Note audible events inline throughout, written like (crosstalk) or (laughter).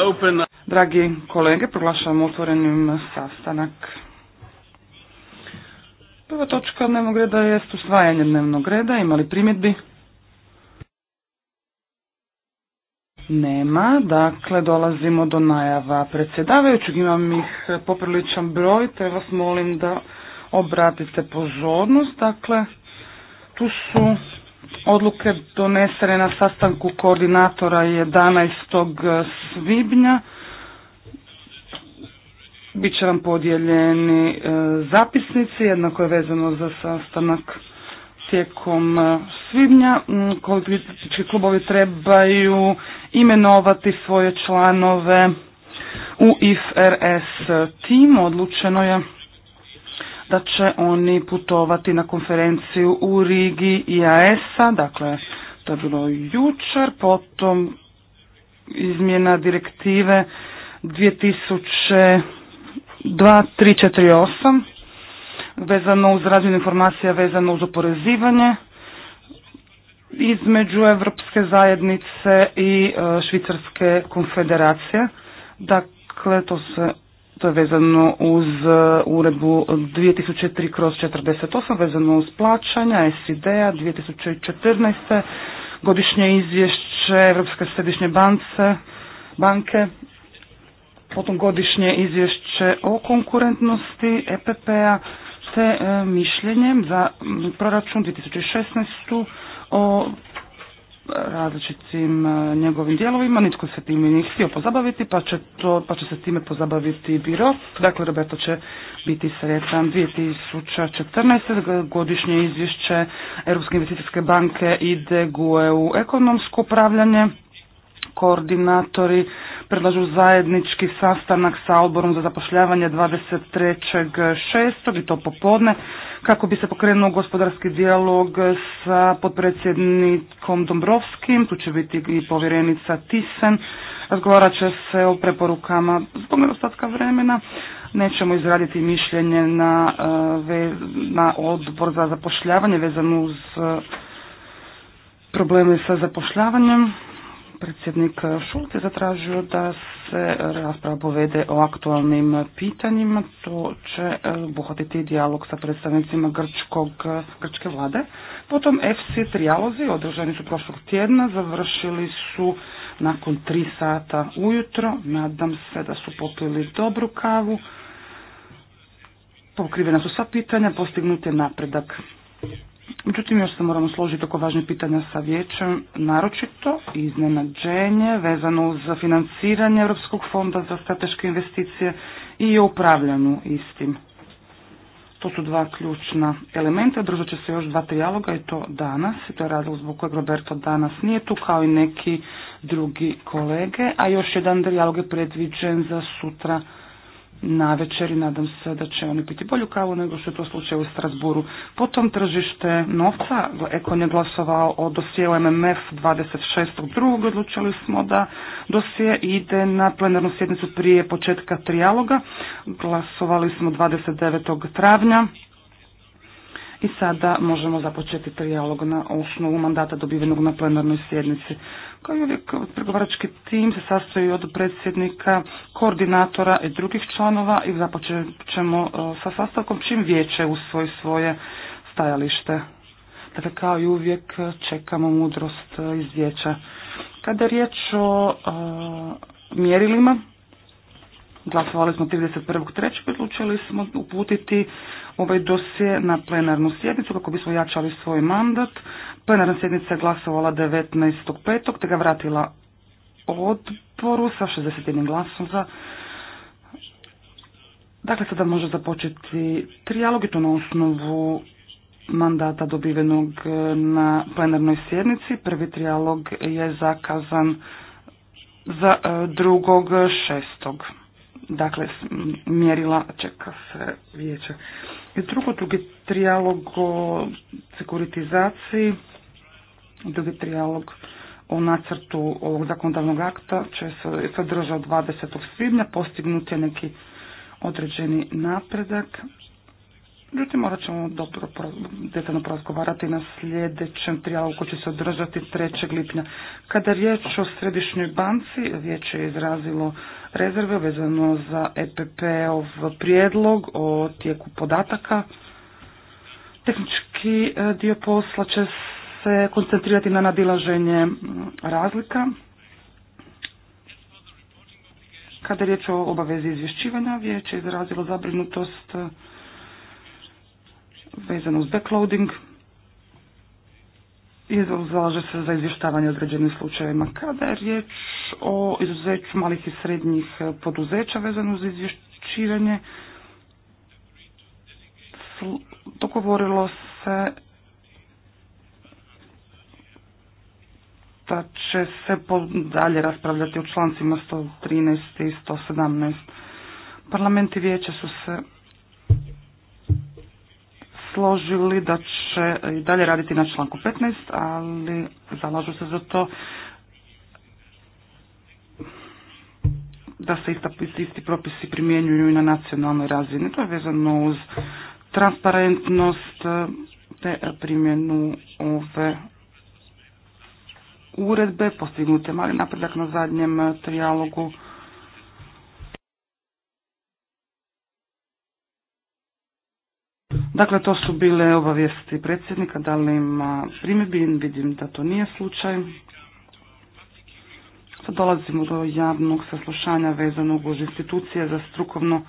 open... Dragi kolege, proglašavam otvorenim sastanak. Prva točka dnevnog reda je usvajanje dnevnog reda. Imali primjedbi? Nema, dakle dolazimo do najava predsjedavajućeg, imam ih popriličan broj, te vas molim da obratite pozornost, dakle tu su odluke donesene na sastanku koordinatora 11. svibnja. Biće vam podijeljeni e, zapisnici, jednako je vezano za sastanak tijekom e, svibnja. Mm, politički klubovi trebaju imenovati svoje članove u IFRS tim. Odlučeno je da će oni putovati na konferenciju u Rigi IAS-a, dakle to je bilo jučer, potom izmjena direktive 2.3.4.8 vezano uz razmjenu informacija vezano uz oporezivanje između Evropske zajednice i e, Švicarske konfederacije. Dakle, to se to je vezano uz e, uredbu 2003 kroz 48, vezano uz plaćanja SID-a 2014. Godišnje izvješće Evropske središnje banke, banke potom godišnje izvješće o konkurentnosti EPP-a te e, mišljenjem za proračun 2016. o različitim e, njegovim dijelovima, nitko se time nije htio pozabaviti, pa će, to, pa će se time pozabaviti biro. Dakle, Roberto će biti sretan 2014. godišnje izvješće Europske investicijske banke ide u ekonomsko upravljanje. Koordinatori predlažu zajednički sastanak sa odborom za zapošljavanje 23.6. i to popodne kako bi se pokrenuo gospodarski dijalog sa potpredsjednikom Dombrovskim, tu će biti i povjerenica Tisen, razgovarat će se o preporukama zbog nedostatka vremena, nećemo izraditi mišljenje na, e, na odbor za zapošljavanje vezano uz e, probleme sa zapošljavanjem predsjednik Šult je zatražio da se rasprava povede o aktualnim pitanjima. To će e, obuhvatiti dijalog sa predstavnicima grčkog, grčke vlade. Potom FC trijalozi održani su prošlog tjedna, završili su nakon tri sata ujutro. Nadam se da su popili dobru kavu. Pokrivena su sva pitanja, postignut je napredak. Međutim, još se moramo složiti oko važnih pitanja sa vijećem, naročito iznenađenje vezano uz financiranje Europskog fonda za strateške investicije i o upravljanju istim. To su dva ključna elementa. održat će se još dva trijaloga i to danas. I to je razlog zbog kojeg Roberto danas nije tu, kao i neki drugi kolege. A još jedan dijalog je predviđen za sutra na večer i nadam se da će oni piti bolju kavu nego što je to slučaj u Strasburu. Potom tržište novca, Ekon je glasovao o dosijelu MMF 26.2. Odlučili smo da dosije ide na plenarnu sjednicu prije početka trijaloga. Glasovali smo 29. travnja. I sada možemo započeti trijalog na osnovu mandata dobivenog na plenarnoj sjednici. Kao i uvijek, pregovarački tim se sastoji od predsjednika, koordinatora i drugih članova i započet ćemo e, sa sastavkom čim vijeće usvoji svoje stajalište. Dakle, kao i uvijek čekamo mudrost e, iz vijeća. Kada je riječ o e, mjerilima, glasovali smo 31.3. odlučili smo uputiti ovaj dosje na plenarnu sjednicu kako bismo jačali svoj mandat plenarna sjednica je glasovala 19.5. te ga vratila odboru sa 61 glasom za. Dakle, sada može započeti trijalog i to na osnovu mandata dobivenog na plenarnoj sjednici. Prvi trijalog je zakazan za e, drugog šestog. Dakle, mjerila čeka se vijeće. I drugo, drugi trijalog o sekuritizaciji Drugi trijalog o nacrtu ovog zakonodavnog akta će se sadržao 20. svibnja, postignut je neki određeni napredak. Međutim, morat ćemo dobro detaljno porazgovarati na sljedećem trijalogu koji će se održati 3. lipnja. Kada je riječ o središnjoj banci, vijeće je izrazilo rezerve vezano za EPP-ov prijedlog o tijeku podataka. Tehnički e, dio posla će se koncentrirati na nadilaženje razlika. Kada je riječ o obavezi izvješćivanja, vijeće je izrazilo zabrinutost vezano uz backloading. i zalaže se za izvještavanje određenim slučajevima. Kada je riječ o izuzeću malih i srednjih poduzeća vezano za izvješćivanje, dogovorilo se da će se dalje raspravljati o člancima 113 i 117. Parlament i vijeće su se složili da će i dalje raditi na članku 15, ali zalažu se za to da se isti propisi primjenjuju i na nacionalnoj razini. To je vezano uz transparentnost te primjenu ove uredbe, postignute mali napredak na zadnjem eh, trijalogu. Dakle, to su bile obavijesti predsjednika, da li ima primjedbi, vidim da to nije slučaj. Sad dolazimo do javnog saslušanja vezanog uz institucije za strukovno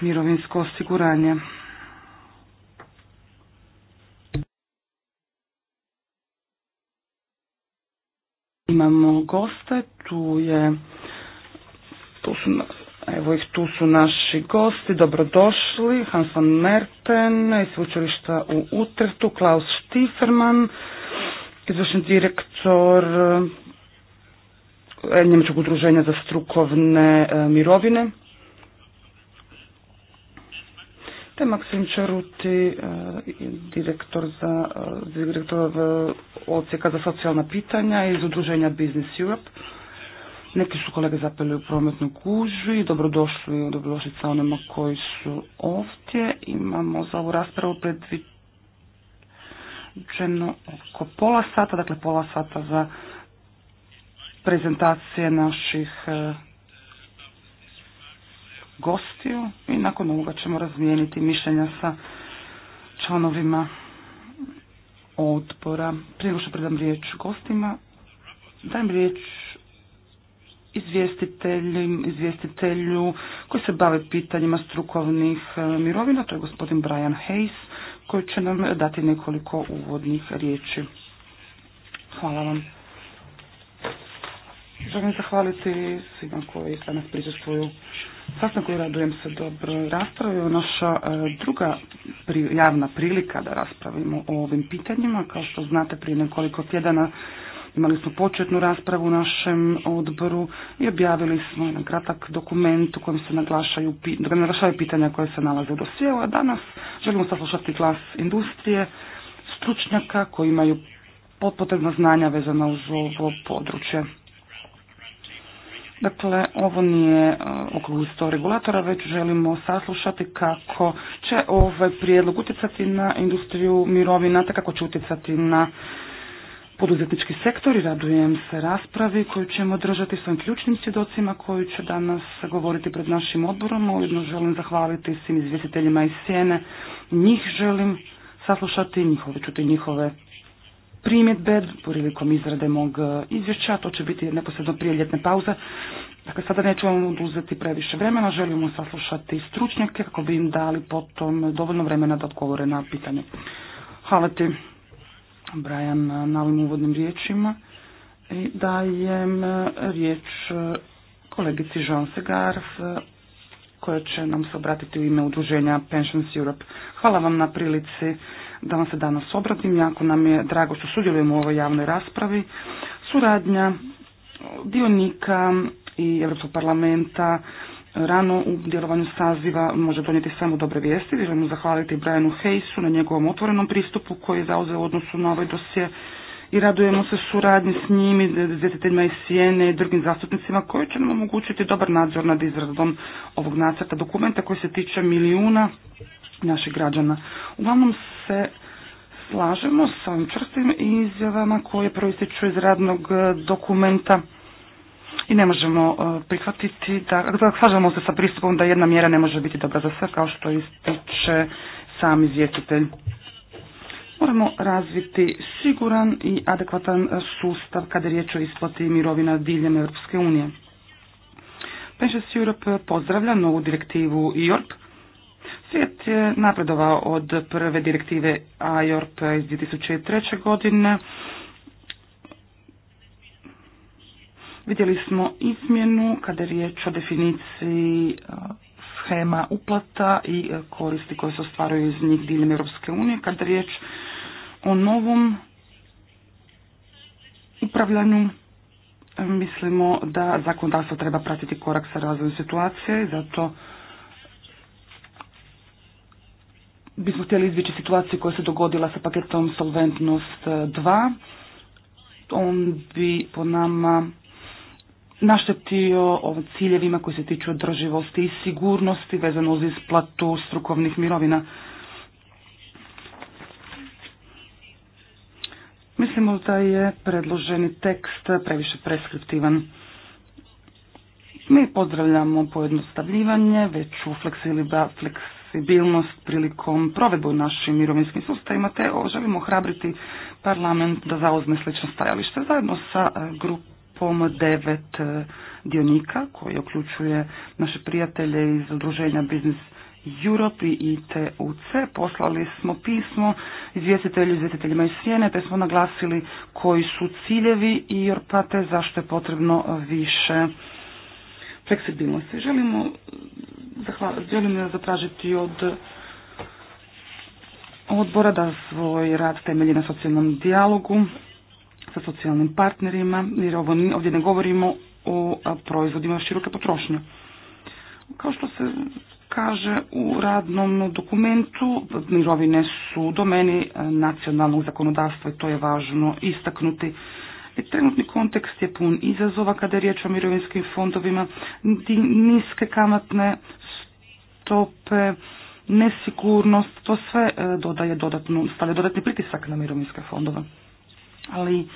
mirovinsko osiguranje. Imamo goste, tu je, tu su, evo ih, tu su naši gosti, dobrodošli, Hans van Merten, iz sveučilišta u Utrtu, Klaus Stiferman, izvršni direktor eh, Njemačkog udruženja za strukovne eh, mirovine, te Maksim Čaruti, e, direktor za e, direktor e, odsjeka za socijalna pitanja iz udruženja Business Europe. Neki su kolege zapeli u prometnu kužu i dobrodošli, dobrodošlica onima koji su ovdje. Imamo za ovu raspravu predviđeno oko pola sata, dakle pola sata za prezentacije naših gostiju i nakon ovoga ćemo razmijeniti mišljenja sa članovima odbora. Prije što predam riječ gostima, dajem riječ izvjestitelju, izvjestitelju koji se bave pitanjima strukovnih e, mirovina, to je gospodin Brian Hayes, koji će nam dati nekoliko uvodnih riječi. Hvala vam. Želim zahvaliti svima koji danas prisustvuju sastanku i radujem se dobroj raspravi. Naša e, druga javna prilika da raspravimo o ovim pitanjima. Kao što znate, prije nekoliko tjedana imali smo početnu raspravu u našem odboru i objavili smo jedan kratak dokument u kojem se naglašaju, pitanja koje se nalaze u dosijelu, a danas želimo saslušati glas industrije, stručnjaka koji imaju potrebna znanja vezana uz ovo područje. Dakle, ovo nije e, oklustvo regulatora, već želimo saslušati kako će ovaj prijedlog utjecati na industriju mirovina, te kako će utjecati na poduzetnički sektor i radujem se raspravi koju ćemo držati svojim ključnim svjedocima koji će danas govoriti pred našim odborom. Ujedno želim zahvaliti svim izvjestiteljima iz Sjene. Njih želim saslušati, njihove, čuti njihove primjedbe prilikom izrade mog e, izvješća, to će biti neposredno prije ljetne pauze. Dakle, sada neću vam oduzeti previše vremena, želimo saslušati stručnjake kako bi im dali potom dovoljno vremena da odgovore na pitanje. Hvala ti, Brian, na ovim uvodnim riječima. I dajem e, riječ e, kolegici Jean Segarf, koja će nam se obratiti u ime udruženja Pensions Europe. Hvala vam na prilici da vam se danas obratim. Jako nam je drago što sudjelujemo u ovoj javnoj raspravi. Suradnja dionika i Europskog parlamenta rano u djelovanju saziva može donijeti samo dobre vijesti. Želimo zahvaliti Brianu Hejsu na njegovom otvorenom pristupu koji je zauzeo u odnosu na ovaj dosje i radujemo se suradnji s i zvjetiteljima iz Sijene i drugim zastupnicima koji će nam omogućiti dobar nadzor nad izradom ovog nacrta dokumenta koji se tiče milijuna naših građana. Uglavnom se slažemo sa ovim črstim izjavama koje proističu iz radnog e, dokumenta i ne možemo e, prihvatiti da, slažemo se sa pristupom da jedna mjera ne može biti dobra za sve kao što ističe sam izvjestitelj. Moramo razviti siguran i adekvatan sustav kada je riječ o isplati mirovina diljem Europske unije. Pensions Europe pozdravlja novu direktivu IORP Svijet je napredovao od prve direktive IORP iz 2003. godine. Vidjeli smo izmjenu kada je riječ o definiciji schema uplata i koristi koje se ostvaruju iz njih diljem Europske unije, kada je riječ o novom upravljanju mislimo da zakon se treba pratiti korak sa razvojem situacije i zato bismo htjeli izbjeći situaciju koja se dogodila sa paketom Solventnost 2. E, On bi po nama naštetio ciljevima koji se tiču održivosti i sigurnosti vezano uz isplatu strukovnih mirovina. Mislimo da je predloženi tekst previše preskriptivan. Mi pozdravljamo pojednostavljivanje, veću fleksibilnost fleksibilnost prilikom provedbu u našim mirovinskim sustavima, te želimo hrabriti parlament da zauzme slično stajalište zajedno sa e, grupom devet e, dionika koji uključuje naše prijatelje iz udruženja Biznis Europe i TUC. Poslali smo pismo izvjestitelju, izvjestiteljima iz Sjene, te smo naglasili koji su ciljevi i jorpate zašto je potrebno više fleksibilnosti. Želimo želim zatražiti od odbora da svoj rad temelji na socijalnom dijalogu sa socijalnim partnerima, jer ovdje ne govorimo o proizvodima široke potrošnje. Kao što se kaže u radnom dokumentu, mirovine su u domeni nacionalnog zakonodavstva i to je važno istaknuti. I trenutni kontekst je pun izazova kada je riječ o mirovinskim fondovima, niske kamatne stope, nesigurnost, to sve e, dodaje dodatnu, stavlja dodatni pritisak na mirovinske fondove. Ali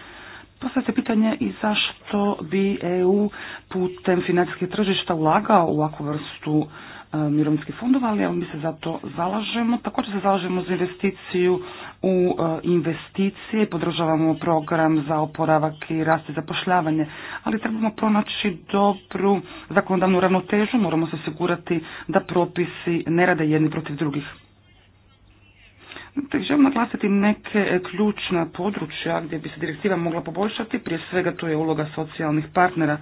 postavlja se pitanje i zašto bi EU putem financijskih tržišta ulagao u ovakvu vrstu E, mirovinskih fondova, ali mi se za to zalažemo. Također se zalažemo za investiciju u e, investicije, podržavamo program za oporavak i rast i zapošljavanje, ali trebamo pronaći dobru zakonodavnu ravnotežu, moramo se osigurati da propisi ne rade jedni protiv drugih. želim naglasiti neke ključna područja gdje bi se direktiva mogla poboljšati, prije svega to je uloga socijalnih partnera.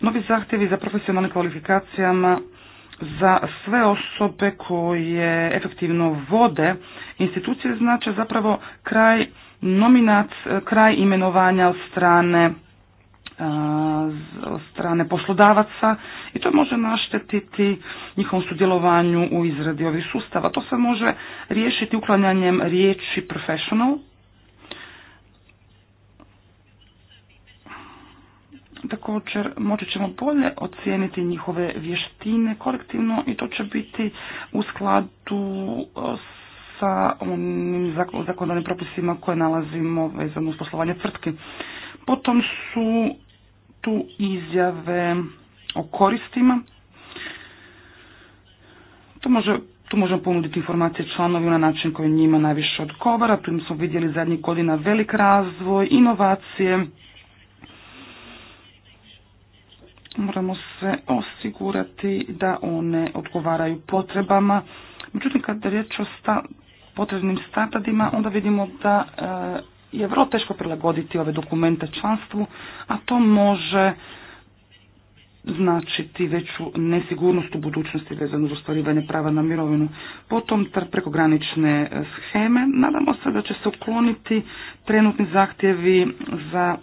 Novi zahtjevi za profesionalnim kvalifikacijama za sve osobe koje efektivno vode institucije znači zapravo kraj nominac, kraj imenovanja od strane eh, od strane poslodavaca i to može naštetiti njihovom sudjelovanju u izradi ovih sustava. To se može riješiti uklanjanjem riječi professional Također moći ćemo bolje ocijeniti njihove vještine kolektivno i to će biti u skladu e, sa onim zakonodavnim propisima koje nalazimo vezano uz poslovanje tvrtki. Potom su tu izjave o koristima. To može tu možemo ponuditi informacije članovima na način koji njima najviše odgovara. prim smo vidjeli zadnjih godina velik razvoj, inovacije moramo se osigurati da one odgovaraju potrebama. Međutim, kad je riječ o sta, potrebnim standardima, onda vidimo da e, je vrlo teško prilagoditi ove dokumente članstvu, a to može značiti veću nesigurnost u budućnosti vezano za ostvarivanje prava na mirovinu. Potom prekogranične e, scheme. Nadamo se da će se ukloniti trenutni zahtjevi za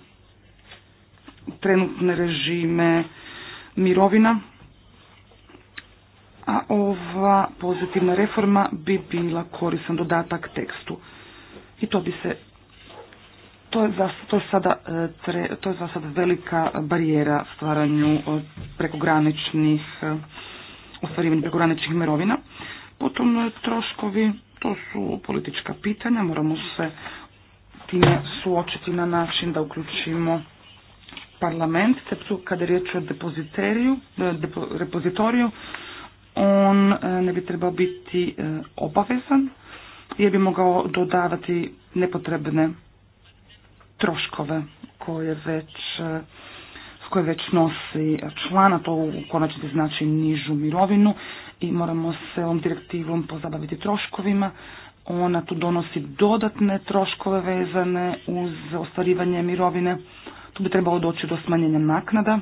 trenutne režime mirovina, a ova pozitivna reforma bi bila korisan dodatak tekstu. I to bi se to je, za, to, sada, e, to je velika barijera stvaranju e, prekograničnih e, ostvarivanju prekograničnih mirovina. Potom troškovi, to su politička pitanja, moramo se time suočiti na način da uključimo parlament, kada je riječ o depozitoriju, e, on e, ne bi trebao biti e, obavezan jer bi mogao dodavati nepotrebne troškove koje već koje već nosi člana, to u konačnici znači nižu mirovinu i moramo se ovom direktivom pozabaviti troškovima. Ona tu donosi dodatne troškove vezane uz ostvarivanje mirovine. Tu bi trebalo doći do smanjenja naknada.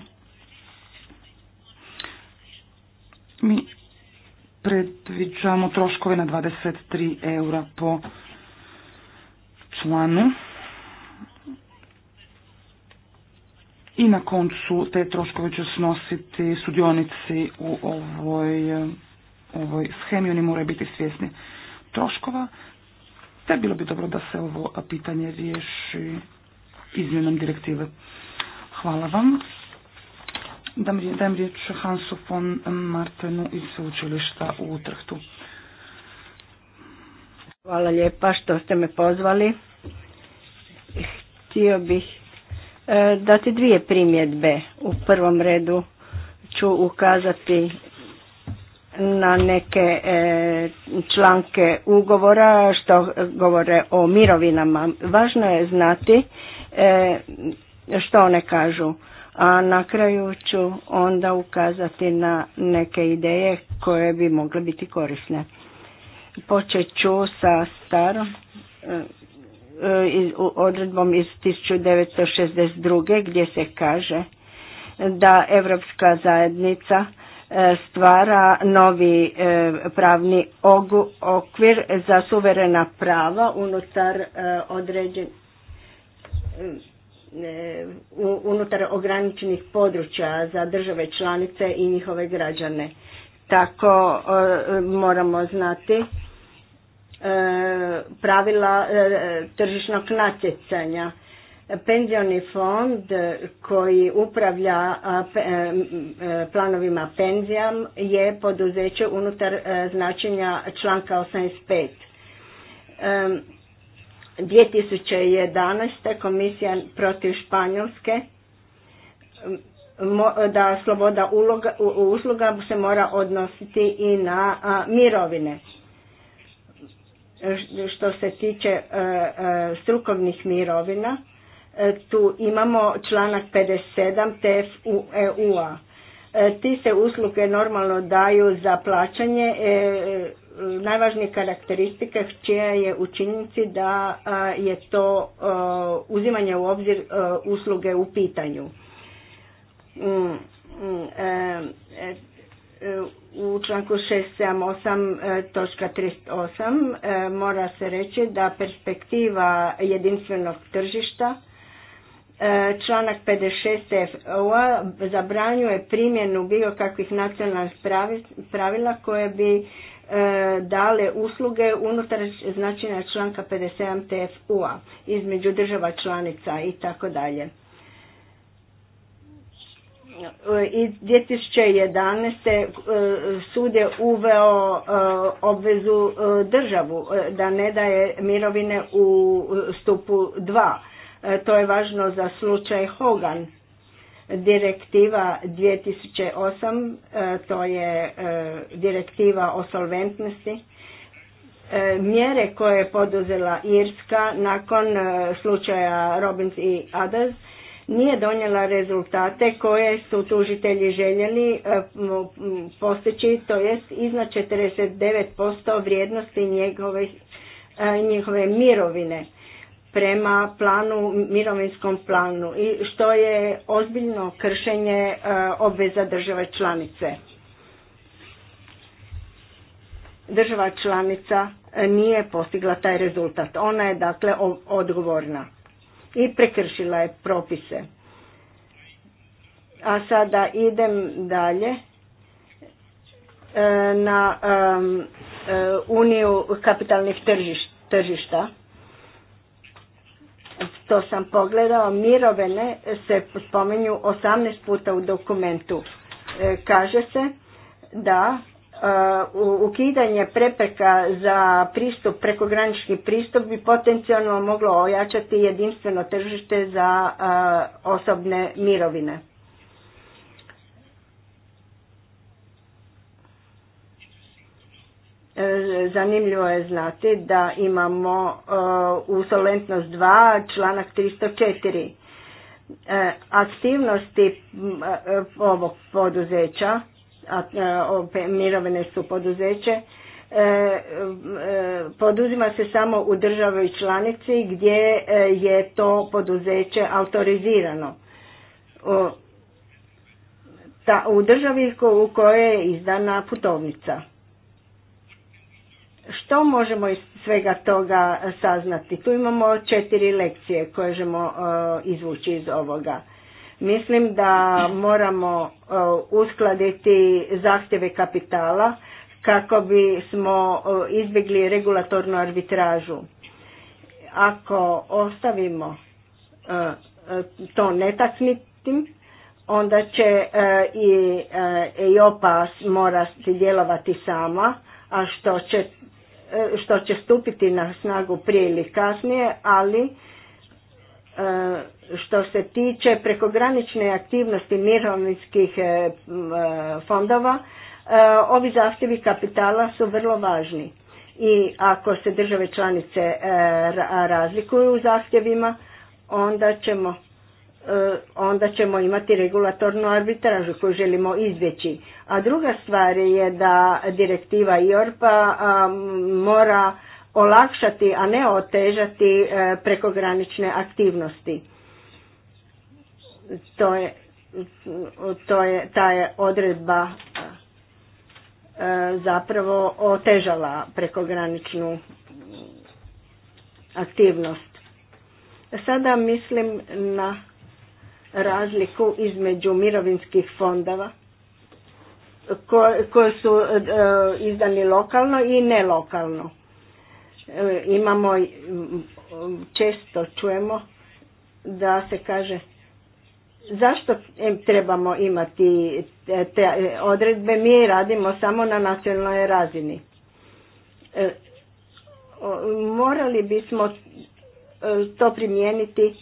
Mi predviđamo troškove na 23 eura po članu. I na koncu te troškove će snositi sudionici u ovoj, ovoj schemi, oni moraju biti svjesni troškova, te bilo bi dobro da se ovo pitanje riješi izmjenom direktive. Hvala vam. Dajem riječ Hansu von Martenu iz sveučilišta u Utrhtu. Hvala lijepa što ste me pozvali. Htio bih e, dati dvije primjedbe. U prvom redu ću ukazati na neke e, članke ugovora što govore o mirovinama. Važno je znati E, što one kažu. A na kraju ću onda ukazati na neke ideje koje bi mogle biti korisne. Počet ću sa starom e, e, odredbom iz 1962. gdje se kaže da Evropska zajednica stvara novi pravni okvir za suverena prava unutar određen, E, unutar ograničenih područja za države članice i njihove građane. Tako e, moramo znati e, pravila tržišnog natjecanja. Penzioni fond koji upravlja planovima penzija je poduzeće unutar značenja članka 85 2011. komisija protiv Španjolske da sloboda usluga se mora odnositi i na mirovine. Što se tiče e, e, strukovnih mirovina, e, tu imamo članak 57 TF eu Ti se usluge normalno daju za plaćanje Mm, najvažnije karakteristike čija je u da je to uzimanje u obzir usluge u pitanju. Mm, mm, e, e, e, u članku osam točka mora se reći da perspektiva jedinstvenog tržišta članak 56 FOA zabranjuje primjenu bilo kakvih nacionalnih pravila koje bi E, dale usluge unutar značenja članka 57 TFU-a između država članica i tako dalje. I 2011. E, sud je uveo e, obvezu državu da ne daje mirovine u stupu 2. To je važno za slučaj Hogan Direktiva 2008, e, to je e, direktiva o solventnosti, e, mjere koje je poduzela Irska nakon slučaja Robbins i Adas nije donijela rezultate koje su tužitelji željeli postići, to jest iznad 49% vrijednosti njegove, njihove mirovine prema planu, mirovinskom planu i što je ozbiljno kršenje e, obveza države članice. Država članica e, nije postigla taj rezultat. Ona je dakle odgovorna i prekršila je propise. A sada idem dalje e, na uniju kapitalnih tržišta to sam pogledao, mirovine se spominju 18 puta u dokumentu. E, kaže se da e, ukidanje prepreka za pristup, prekogranični pristup bi potencijalno moglo ojačati jedinstveno tržište za e, osobne mirovine. Zanimljivo je znati da imamo uh, u Solventnost 2 članak 304. Uh, aktivnosti uh, ovog poduzeća, mirovine su poduzeće, poduzima se samo u državoj članici gdje je to poduzeće autorizirano. U državi u kojoj je izdana putovnica. Što možemo iz svega toga saznati? Tu imamo četiri lekcije koje ćemo e, izvući iz ovoga. Mislim da moramo e, uskladiti zahtjeve kapitala kako bi smo e, izbjegli regulatornu arbitražu. Ako ostavimo to netaknitim, onda će i EIOPA morati djelovati sama, a što će što će stupiti na snagu prije ili kasnije, ali e, što se tiče prekogranične aktivnosti mirovinskih e, e, fondova, ovi zahtjevi kapitala su vrlo važni. I ako se države članice razlikuju u zahtjevima, onda ćemo E, onda ćemo imati regulatornu arbitražu koju želimo izbjeći. A druga stvar je da direktiva IORPA mora olakšati, a ne otežati e, prekogranične aktivnosti. To je, to je, ta je odredba e, zapravo otežala prekograničnu aktivnost. Sada mislim na razliku između mirovinskih fondova koje su e, izdani lokalno i nelokalno. E, imamo, često čujemo da se kaže zašto trebamo imati te odredbe, mi radimo samo na nacionalnoj razini. E, morali bismo to primijeniti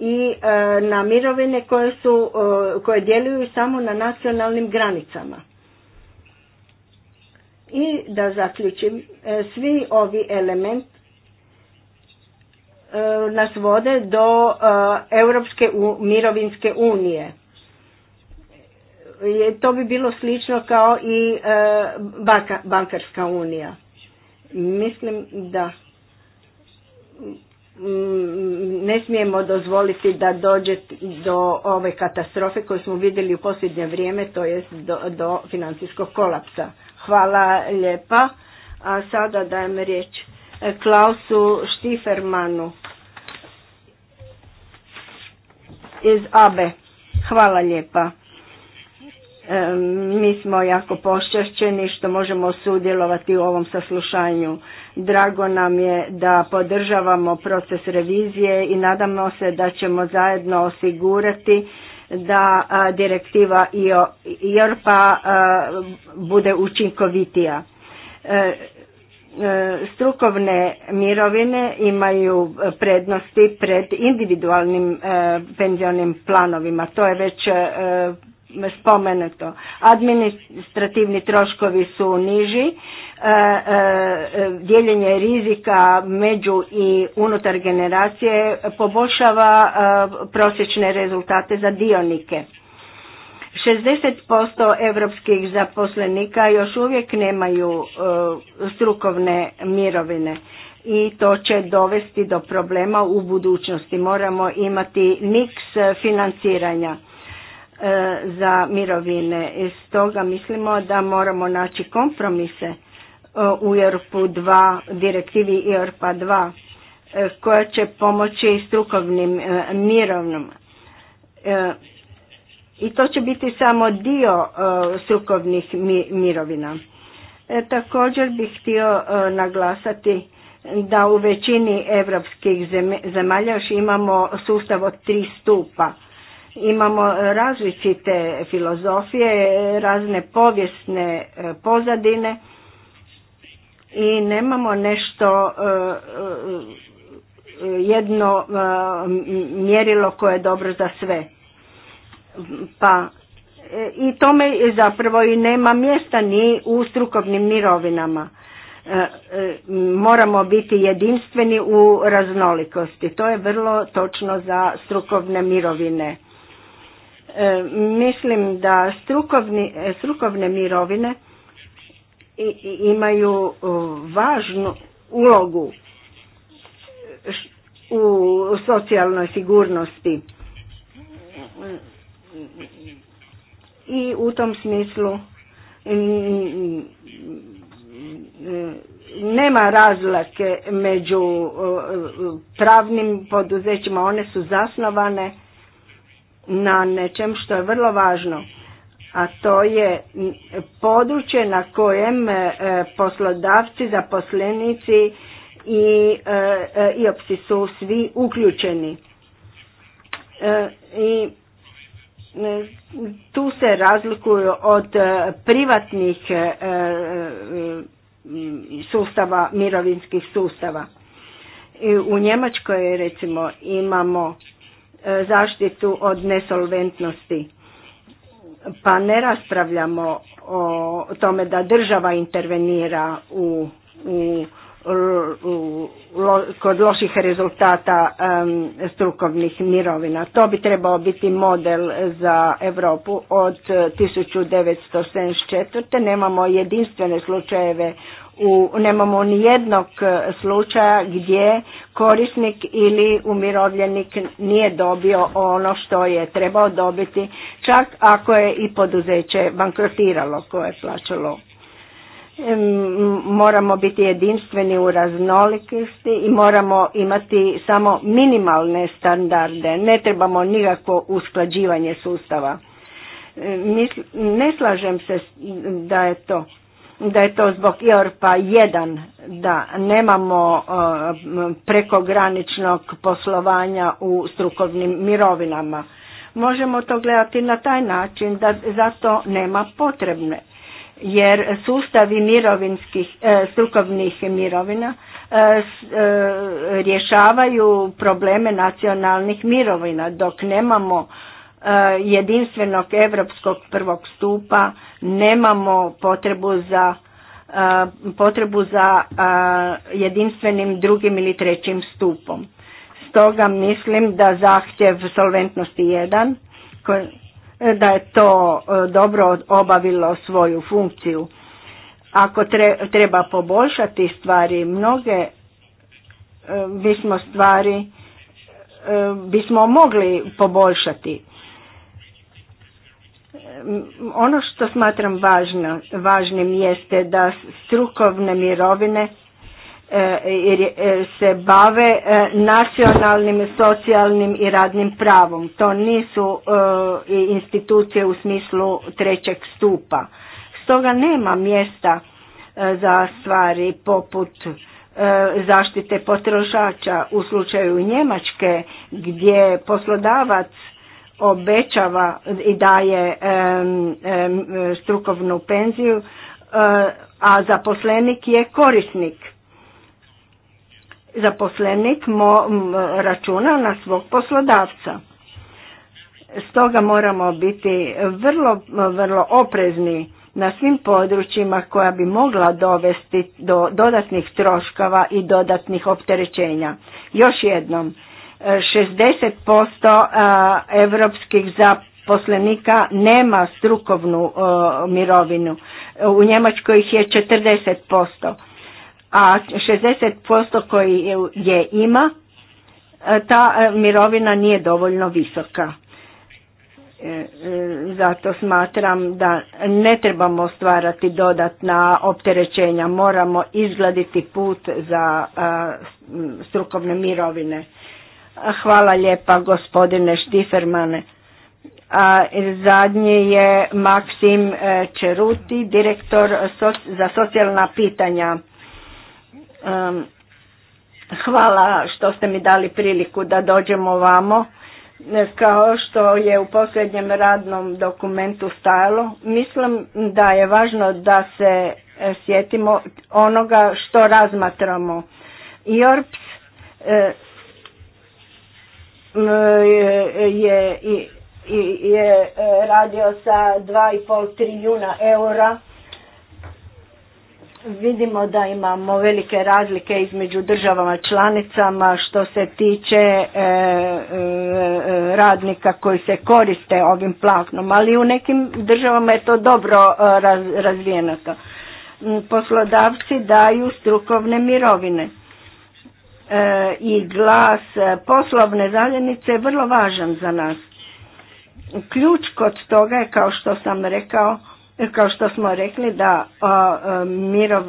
i e, na mirovine koje su, e, koje djeluju samo na nacionalnim granicama. I da zaključim, e, svi ovi element nas vode do Europske mirovinske unije. To bi bilo slično kao i bankarska unija. Mislim da ne smijemo dozvoliti da dođe do ove katastrofe koju smo vidjeli u posljednje vrijeme, to jest do, do financijskog kolapsa. Hvala lijepa. A sada dajem riječ e, Klausu Štifermanu iz ABE. Hvala lijepa. Mi smo jako pošćašćeni što možemo sudjelovati u ovom saslušanju. Drago nam je da podržavamo proces revizije i nadamo se da ćemo zajedno osigurati da direktiva IORPA bude učinkovitija. E, e, strukovne mirovine imaju prednosti pred individualnim e, penzionim planovima. To je već spomenuto. Administrativni troškovi su niži, e, e, dijeljenje rizika među i unutar generacije poboljšava e, prosječne rezultate za dionike. 60% evropskih zaposlenika još uvijek nemaju strukovne mirovine i to će dovesti do problema u budućnosti. Moramo imati miks financiranja E, za mirovine. I stoga mislimo da moramo naći kompromise e, u erp 2, direktivi erp 2 e, koja će pomoći strukovnim mirovnom. I to će biti samo dio strukovnih mirovina. Također bih htio naglasati da u većini evropskih zemalja imamo sustav od tri stupa – Imamo različite filozofije, razne povijesne e, pozadine i nemamo nešto e, e, jedno mjerilo koje je dobro za sve. Pa i tome zapravo i nema mjesta ni u strukovnim mirovinama. Moramo biti jedinstveni u raznolikosti. To je vrlo točno za strukovne mirovine. E, mislim da strukovni, e, strukovne mirovine imaju e, važnu ulogu u socijalnoj sigurnosti i u tom smislu nema razlike među pravnim poduzećima, one su zasnovane na nečem što je vrlo važno, a to je područje na kojem e, poslodavci, zaposlenici i e, e, IOPSI su svi uključeni. I tu se razlikuju od privatnih sustava, mirovinskih sustava. u Njemačkoj recimo imamo E, zaštitu od nesolventnosti. Pa ne raspravljamo o tome da država intervenira u, u, u kod loših rezultata strukovnih mirovina. To bi trebao biti model za Europu od 1974. Nemamo jedinstvene slučajeve nemamo ni jednog e, slučaja gdje korisnik ili umirovljenik nije dobio ono što je trebao dobiti, čak ako je i poduzeće bankrotiralo koje je plaćalo. Moramo biti jedinstveni u raznolikosti i moramo imati samo minimalne standarde. Ne trebamo nikakvo usklađivanje sustava. Ne slažem se da je to da je to zbog IORPA 1 da nemamo e, prekograničnog poslovanja u strukovnim mirovinama. Možemo to gledati na taj način da to nema potrebne jer sustavi e, strukovnih mirovina e, rješavaju probleme nacionalnih mirovina dok nemamo jedinstvenog europskog prvog stupa nemamo potrebu za potrebu za jedinstvenim drugim ili trećim stupom. Stoga mislim da zahtjev solventnosti jedan, da je to e, dobro obavilo svoju funkciju. Ako treba poboljšati stvari, mnoge e, bismo stvari e, bismo mogli poboljšati ono što smatram važno, važnim jeste da strukovne mirovine e, e, se bave e, nacionalnim, socijalnim i radnim pravom. To nisu institucije u smislu trećeg stupa. Stoga nema mjesta za stvari poput zaštite potrošača u slučaju Njemačke gdje poslodavac obećava i daje strukovnu penziju, e, a zaposlenik je korisnik. Zaposlenik mo, računa na svog poslodavca. Stoga moramo biti vrlo, vrlo oprezni na svim područjima koja bi mogla dovesti do dodatnih troškava i dodatnih opterećenja. Još jednom, 60% europskih zaposlenika nema strukovnu mirovinu. U Njemačkoj ih je 40%, a 60% koji je ima, ta mirovina nije dovoljno visoka. E, e, zato smatram da ne trebamo stvarati dodatna opterećenja, moramo izgladiti put za strukovne mirovine. Hvala lijepa gospodine Štifermane. A zadnji je Maksim e, Čeruti, direktor za socijalna pitanja. Hvala što ste mi dali priliku da dođemo vamo. Kao što je u posljednjem radnom dokumentu stajalo, mislim da je važno da se e, sjetimo onoga što razmatramo. IORPS e, je, je, je radio sa 2,5 trilijuna eura. Vidimo da imamo velike razlike između državama članicama što se tiče e, e, radnika koji se koriste ovim platnom, ali u nekim državama je to dobro e, raz, razvijeno. Poslodavci daju strukovne mirovine E, i glas e, poslovne zajednice je vrlo važan za nas. Ključ kod toga je kao što sam rekao, e, kao što smo rekli da mirov,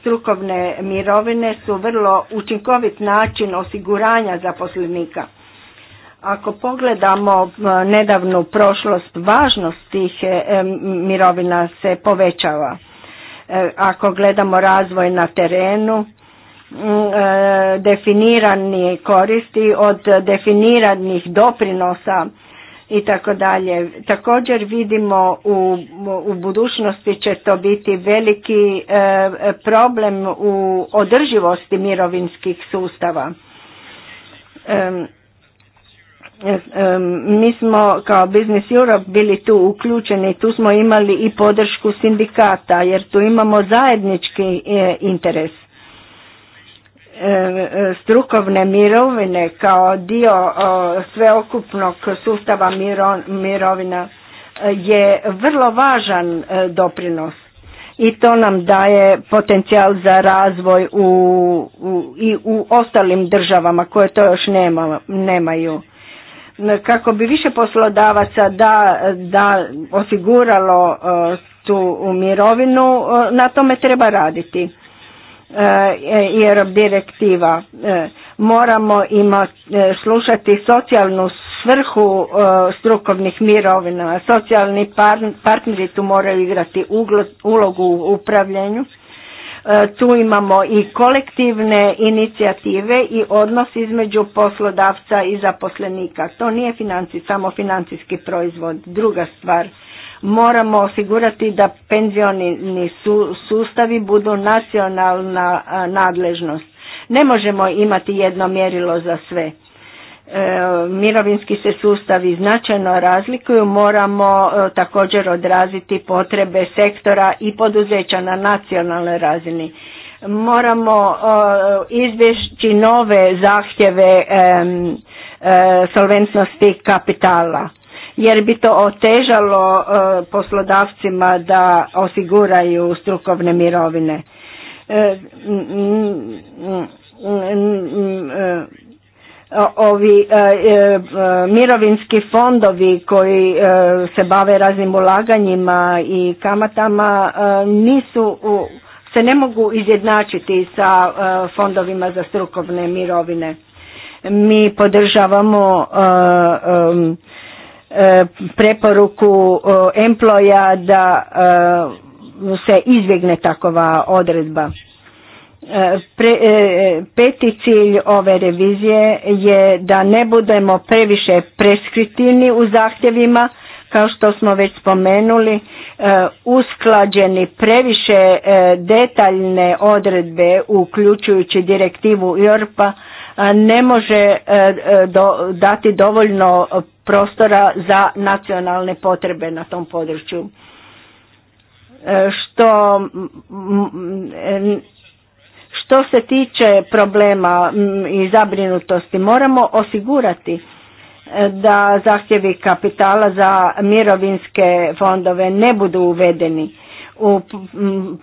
strukovne mirovine su vrlo učinkovit način osiguranja zaposlenika. Ako pogledamo nedavnu prošlost, važnost tih mirovina se povećava. Ako gledamo razvoj na terenu, Mm, e, definirani koristi od definiranih doprinosa i tako dalje. Također vidimo u, u budućnosti će to biti veliki e, problem u održivosti mirovinskih sustava. Mi smo kao Business Europe bili tu uključeni, tu smo imali i podršku sindikata jer tu imamo zajednički e, interes strukovne mirovine kao dio sveokupnog sustava mirovina e, je vrlo važan e, doprinos i to nam daje potencijal za razvoj u, u, i u ostalim državama koje to još nema, nemaju. Kako bi više poslodavaca da, da osiguralo e, tu mirovinu, na tome treba raditi. E, jer direktiva e, moramo imati, e, slušati socijalnu svrhu strukovnih mirovina. Socijalni partneri tu moraju igrati ulogu u upravljanju. Tu imamo i kolektivne inicijative i odnos između poslodavca i zaposlenika. To nije samo financijski proizvod. Druga stvar, Moramo osigurati da penzionni sustavi budu nacionalna nadležnost. Ne možemo imati jedno mjerilo za sve. E, mirovinski se sustavi značajno razlikuju, moramo e, također odraziti potrebe sektora i poduzeća na nacionalnoj razini. Moramo e, izvješći nove zahtjeve e, solventnosti kapitala jer bi to otežalo e, poslodavcima da osiguraju strukovne mirovine. E, e, ovi mirovinski fondovi koji se bave raznim ulaganjima i kamatama nisu se ne mogu izjednačiti sa fondovima za strukovne mirovine. Mi podržavamo E, preporuku e, emploja da e, se izbjegne takova odredba. peti cilj ove revizije je da ne budemo previše preskritivni u zahtjevima, kao što smo već spomenuli, usklađeni previše detaljne odredbe uključujući direktivu europa ne može e, e, dati dovoljno prostora za nacionalne potrebe na tom području. E, što, što se tiče problema i zabrinutosti, moramo osigurati da zahtjevi kapitala za mirovinske fondove ne budu uvedeni u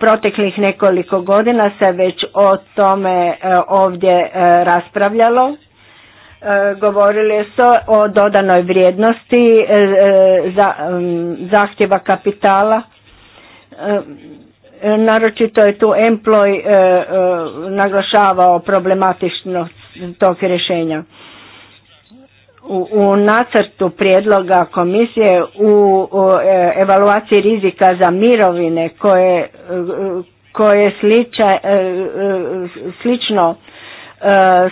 proteklih nekoliko godina se već o tome e, ovdje e, raspravljalo. E, govorili su o dodanoj vrijednosti zahtjeva kapitala. Naročito je tu Employ naglašavao problematičnost tog rješenja u, nacrtu prijedloga komisije u, e, evaluaciji rizika za mirovine koje, e, e, slično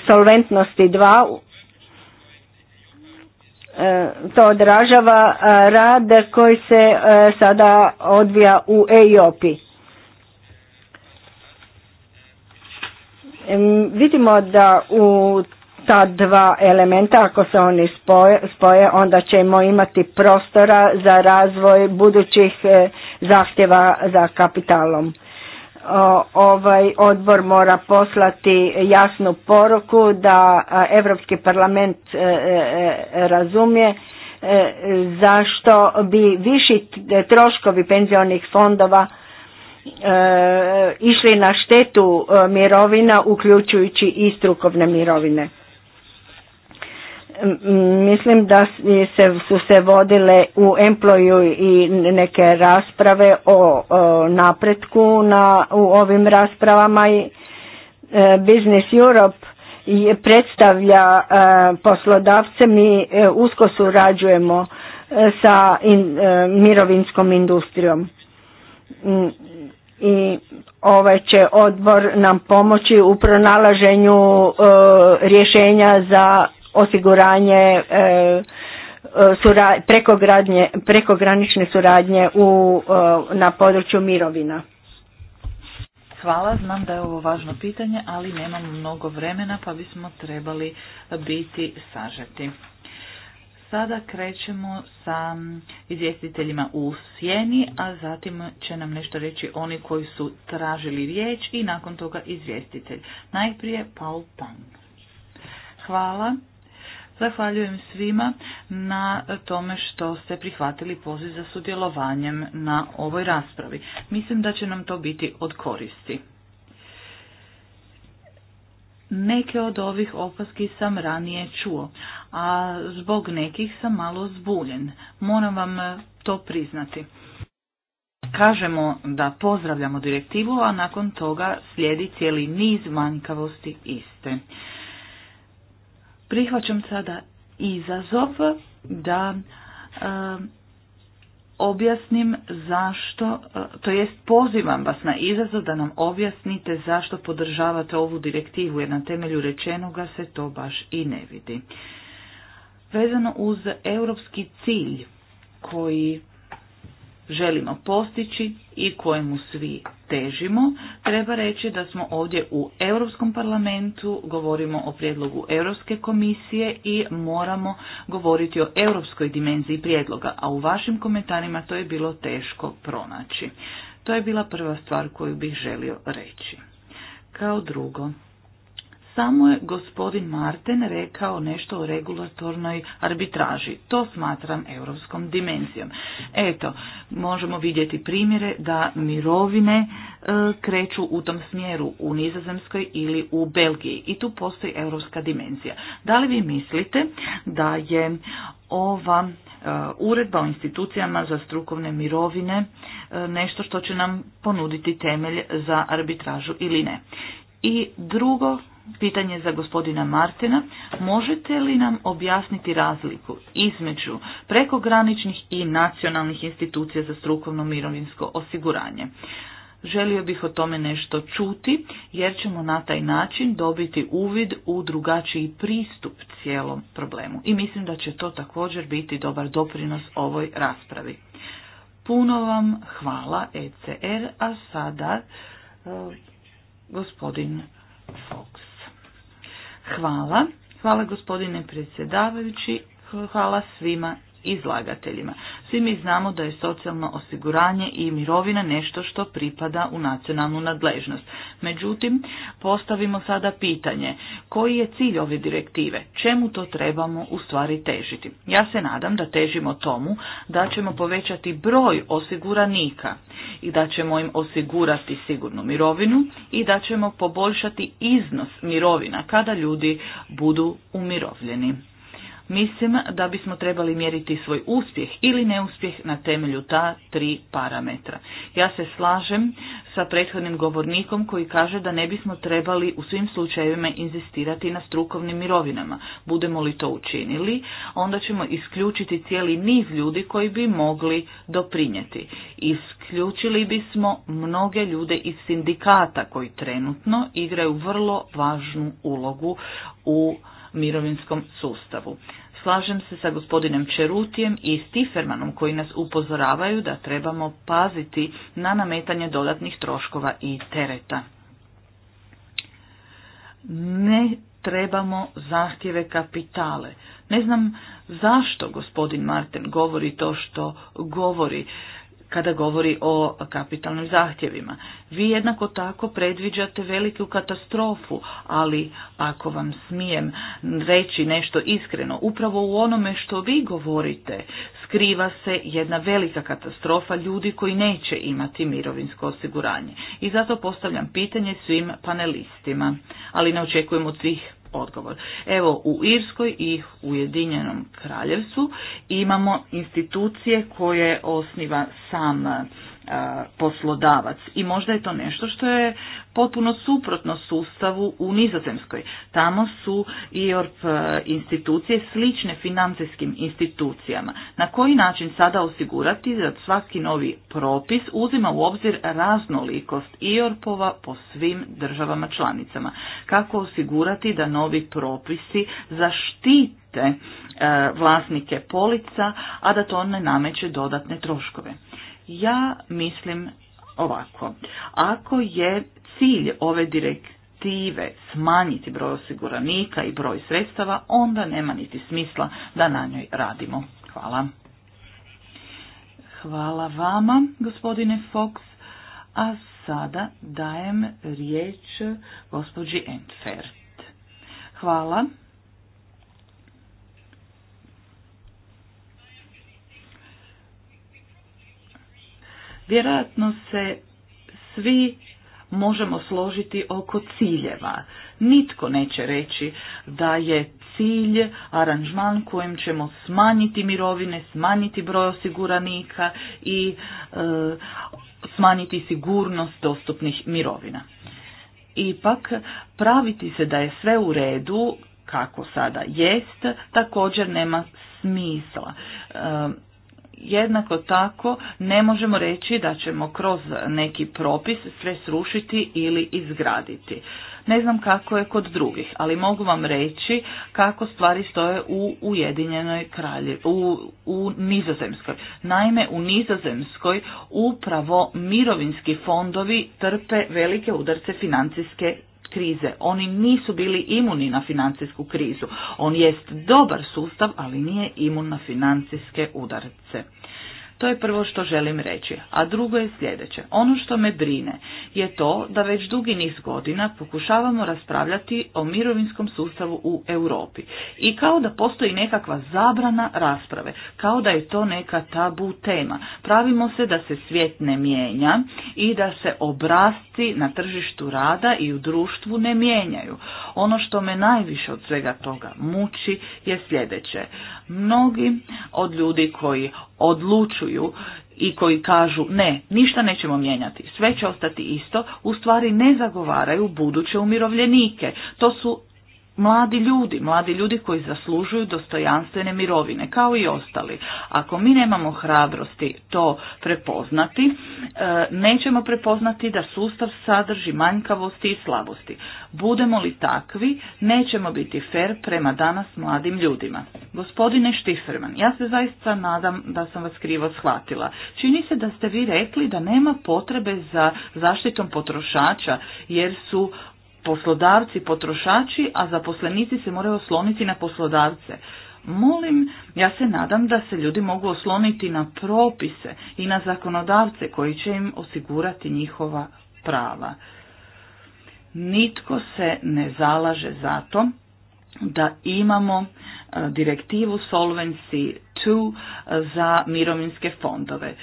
solventnosti 2 to odražava rad koji se sada odvija u EIOPI. Vidimo da u ta dva elementa, ako se oni spoje, onda ćemo imati prostora za razvoj budućih e, zahtjeva za kapitalom. ovaj odbor mora poslati jasnu poruku da Europski parlament e, e, razumije zašto bi viši troškovi penzionih fondova išli na štetu mirovina uključujući i strukovne mirovine mislim da su se vodile u emploju i neke rasprave o, napretku u ovim raspravama i e, Business Europe predstavlja e, poslodavce, mi e, usko surađujemo sa mirovinskom industrijom. I ovaj će odbor nam pomoći u pronalaženju rješenja za osiguranje e, e, prekogranične suradnje u, e, na području mirovina. Hvala, znam da je ovo važno pitanje, ali nemamo mnogo vremena pa bismo trebali biti sažeti. Sada krećemo sa izvjestiteljima u sjeni, a zatim će nam nešto reći oni koji su tražili riječ i nakon toga izvjestitelj. Najprije Paul Tang. Hvala. Zahvaljujem svima na tome što ste prihvatili poziv za sudjelovanjem na ovoj raspravi. Mislim da će nam to biti od koristi. Neke od ovih opaski sam ranije čuo, a zbog nekih sam malo zbuljen. Moram vam to priznati. Kažemo da pozdravljamo direktivu, a nakon toga slijedi cijeli niz manjkavosti iste prihvaćam sada izazov da um, objasnim zašto, uh, to jest pozivam vas na izazov da nam objasnite zašto podržavate ovu direktivu jer na temelju rečenoga se to baš i ne vidi. Vezano uz europski cilj koji želimo postići i kojemu svi težimo, treba reći da smo ovdje u Europskom parlamentu, govorimo o prijedlogu Europske komisije i moramo govoriti o europskoj dimenziji prijedloga, a u vašim komentarima to je bilo teško pronaći. To je bila prva stvar koju bih želio reći. Kao drugo, samo je gospodin Marten rekao nešto o regulatornoj arbitraži. To smatram europskom dimenzijom. Eto, možemo vidjeti primjere da mirovine e, kreću u tom smjeru u Nizozemskoj ili u Belgiji i tu postoji europska dimenzija. Da li vi mislite da je ova e, uredba o institucijama za strukovne mirovine e, nešto što će nam ponuditi temelj za arbitražu ili ne. I drugo Pitanje za gospodina Martina. Možete li nam objasniti razliku između prekograničnih i nacionalnih institucija za strukovno mirovinsko osiguranje? Želio bih o tome nešto čuti jer ćemo na taj način dobiti uvid u drugačiji pristup cijelom problemu i mislim da će to također biti dobar doprinos ovoj raspravi. Puno vam hvala ECR, a sada e, gospodin Fox. Hvala. Hvala gospodine predsjedavajući. Hvala svima izlagateljima. Svi mi znamo da je socijalno osiguranje i mirovina nešto što pripada u nacionalnu nadležnost. Međutim, postavimo sada pitanje koji je cilj ove direktive, čemu to trebamo u stvari težiti. Ja se nadam da težimo tomu da ćemo povećati broj osiguranika i da ćemo im osigurati sigurnu mirovinu i da ćemo poboljšati iznos mirovina kada ljudi budu umirovljeni. Mislim da bismo trebali mjeriti svoj uspjeh ili neuspjeh na temelju ta tri parametra. Ja se slažem sa prethodnim govornikom koji kaže da ne bismo trebali u svim slučajevima inzistirati na strukovnim mirovinama. Budemo li to učinili, onda ćemo isključiti cijeli niz ljudi koji bi mogli doprinijeti. Isključili bismo mnoge ljude iz sindikata koji trenutno igraju vrlo važnu ulogu u mirovinskom sustavu. Slažem se sa gospodinem Čerutijem i Stifermanom koji nas upozoravaju da trebamo paziti na nametanje dodatnih troškova i tereta. Ne trebamo zahtjeve kapitale. Ne znam zašto gospodin Martin govori to što govori kada govori o kapitalnim zahtjevima. Vi jednako tako predviđate veliku katastrofu, ali ako vam smijem reći nešto iskreno, upravo u onome što vi govorite skriva se jedna velika katastrofa ljudi koji neće imati mirovinsko osiguranje. I zato postavljam pitanje svim panelistima, ali ne očekujem od svih odgovor. Evo, u Irskoj i Ujedinjenom kraljevstvu imamo institucije koje osniva sam poslodavac i možda je to nešto što je potpuno suprotno sustavu u Nizozemskoj. Tamo su IORP e, institucije slične financijskim institucijama. Na koji način sada osigurati da svaki novi propis uzima u obzir raznolikost IORPova po svim državama članicama? Kako osigurati da novi propisi zaštite e, vlasnike polica, a da to ne nameće dodatne troškove? Ja mislim ovako, ako je cilj ove direktive smanjiti broj osiguranika i broj sredstava, onda nema niti smisla da na njoj radimo. Hvala. Hvala vama, gospodine Fox. A sada dajem riječ gospođi Entfert. Hvala. Vjerojatno se svi možemo složiti oko ciljeva. Nitko neće reći da je cilj aranžman kojim ćemo smanjiti mirovine, smanjiti broj osiguranika i e, smanjiti sigurnost dostupnih mirovina. Ipak, praviti se da je sve u redu, kako sada jest, također nema smisla. E, jednako tako ne možemo reći da ćemo kroz neki propis sve srušiti ili izgraditi. Ne znam kako je kod drugih, ali mogu vam reći kako stvari stoje u Ujedinjenoj kralje, u, u Nizozemskoj. Naime, u Nizozemskoj upravo mirovinski fondovi trpe velike udarce financijske krize. Oni nisu bili imuni na financijsku krizu. On jest dobar sustav, ali nije imun na financijske udarce. To je prvo što želim reći. A drugo je sljedeće. Ono što me brine je to da već dugi niz godina pokušavamo raspravljati o mirovinskom sustavu u Europi. I kao da postoji nekakva zabrana rasprave, kao da je to neka tabu tema. Pravimo se da se svijet ne mijenja i da se obrasci na tržištu rada i u društvu ne mijenjaju. Ono što me najviše od svega toga muči je sljedeće. Mnogi od ljudi koji odlučuju i koji kažu ne, ništa nećemo mijenjati, sve će ostati isto, u stvari ne zagovaraju buduće umirovljenike. To su mladi ljudi, mladi ljudi koji zaslužuju dostojanstvene mirovine, kao i ostali. Ako mi nemamo hrabrosti to prepoznati, e, nećemo prepoznati da sustav sadrži manjkavosti i slabosti. Budemo li takvi, nećemo biti fer prema danas mladim ljudima. Gospodine Štiferman, ja se zaista nadam da sam vas krivo shvatila. Čini se da ste vi rekli da nema potrebe za zaštitom potrošača, jer su poslodavci potrošači, a zaposlenici se moraju osloniti na poslodavce. Molim, ja se nadam da se ljudi mogu osloniti na propise i na zakonodavce koji će im osigurati njihova prava. Nitko se ne zalaže za to da imamo e, direktivu Solvency 2 e, za mirovinske fondove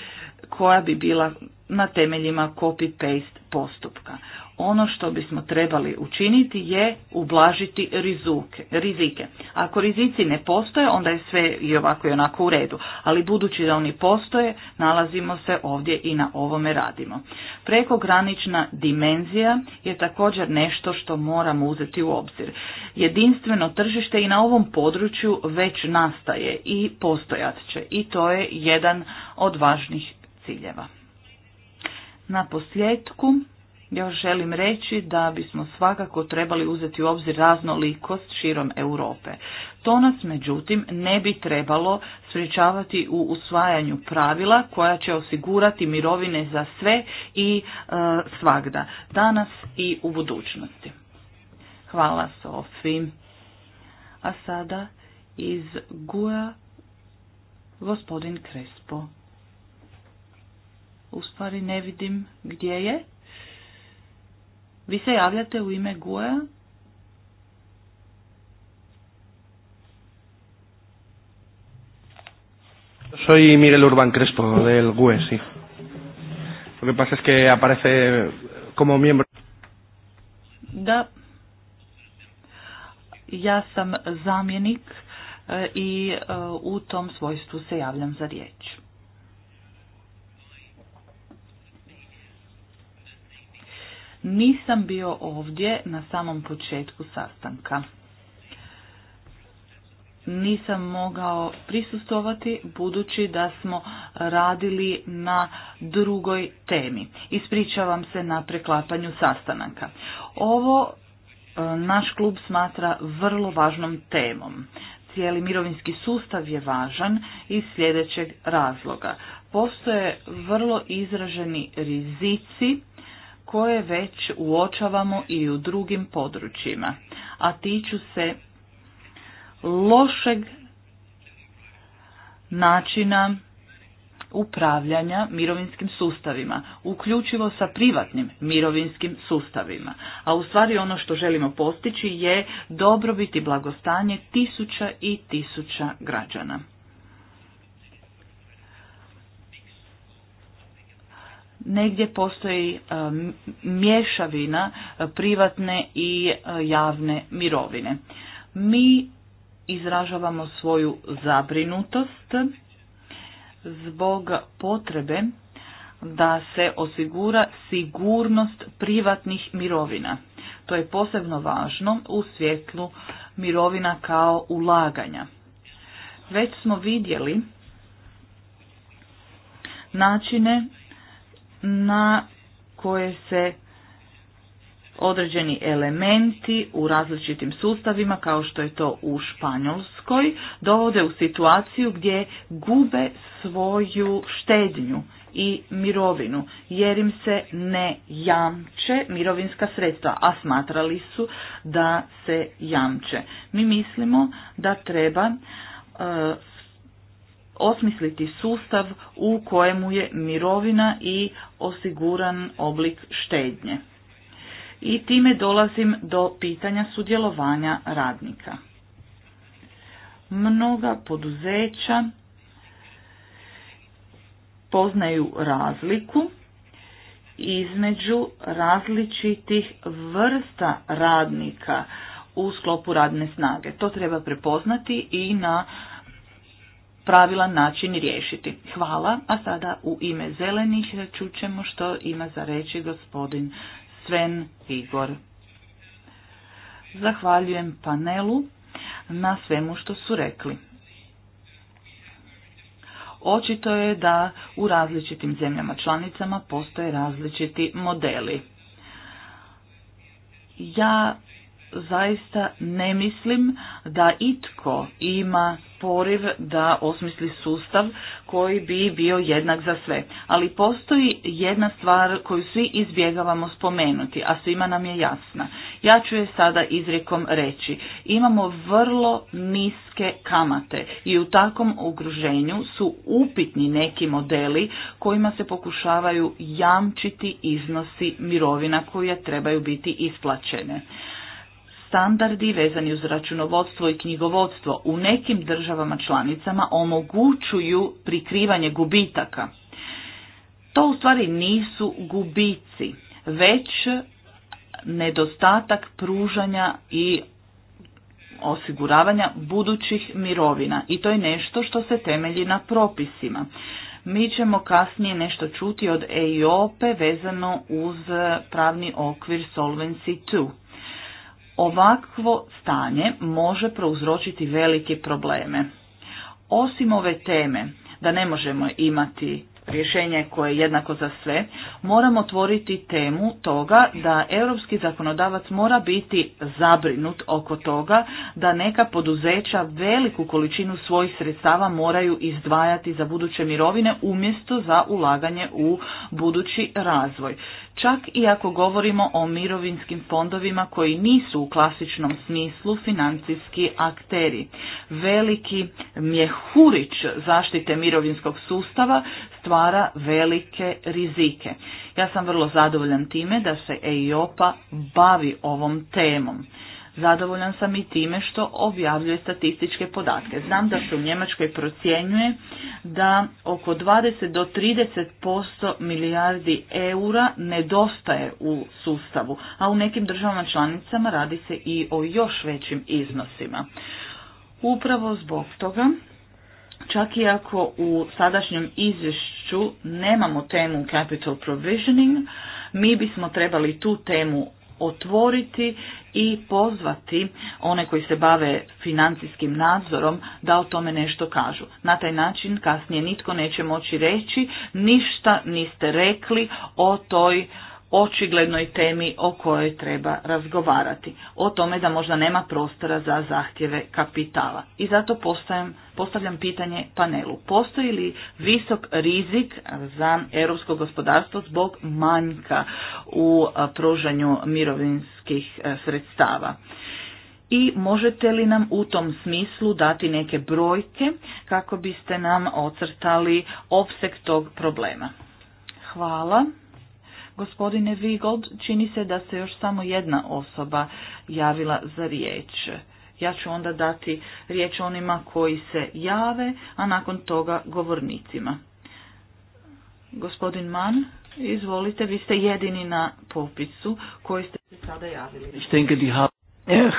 koja bi bila na temeljima copy-paste postupka ono što bismo trebali učiniti je ublažiti rizuke, rizike. Ako rizici ne postoje, onda je sve i ovako i onako u redu, ali budući da oni postoje, nalazimo se ovdje i na ovome radimo. Prekogranična dimenzija je također nešto što moramo uzeti u obzir. Jedinstveno tržište i na ovom području već nastaje i postojat će i to je jedan od važnih ciljeva. Na posljedku još želim reći da bismo svakako trebali uzeti u obzir raznolikost širom Europe. To nas međutim ne bi trebalo sprječavati u usvajanju pravila koja će osigurati mirovine za sve i e, svagda, danas i u budućnosti. Hvala Sofi. A sada iz Guja gospodin Krespo. U stvari ne vidim gdje je. Vi se javljate u ime Guea? Soy Miguel Urban Crespo del GUE, sí. Lo que pasa es que aparece como miembro. Da. Ja sam zamjenik eh, i eh, u tom svojstvu se javljam za riječ. Nisam bio ovdje na samom početku sastanka. Nisam mogao prisustovati budući da smo radili na drugoj temi. Ispričavam se na preklapanju sastanaka. Ovo e, naš klub smatra vrlo važnom temom. Cijeli mirovinski sustav je važan iz sljedećeg razloga. Postoje vrlo izraženi rizici koje već uočavamo i u drugim područjima, a tiču se lošeg načina upravljanja mirovinskim sustavima, uključivo sa privatnim mirovinskim sustavima. A u stvari ono što želimo postići je dobrobit i blagostanje tisuća i tisuća građana. negdje postoji e, mješavina e, privatne i e, javne mirovine. Mi izražavamo svoju zabrinutost zbog potrebe da se osigura sigurnost privatnih mirovina. To je posebno važno u svjetlu mirovina kao ulaganja. Već smo vidjeli načine na koje se određeni elementi u različitim sustavima, kao što je to u Španjolskoj, dovode u situaciju gdje gube svoju štednju i mirovinu, jer im se ne jamče mirovinska sredstva, a smatrali su da se jamče. Mi mislimo da treba e, osmisliti sustav u kojemu je mirovina i osiguran oblik štednje. I time dolazim do pitanja sudjelovanja radnika. Mnoga poduzeća poznaju razliku između različitih vrsta radnika u sklopu radne snage. To treba prepoznati i na pravilan način riješiti. Hvala, a sada u ime zelenih čućemo što ima za reći gospodin Sven Igor. Zahvaljujem panelu na svemu što su rekli. Očito je da u različitim zemljama članicama postoje različiti modeli. Ja zaista ne mislim da itko ima poriv da osmisli sustav koji bi bio jednak za sve. Ali postoji jedna stvar koju svi izbjegavamo spomenuti, a svima nam je jasna. Ja ću je sada izrijekom reći. Imamo vrlo niske kamate i u takvom ugruženju su upitni neki modeli kojima se pokušavaju jamčiti iznosi mirovina koje trebaju biti isplaćene standardi vezani uz računovodstvo i knjigovodstvo u nekim državama članicama omogućuju prikrivanje gubitaka. To u stvari nisu gubici, već nedostatak pružanja i osiguravanja budućih mirovina i to je nešto što se temelji na propisima. Mi ćemo kasnije nešto čuti od EIOPE vezano uz pravni okvir Solvency 2. Ovakvo stanje može prouzročiti velike probleme. Osim ove teme da ne možemo imati rješenje koje je jednako za sve, moramo otvoriti temu toga da europski zakonodavac mora biti zabrinut oko toga da neka poduzeća veliku količinu svojih sredstava moraju izdvajati za buduće mirovine umjesto za ulaganje u budući razvoj. Čak i ako govorimo o mirovinskim fondovima koji nisu u klasičnom smislu financijski akteri. Veliki mjehurić zaštite mirovinskog sustava stvara velike rizike. Ja sam vrlo zadovoljan time da se EIOPA bavi ovom temom. Zadovoljan sam i time što objavljuje statističke podatke. Znam da se u Njemačkoj procjenjuje da oko 20 do 30% milijardi eura nedostaje u sustavu, a u nekim državama članicama radi se i o još većim iznosima. Upravo zbog toga Čak i ako u sadašnjem izvješću nemamo temu capital provisioning, mi bismo trebali tu temu otvoriti i pozvati one koji se bave financijskim nadzorom da o tome nešto kažu. Na taj način kasnije nitko neće moći reći ništa niste rekli o toj očiglednoj temi o kojoj treba razgovarati. O tome da možda nema prostora za zahtjeve kapitala. I zato postavljam, postavljam pitanje panelu. Postoji li visok rizik za europsko gospodarstvo zbog manjka u pružanju mirovinskih sredstava? i možete li nam u tom smislu dati neke brojke kako biste nam ocrtali opseg tog problema. Hvala. Gospodine Vigold, čini se da se još samo jedna osoba javila za riječ. Ja ću onda dati riječ onima koji se jave, a nakon toga govornicima. Gospodin Mann, izvolite, vi ste jedini na popisu koji ste se sada javili.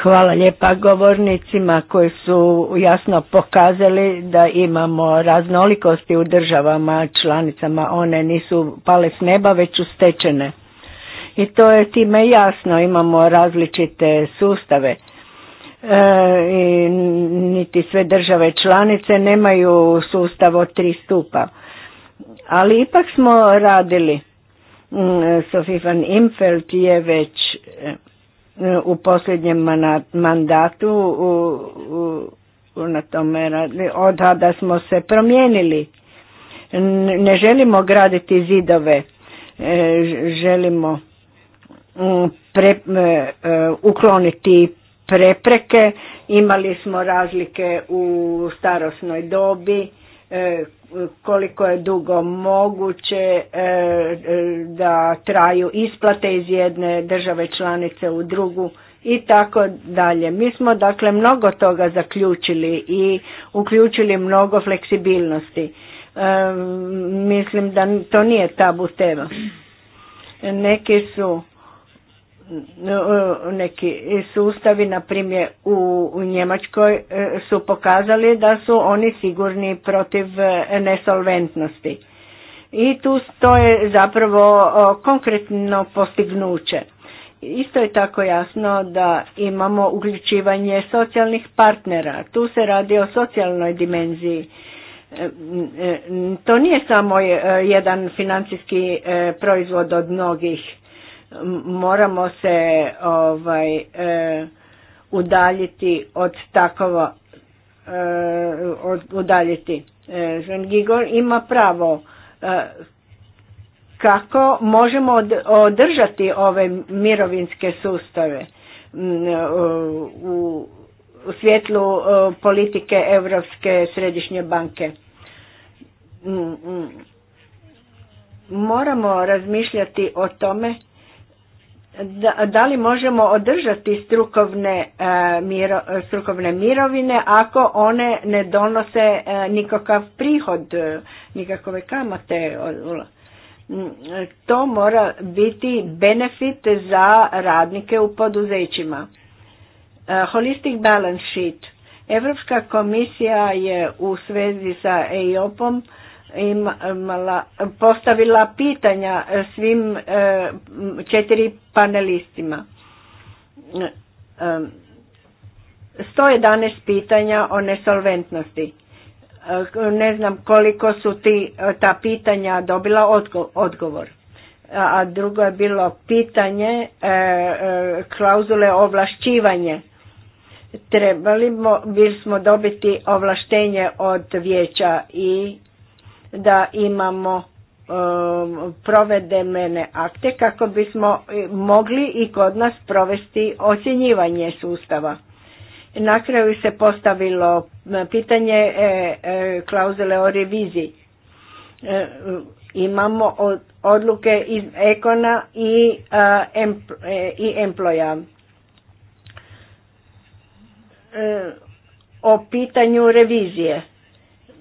Hvala lijepa govornicima koji su jasno pokazali da imamo raznolikosti u državama članicama. One nisu pale s neba već ustečene. I to je time jasno, imamo različite sustave. E, i niti sve države članice nemaju sustav od tri stupa. Ali ipak smo radili. Mm, Sofifan Imfeld je već u posljednjem mandatu u, na tome radili, od smo se promijenili. Ne želimo graditi zidove, e, želimo mm, e, e, ukloniti prepreke, imali smo razlike u starosnoj dobi, koliko je dugo moguće e, e, da traju isplate iz jedne države članice u drugu i tako dalje. Mi smo dakle mnogo toga zaključili i uključili mnogo fleksibilnosti. E, mislim da to nije tabu tema. Neki su E, neki sustavi, na primjer u Njemačkoj, e, su pokazali da su oni sigurni protiv e, nesolventnosti. I tu je zapravo konkretno postignuće. Isto je tako jasno da imamo uključivanje socijalnih partnera. Tu se radi o socijalnoj dimenziji. To nije samo jedan financijski proizvod od mnogih moramo se ovaj e, udaljiti od takova e, od, udaljiti e, Gigor ima pravo e, kako možemo održati ove mirovinske sustave e, u, u, svjetlu politike Europske središnje banke moramo razmišljati o tome da, da li možemo održati strukovne, e, strukovne mirovine ako one ne donose e, nikakav prihod, e, nikakove kamate? Mm, to mora biti benefit za radnike u poduzećima. Holistic balance sheet. Europska komisija je u svezi sa EIOP-om imala, postavila pitanja svim e, četiri panelistima. 111 e, e, pitanja o nesolventnosti. Ne znam koliko su ti, ta pitanja dobila odgovor. A drugo je bilo pitanje klauzule ovlašćivanje. Trebali bismo dobiti ovlaštenje od vijeća i da imamo mene um, akte kako bismo e, mogli i kod nas provesti ocjenjivanje sustava. Na kraju se postavilo e, pitanje e, klauzule o reviziji. Imamo odluke iz Ekona i Emploja. O pitanju revizije.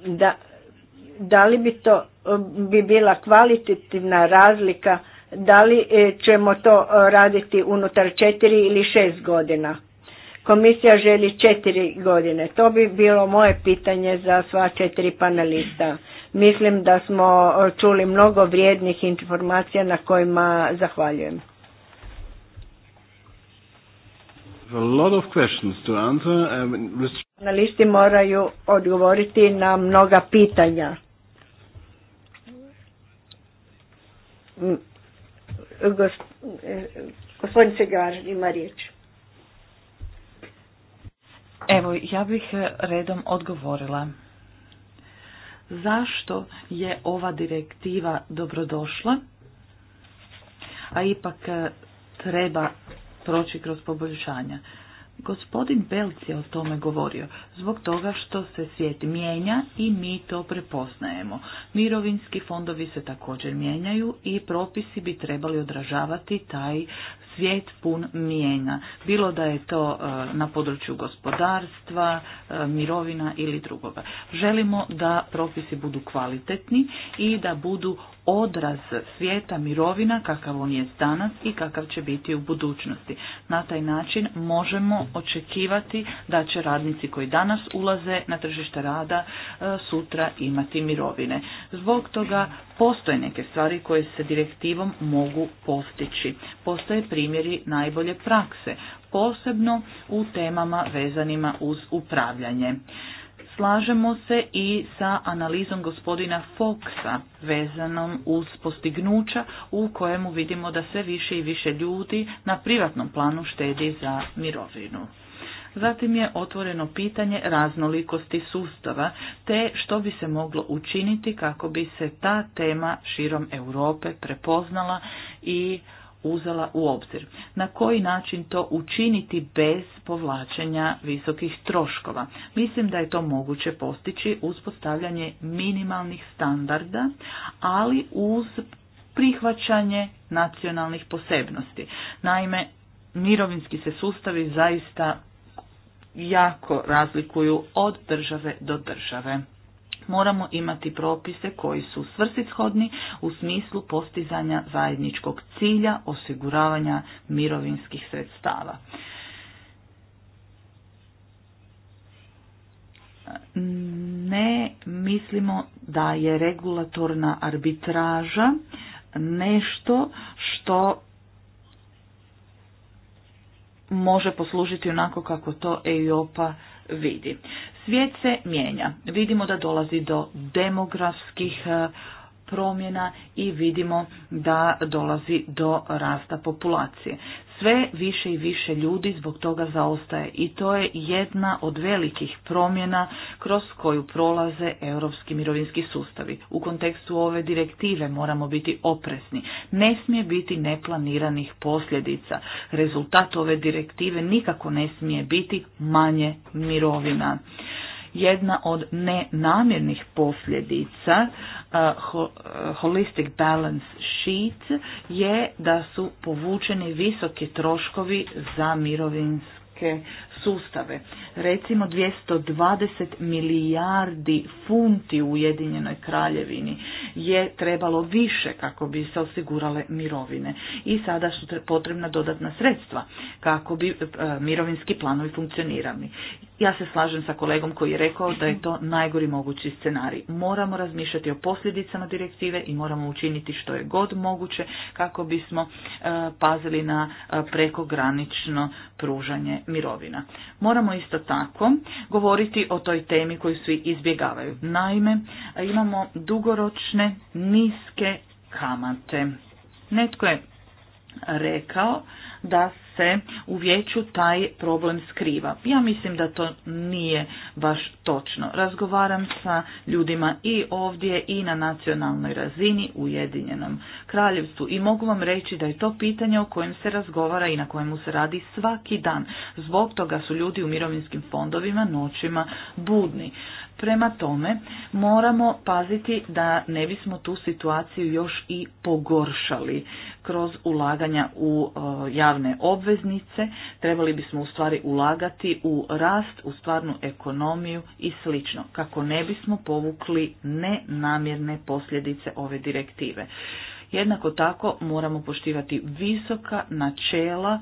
Da, da li bi to eh, bi bila kvalitativna razlika da li eh, ćemo to eh, raditi unutar četiri ili šest godina. Komisija želi četiri godine. To bi bilo moje pitanje za sva četiri panelista. Mislim da smo čuli mnogo vrijednih informacija na kojima zahvaljujem. A um, moraju odgovoriti na mnoga pitanja. Mm, eh, gospodin Segar ima riječ. Evo, ja bih eh, redom odgovorila. Zašto je ova direktiva dobrodošla, a ipak eh, treba proći kroz poboljšanja? Gospodin Belc je o tome govorio, zbog toga što se svijet mijenja i mi to prepoznajemo. Mirovinski fondovi se također mijenjaju i propisi bi trebali odražavati taj svijet pun mijenja, bilo da je to e, na području gospodarstva, e, mirovina ili drugoga. Želimo da propisi budu kvalitetni i da budu odraz svijeta mirovina kakav on je danas i kakav će biti u budućnosti. Na taj način možemo očekivati da će radnici koji danas ulaze na tržište rada e, sutra imati mirovine. Zbog toga Postoje neke stvari koje se direktivom mogu postići. Postoje primjeri najbolje prakse, posebno u temama vezanima uz upravljanje. Slažemo se i sa analizom gospodina Foxa vezanom uz postignuća u kojemu vidimo da sve više i više ljudi na privatnom planu štedi za mirovinu. Zatim je otvoreno pitanje raznolikosti sustava te što bi se moglo učiniti kako bi se ta tema širom Europe prepoznala i uzela u obzir. Na koji način to učiniti bez povlačenja visokih troškova? Mislim da je to moguće postići uz postavljanje minimalnih standarda, ali uz prihvaćanje nacionalnih posebnosti. Naime, mirovinski se sustavi zaista jako razlikuju od države do države. Moramo imati propise koji su svrsishodni u smislu postizanja zajedničkog cilja osiguravanja mirovinskih sredstava. Ne mislimo da je regulatorna arbitraža nešto što može poslužiti onako kako to EIOPA vidi. Svijet se mijenja. Vidimo da dolazi do demografskih e, promjena i vidimo da dolazi do rasta populacije sve više i više ljudi zbog toga zaostaje i to je jedna od velikih promjena kroz koju prolaze europski mirovinski sustavi. U kontekstu ove direktive moramo biti oprezni. Ne smije biti neplaniranih posljedica. Rezultat ove direktive nikako ne smije biti manje mirovina jedna od nenamjernih posljedica uh, uh, holistic balance sheet je da su povučeni visoki troškovi za mirovinske sustave. Recimo 220 milijardi funti u Ujedinjenoj kraljevini je trebalo više kako bi se osigurale mirovine i sada su potrebna dodatna sredstva kako bi uh, mirovinski planovi funkcionirali. Ja se slažem sa kolegom koji je rekao da je to najgori mogući scenarij. Moramo razmišljati o posljedicama direktive i moramo učiniti što je god moguće kako bismo e, pazili na e, prekogranično pružanje mirovina. Moramo isto tako govoriti o toj temi koju svi izbjegavaju. Naime, imamo dugoročne niske kamate. Netko je rekao da se u vijeću taj problem skriva. Ja mislim da to nije baš točno. Razgovaram sa ljudima i ovdje i na nacionalnoj razini u Ujedinjenom kraljevstvu i mogu vam reći da je to pitanje o kojem se razgovara i na kojemu se radi svaki dan. Zbog toga su ljudi u mirovinskim fondovima noćima budni. Prema tome, moramo paziti da ne bismo tu situaciju još i pogoršali kroz ulaganja u e, javne obveznice. Trebali bismo u stvari ulagati u rast, u stvarnu ekonomiju i slično, kako ne bismo povukli nenamjerne posljedice ove direktive. Jednako tako moramo poštivati visoka načela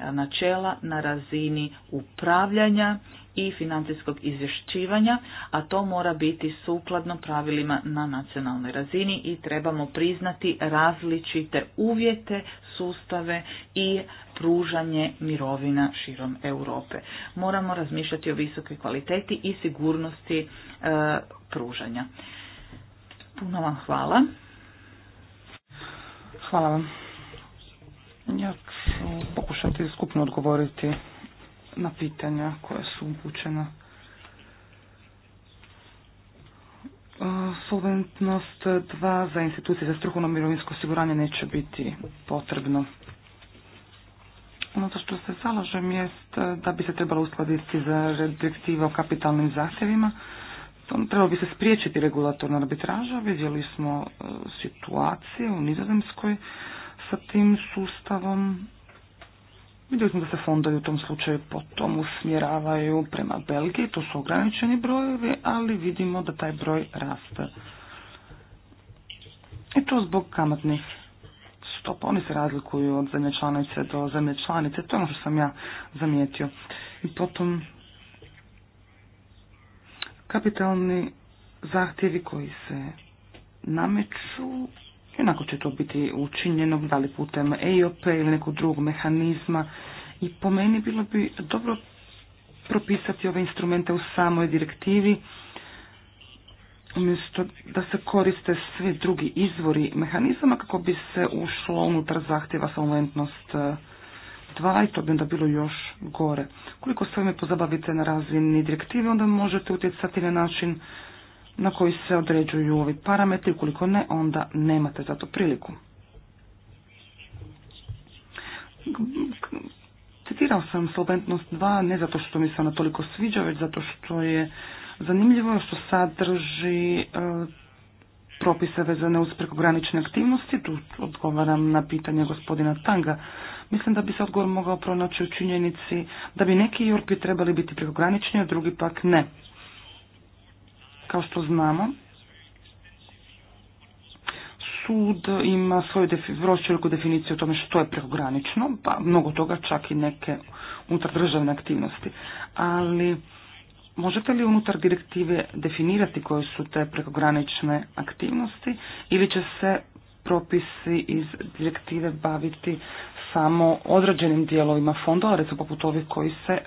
e, načela na razini upravljanja i financijskog izvješćivanja, a to mora biti sukladno pravilima na nacionalnoj razini i trebamo priznati različite uvjete, sustave i pružanje mirovina širom Europe. Moramo razmišljati o visokoj kvaliteti i sigurnosti e, pružanja. Puno vam hvala. Hvala vam. Ja ću pokušati skupno odgovoriti na pitanja koja su upućena. E, solventnost 2 za institucije za strukovno mirovinsko osiguranje neće biti potrebno. Ono to što se zalažem jest da bi se trebalo uskladiti za direktiva o kapitalnim zahtjevima. Trebalo bi se spriječiti regulatorna arbitraža. Vidjeli smo e, situacije u Nizozemskoj sa tim sustavom Vidjeli smo da se fondovi u tom slučaju potom usmjeravaju prema Belgiji, to su ograničeni brojevi, ali vidimo da taj broj raste. I to zbog kamatnih stopa. Oni se razlikuju od zemlje članice do zemlje članice, to je ono što sam ja zamijetio. I potom kapitalni zahtjevi koji se nameću iako će to biti učinjeno, da li putem EIOP ili nekog drugog mehanizma. I po meni bilo bi dobro propisati ove instrumente u samoj direktivi, umjesto da se koriste svi drugi izvori mehanizama kako bi se ušlo unutar zahtjeva solventnost eh, dva, i to bi onda bilo još gore. Koliko se ovime pozabavite na razini direktive, onda možete utjecati na način na koji se određuju ovi parametri, ukoliko ne, onda nemate za to priliku. Citirao sam Solventnost 2 ne zato što mi se ona toliko sviđa, već zato što je zanimljivo što sadrži e, propise vezane uz prekogranične aktivnosti. Tu odgovaram na pitanje gospodina Tanga. Mislim da bi se odgovor mogao pronaći u činjenici da bi neki jurpi trebali biti prekogranični, a drugi pak ne. Kao što znamo, sud ima svoju vrlo definiciju o tome što je prekogranično, pa mnogo toga čak i neke unutar državne aktivnosti. Ali možete li unutar direktive definirati koje su te prekogranične aktivnosti ili će se propisi iz direktive baviti samo određenim dijelovima fondova, recimo poput ovih koji se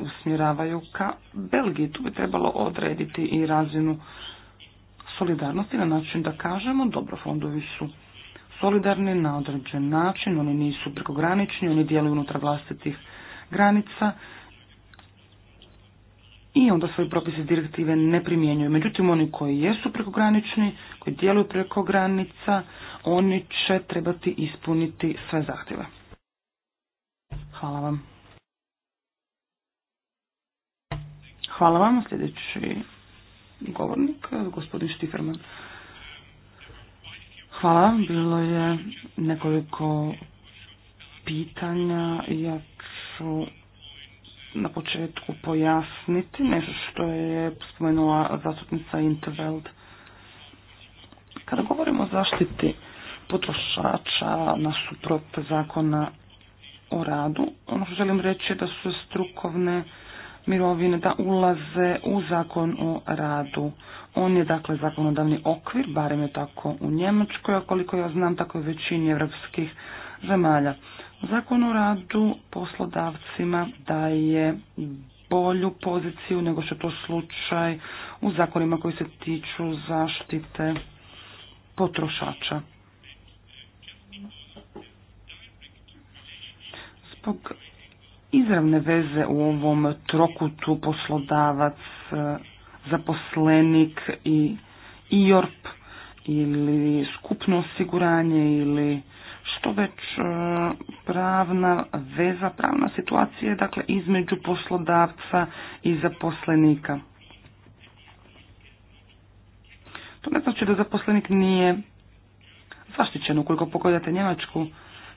usmjeravaju ka Belgiji. Tu bi trebalo odrediti i razinu solidarnosti na način da kažemo dobro fondovi su solidarni na određen način, oni nisu prekogranični, oni djeluju unutar vlastitih granica i onda svoje propisi direktive ne primjenjuju. Međutim, oni koji jesu prekogranični, koji djeluju preko granica, oni će trebati ispuniti sve zahtjeve. Hvala vam. Hvala vam. Sljedeći govornik, gospodin Štiferman. Hvala Bilo je nekoliko pitanja. Ja ću na početku pojasniti nešto što je spomenula zastupnica Interveld. Kada govorimo o zaštiti potrošača nasuprot zakona o radu, ono što želim reći je da su strukovne mirovine da ulaze u zakon o radu. On je dakle zakonodavni okvir, barem je tako u Njemačkoj, a koliko ja znam tako i u većini evropskih zemalja. Zakon o radu poslodavcima daje bolju poziciju nego što je to slučaj u zakonima koji se tiču zaštite potrošača. Zbog izravne veze u ovom trokutu poslodavac, e, zaposlenik i IORP ili skupno osiguranje ili to već e, pravna veza, pravna situacija dakle između poslodavca i zaposlenika. To ne znači da zaposlenik nije zaštićen. Ukoliko pogledate njemačku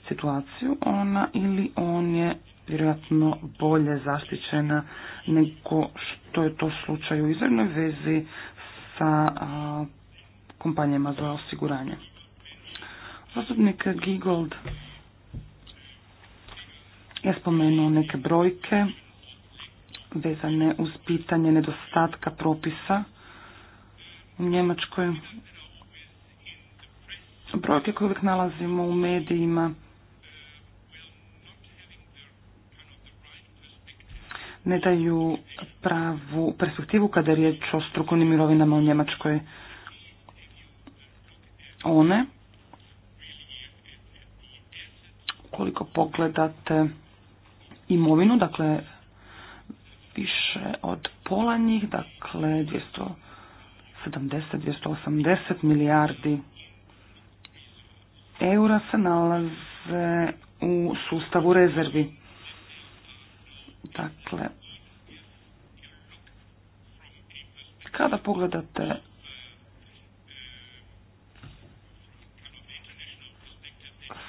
situaciju, ona ili on je vjerojatno bolje zaštićena nego što je to slučaj u izrednoj vezi sa kompanijama za osiguranje. Zastupnik Gigold je spomenuo neke brojke vezane uz pitanje nedostatka propisa u Njemačkoj. Brojke koje uvijek nalazimo u medijima ne daju pravu perspektivu kada je riječ o strukovnim mirovinama u Njemačkoj. One koliko pogledate imovinu, dakle više od pola njih, dakle 270-280 milijardi eura se nalaze u sustavu rezervi. Dakle, kada pogledate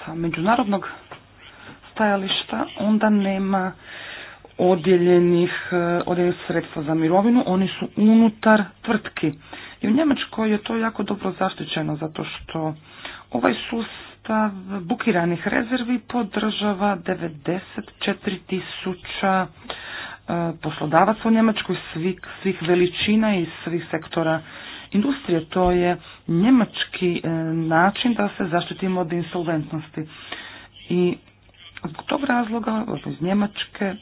sa međunarodnog stajališta, onda nema odjeljenih, e, odjeljenih sredstva za mirovinu, oni su unutar tvrtki. I u Njemačkoj je to jako dobro zaštićeno, zato što ovaj sustav bukiranih rezervi podržava 94 tisuća e, poslodavaca u Njemačkoj svih, svih veličina i svih sektora industrije. To je njemački e, način da se zaštitimo od insolventnosti. I Zbog tog razloga, iz njemačke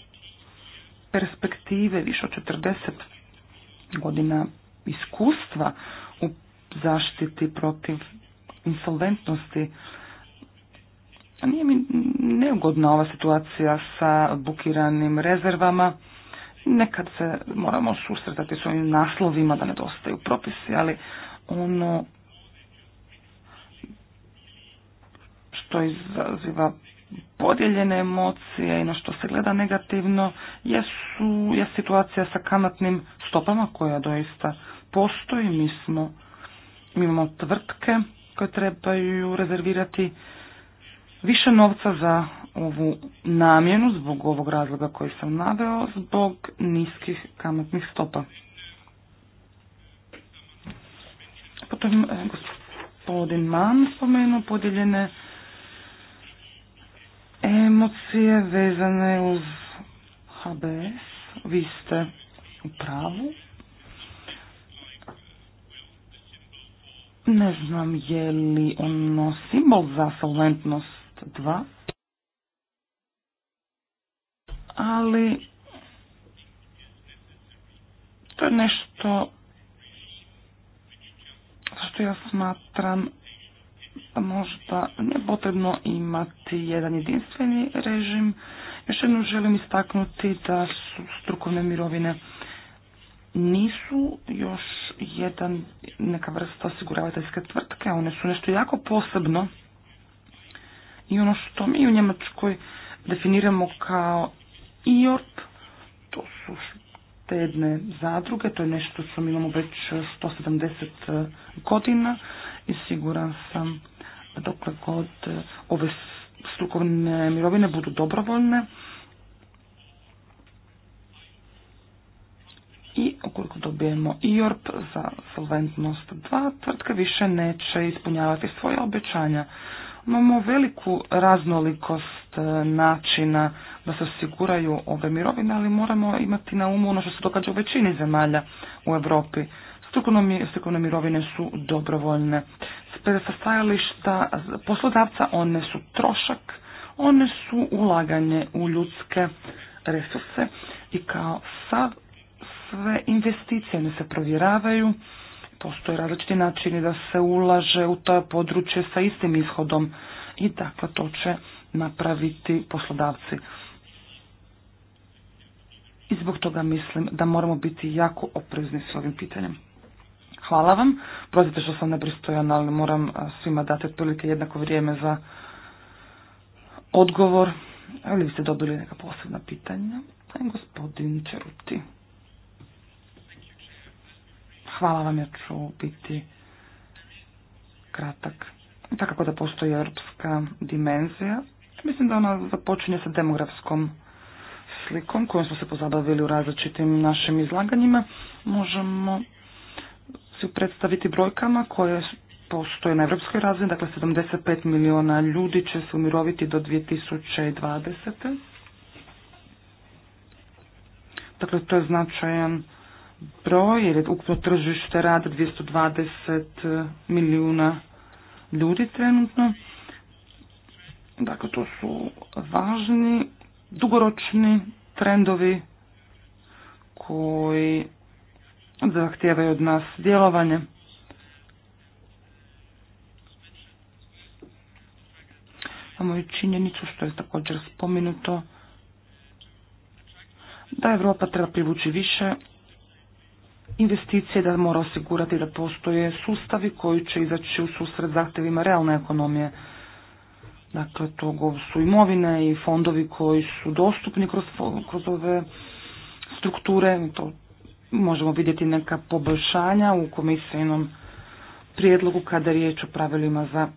perspektive, više od 40 godina iskustva u zaštiti protiv insolventnosti, nije mi neugodna ova situacija sa bukiranim rezervama. Nekad se moramo susretati s ovim naslovima da nedostaju propisi, ali ono što izaziva podijeljene emocije i na što se gleda negativno jesu, je situacija sa kamatnim stopama koja doista postoji. Mi smo, imamo tvrtke koje trebaju rezervirati više novca za ovu namjenu zbog ovog razloga koji sam naveo, zbog niskih kamatnih stopa. Potom eh, gospodin Man spomenuo podijeljene emocije vezane uz HBS. Vi ste u pravu. Ne znam je li ono simbol za solventnost 2, ali to je nešto što ja smatram možda nije potrebno imati jedan jedinstveni režim. Još jednom želim istaknuti da su strukovne mirovine nisu još jedan neka vrsta osiguravateljske tvrtke, one su nešto jako posebno i ono što mi u Njemačkoj definiramo kao IORP, to su štedne zadruge, to je nešto što imamo već 170 godina i siguran sam dokle god e, ove strukovne mirovine budu dobrovoljne i ukoliko dobijemo IORP za solventnost 2, Tvrtka više neće ispunjavati svoje obećanja. Imamo veliku raznolikost e, načina da se osiguraju ove mirovine, ali moramo imati na umu ono što se događa u većini zemalja u Europi. Strukovne mirovine su dobrovoljne sa stajališta poslodavca one su trošak, one su ulaganje u ljudske resurse i kao sad sve investicije ne se provjeravaju, postoje različiti načini da se ulaže u to područje sa istim ishodom i dakle to će napraviti poslodavci. I zbog toga mislim da moramo biti jako oprezni s ovim pitanjem. Hvala vam. Prozite što sam nepristojan, ali moram svima dati otprilike jednako vrijeme za odgovor. Ali vi ste dobili neka posebna pitanja. Pa gospodin Čeruti. Hvala vam, ja ću biti kratak. Takako da postoji europska dimenzija. Mislim da ona započinje sa demografskom slikom kojom smo se pozabavili u različitim našim izlaganjima. Možemo situaciju predstaviti brojkama koje postoje na evropskoj razini, dakle 75 milijuna ljudi će se umiroviti do 2020. Dakle, to je značajan broj, jer je ukupno tržište rada 220 milijuna ljudi trenutno. Dakle, to su važni, dugoročni trendovi koji zahtijevaju od nas djelovanje. Imamo i činjenicu što je također spomenuto da Europa treba privući više investicije, da mora osigurati da postoje sustavi koji će izaći u susret zahtjevima realne ekonomije. Dakle, to su imovine i fondovi koji su dostupni kroz, kroz ove strukture, to možemo vidjeti neka poboljšanja u komisijenom prijedlogu kada je riječ o pravilima za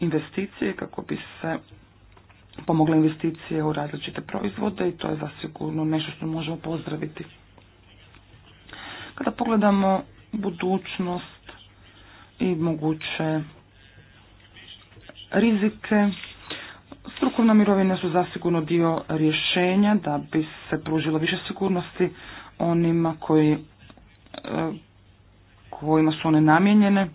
investicije kako bi se pomogle investicije u različite proizvode i to je zasigurno nešto što možemo pozdraviti. Kada pogledamo budućnost i moguće rizike, strukovna mirovina su zasigurno dio rješenja da bi se pružilo više sigurnosti onima koji, e, kojima su one namijenjene.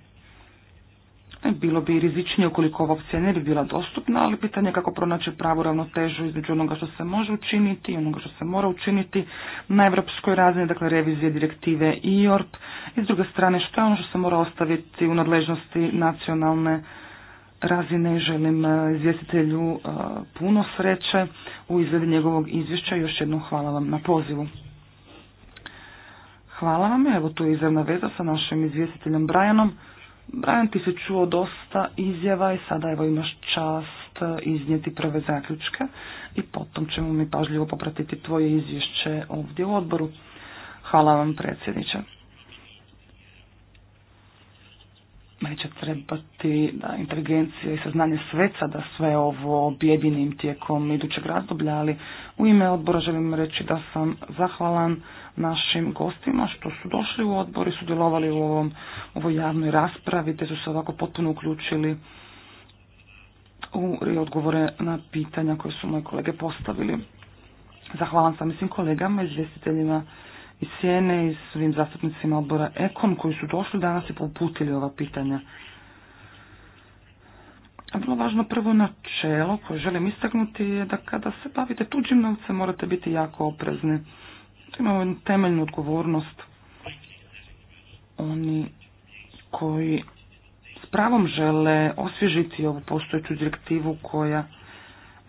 E, bilo bi rizičnije ukoliko ova opcija ne bi bila dostupna, ali pitanje kako pronaći pravu ravnotežu između onoga što se može učiniti i onoga što se mora učiniti na evropskoj razini, dakle revizije direktive IORP. I s druge strane što je ono što se mora ostaviti u nadležnosti nacionalne razine želim e, izvjestitelju puno sreće u izradi njegovog izvješća. Još jednom hvala vam na pozivu. Hvala vam. Evo tu je izravna veza sa našim izvjestiteljem Brajanom. Brajan, ti si čuo dosta izjava i sada evo imaš čast e, iznijeti prve zaključke i potom ćemo mi pažljivo popratiti tvoje izvješće ovdje u odboru. Hvala vam predsjedniče. Neće trebati da inteligencija i saznanje sveca da sve ovo objedinim tijekom idućeg razdoblja, ali u ime odbora želim reći da sam zahvalan našim gostima što su došli u odbor i sudjelovali u ovom, ovoj javnoj raspravi te su se ovako potpuno uključili u odgovore na pitanja koje su moje kolege postavili. Zahvalan sam i svim kolegama, izvjestiteljima iz Sjene i svim zastupnicima odbora Ekon koji su došli danas i poputili ova pitanja. A bilo važno prvo načelo koje želim istaknuti je da kada se bavite tuđim novcem morate biti jako oprezni imamo temeljnu odgovornost oni koji s pravom žele osvježiti ovu postojeću direktivu koja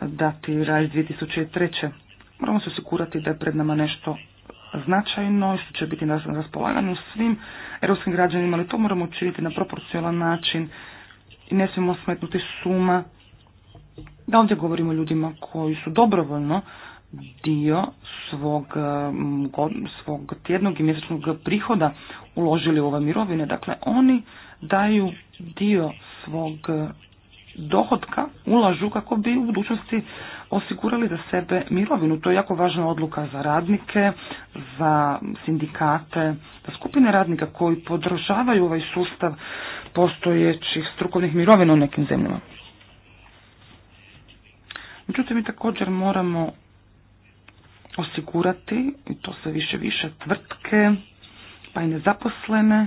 datira iz 2003. Moramo se osigurati da je pred nama nešto značajno i što će biti na raspolaganju svim europskim građanima, ali to moramo učiniti na proporcionalan način i ne smijemo smetnuti suma da ovdje govorimo o ljudima koji su dobrovoljno dio svog, eh, svog tjednog i mjesečnog prihoda uložili u ove mirovine. Dakle, oni daju dio svog eh, dohodka, ulažu kako bi u budućnosti osigurali za sebe mirovinu. To je jako važna odluka za radnike, za sindikate, za skupine radnika koji podržavaju ovaj sustav postojećih strukovnih mirovina u nekim zemljama. Međutim, mi također moramo osigurati, i to sve više više, tvrtke, pa i nezaposlene,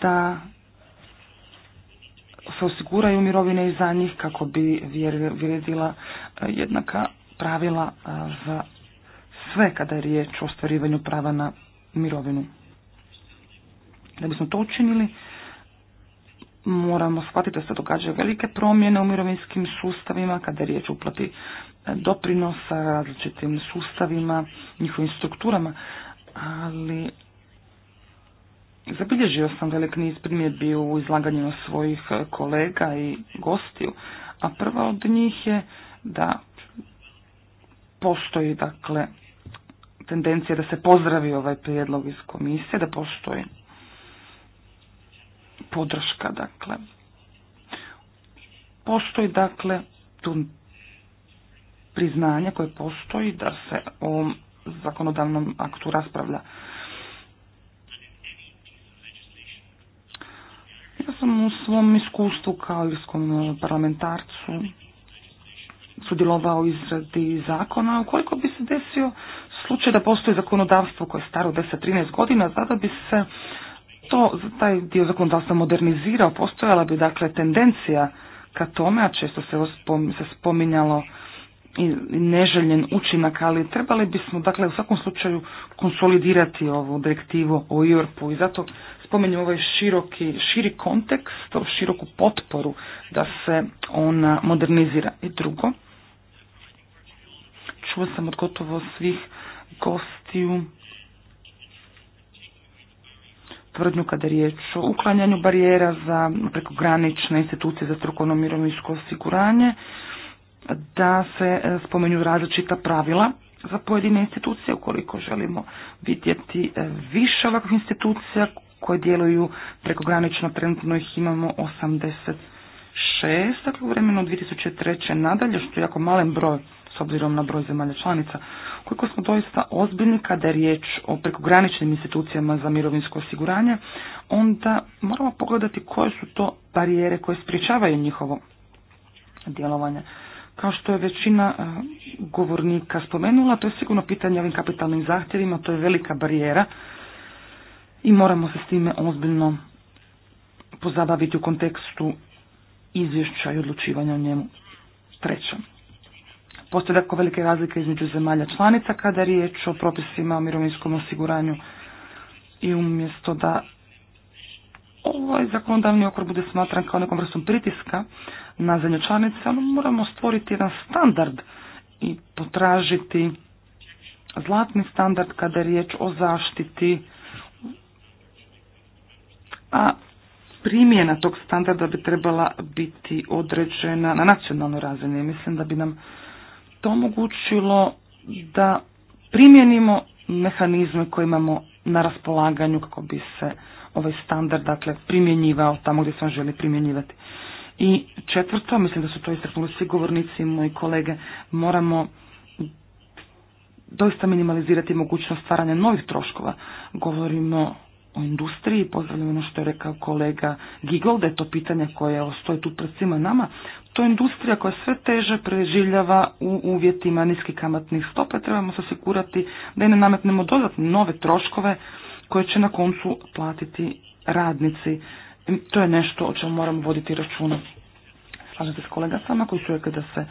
da se osiguraju mirovine i za njih kako bi vrijedila e, jednaka pravila e, za sve kada je riječ o ostvarivanju prava na mirovinu. Da bismo to učinili, moramo shvatiti da se događaju velike promjene u mirovinskim sustavima kada je riječ o uplati doprinosa različitim sustavima, njihovim strukturama, ali zabilježio sam velik niz primjedbi u izlaganju svojih kolega i gostiju, a prva od njih je da postoji dakle tendencija da se pozdravi ovaj prijedlog iz komisije, da postoji podrška dakle. Postoji dakle tu priznanja koje postoji da se o zakonodavnom aktu raspravlja. Ja sam u svom iskustvu kao irskom parlamentarcu sudjelovao u izradi zakona. Ukoliko bi se desio slučaj da postoji zakonodavstvo koje je staro 10-13 godina, tada bi se to, taj dio zakonodavstva modernizirao, postojala bi dakle tendencija ka tome, a često se, se spominjalo i neželjen učinak, ali trebali bismo dakle u svakom slučaju konsolidirati ovu direktivu o iorp i zato spomenju ovaj široki, širi kontekst, ovu široku potporu da se ona modernizira. I drugo, čuo sam od gotovo svih gostiju tvrdnju kada je riječ o uklanjanju barijera za prekogranične institucije za strukovno mirovinsko osiguranje, da se e, spomenju različita pravila za pojedine institucije ukoliko želimo vidjeti e, više ovakvih institucija koje djeluju prekogranično, trenutno ih imamo 86, dakle u vremenu 2003. nadalje, što je jako malen broj s obzirom na broj zemalja članica, koliko smo doista ozbiljni kada je riječ o prekograničnim institucijama za mirovinsko osiguranje, onda moramo pogledati koje su to barijere koje sprječavaju njihovo djelovanje. Kao što je većina e, govornika spomenula, to je sigurno pitanje ovim kapitalnim zahtjevima, to je velika barijera i moramo se s time ozbiljno pozabaviti u kontekstu izvješća i odlučivanja o njemu. Treće, postoje tako velike razlike između zemalja članica kada je riječ o propisima o mirovinskom osiguranju i umjesto da ovaj zakonodavni okvir bude smatran kao nekom vrstom pritiska na zemlje članice, moramo stvoriti jedan standard i potražiti zlatni standard kada je riječ o zaštiti, a primjena tog standarda bi trebala biti određena na nacionalnoj razini. Mislim da bi nam to omogućilo da primjenimo mehanizme koje imamo na raspolaganju kako bi se ovaj standard dakle, primjenjivao tamo gdje se on želi primjenjivati. I četvrto, mislim da su to istaknuli svi govornici, moji kolege, moramo doista minimalizirati mogućnost stvaranja novih troškova. Govorimo o industriji, pozdravljam ono što je rekao kolega Gigol, da je to pitanje koje stoji tu pred svima nama. To je industrija koja sve teže preživljava u uvjetima niskih kamatnih stopa. Trebamo se osigurati da ne nametnemo dodatne nove troškove koje će na koncu platiti radnici. To je nešto o čemu moramo voditi računa. Slažete se s kolega sama koji su rekli da se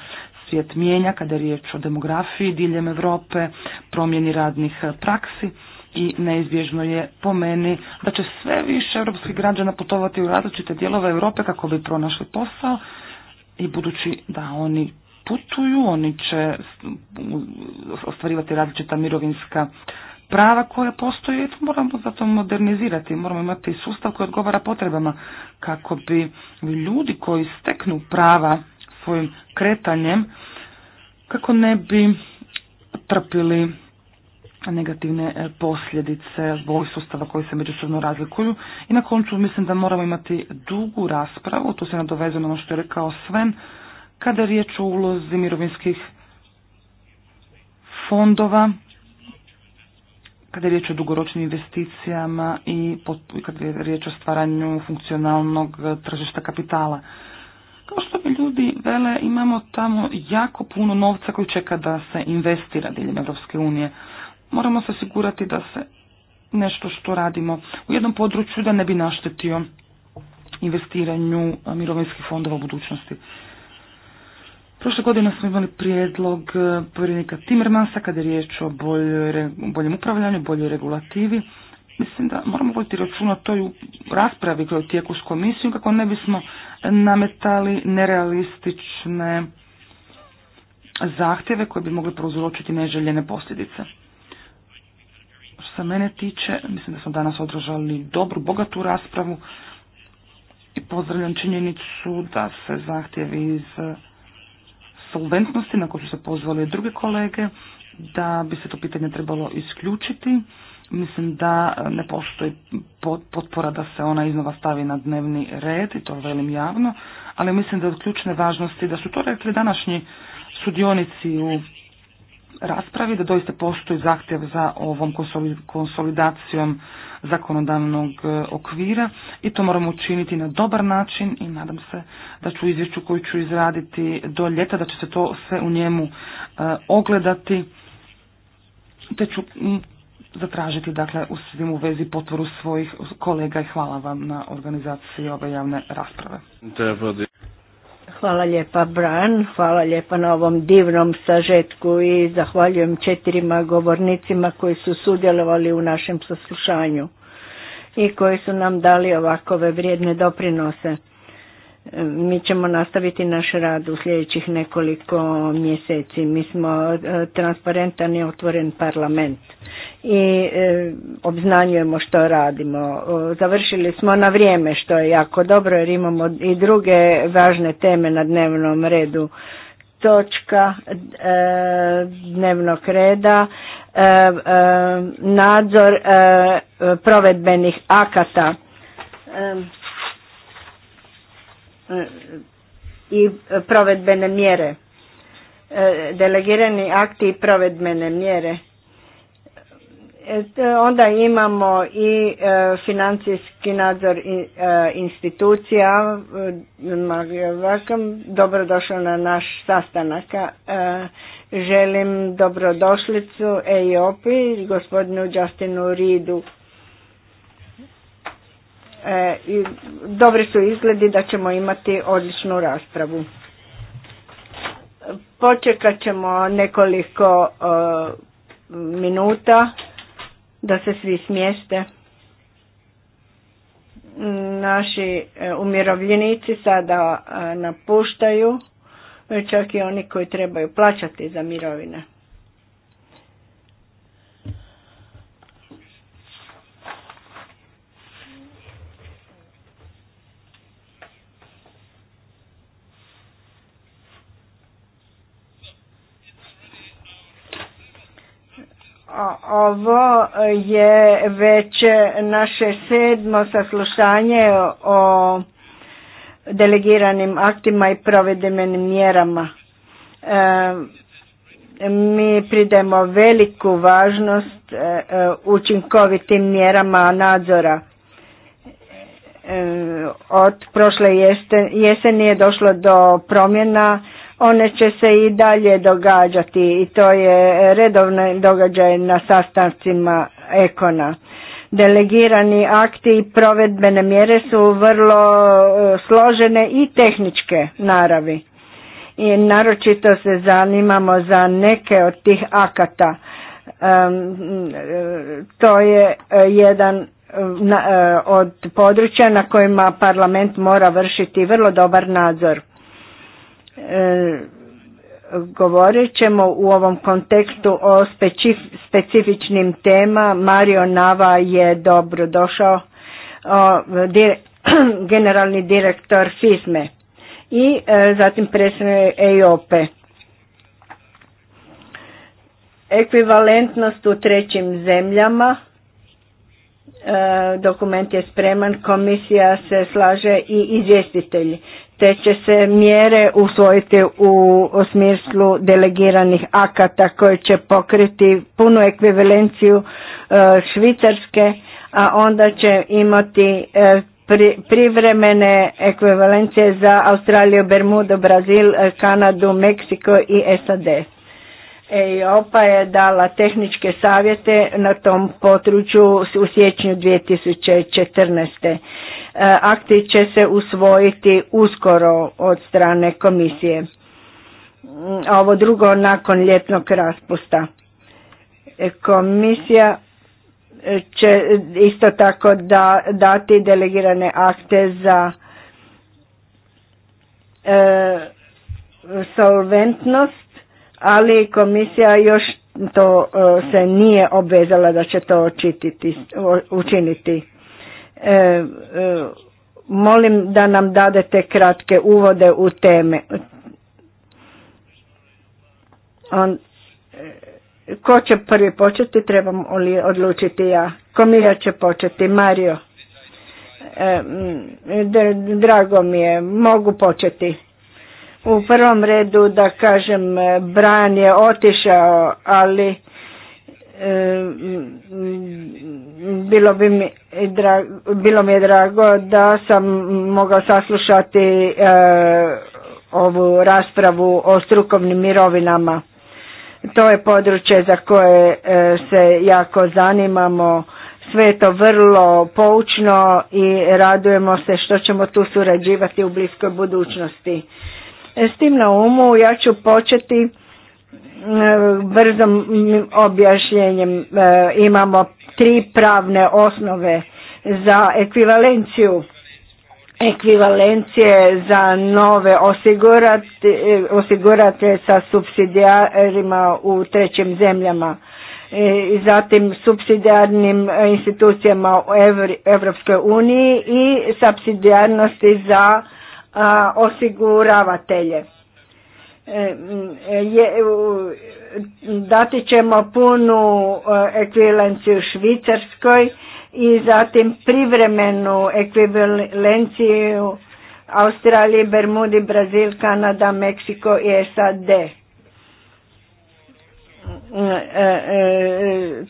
svijet mijenja kada je riječ o demografiji diljem Europe, promjeni radnih praksi i neizbježno je po meni da će sve više europskih građana putovati u različite dijelove Europe kako bi pronašli posao i budući da oni putuju, oni će ostvarivati različita mirovinska prava koja postoje, moramo zato modernizirati, moramo imati sustav koji odgovara potrebama kako bi ljudi koji steknu prava svojim kretanjem, kako ne bi trpili negativne e, posljedice zbog sustava koji se međusobno razlikuju. I na koncu mislim da moramo imati dugu raspravu, to se na ono što je rekao Sven, kada je riječ o ulozi mirovinskih fondova kada je riječ o dugoročnim investicijama i kada je riječ o stvaranju funkcionalnog e, tržišta kapitala. Kao što bi ljudi vele, imamo tamo jako puno novca koji čeka da se investira diljem Europske unije. Moramo se osigurati da se nešto što radimo u jednom području da ne bi naštetio investiranju e, mirovinskih fondova u budućnosti. Prošle godine smo imali prijedlog e, povjerenika Timmermansa kada je riječ o boljem upravljanju, boljoj regulativi. Mislim da moramo voditi računa toj u raspravi koja je tijeku s komisijom kako ne bismo nametali nerealistične zahtjeve koje bi mogli prouzročiti neželjene posljedice. Što se mene tiče, mislim da smo danas održali dobru, bogatu raspravu i pozdravljam činjenicu da se zahtjevi iz solventnosti, na koju su se pozvali druge kolege, da bi se to pitanje trebalo isključiti. Mislim da ne postoji potpora da se ona iznova stavi na dnevni red i to velim javno, ali mislim da je od ključne važnosti da su to rekli današnji sudionici u raspravi da doista postoji zahtjev za ovom konsolidacijom zakonodavnog e, okvira i to moramo učiniti na dobar način i nadam se da ću izvješću koju ću izraditi do ljeta, da će se to sve u njemu e, ogledati te ću zatražiti dakle u svim u vezi potvoru svojih kolega i hvala vam na organizaciji ove javne rasprave. Hvala lijepa Bran, hvala lijepa na ovom divnom sažetku i zahvaljujem četirima govornicima koji su sudjelovali u našem saslušanju i koji su nam dali ovakove vrijedne doprinose. Mi ćemo nastaviti naš rad u sljedećih nekoliko mjeseci. Mi smo e, transparentan i otvoren parlament i e, obznanjujemo što radimo. Završili smo na vrijeme što je jako dobro jer imamo i druge važne teme na dnevnom redu. Točka e, dnevnog reda nadzor provedbenih akata i provedbene mjere. E, delegirani akti i provedbene mjere. E, onda imamo i e, financijski nadzor institucija. Dobrodošla na naš sastanak. Želim dobrodošlicu EIOP-i gospodinu Justinu Ridu E, i dobri su izgledi da ćemo imati odličnu raspravu. Počekat ćemo nekoliko e, minuta da se svi smjeste. Naši e, umirovljenici sada napuštaju, čak i oni koji trebaju plaćati za mirovine. Ovo je već naše sedmo saslušanje o delegiranim aktima i provedbenim mjerama. E, mi pridemo veliku važnost e, e, učinkovitim mjerama nadzora. od prošle jeseni je došlo do promjena one će se i dalje događati i to je redovni događaj na sastancima ekona. Delegirani akti i provedbene mjere su vrlo e, složene i tehničke naravi. I naročito se zanimamo za neke od tih akata. To je e, jedan e, od područja na kojima parlament mora vršiti vrlo dobar nadzor govorit ćemo u ovom kontekstu o specifičnim tema. Mario Nava je dobro došao, (clears throat) generalni direktor FISME i e, zatim predstavljaju EOP. Ekvivalentnost u trećim zemljama. E, dokument je spreman, komisija se slaže i izvjestitelji te će se mjere usvojiti u smislu delegiranih akata koji će pokriti punu ekvivalenciju e, Švicarske, a onda će imati e, privremene ekvivalencije za Australiju, Bermudu, Brazil, e, Kanadu, Meksiko i SAD. EIOPA e je dala tehničke savjete na tom području u siječnju 2014. E, akti će se usvojiti uskoro od strane komisije. ovo drugo nakon ljetnog raspusta. E, komisija će isto tako da, dati delegirane akte za solventnost ali komisija još to e, se nije obvezala da će to učiniti. E, e, molim da nam dadete kratke uvode u teme. On, ko će prvi početi, trebam odlučiti ja. Komija će početi, Mario. drago mi je, mogu početi. U prvom redu da kažem e, Bran je otišao, ali e, bilo, bi mi bilo mi je drago da sam mogao saslušati e, ovu raspravu o strukovnim mirovinama. To je područje za koje se jako zanimamo. Sve je to vrlo poučno i radujemo se što ćemo tu surađivati u bliskoj budućnosti. E, s tim na umu ja ću početi e, brzom objašnjenjem. E, imamo tri pravne osnove za ekvivalenciju ekvivalencije za nove osigurate sa subsidijarima u trećim zemljama i zatim subsidijarnim institucijama u Evropskoj uniji i subsidijarnosti za osiguravatelje. E, dati ćemo punu e, ekvivalenciju Švicarskoj i zatim privremenu ekvivalenciju Australiji, Bermudi, Brazil, Kanada, Meksiko i SAD. E,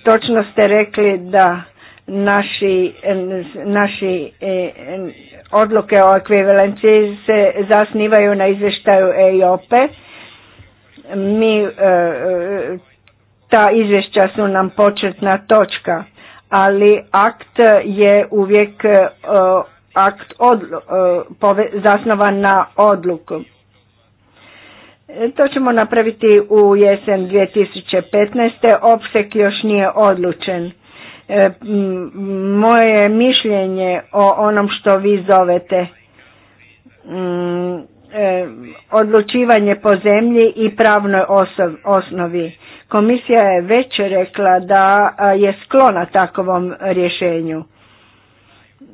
točno ste rekli da naši, naši odluke o ekvivalenciji se zasnivaju na izvještaju eiop Mi, e, e, ta izvješća su nam početna točka, ali akt je uvijek e, akt zasnovan na odluku. To ćemo napraviti u jesen 2015. Opsek još nije odlučen E, moje mišljenje o onom što vi zovete e, odlučivanje po zemlji i pravnoj osnovi. Komisija je već rekla da je sklona takovom rješenju.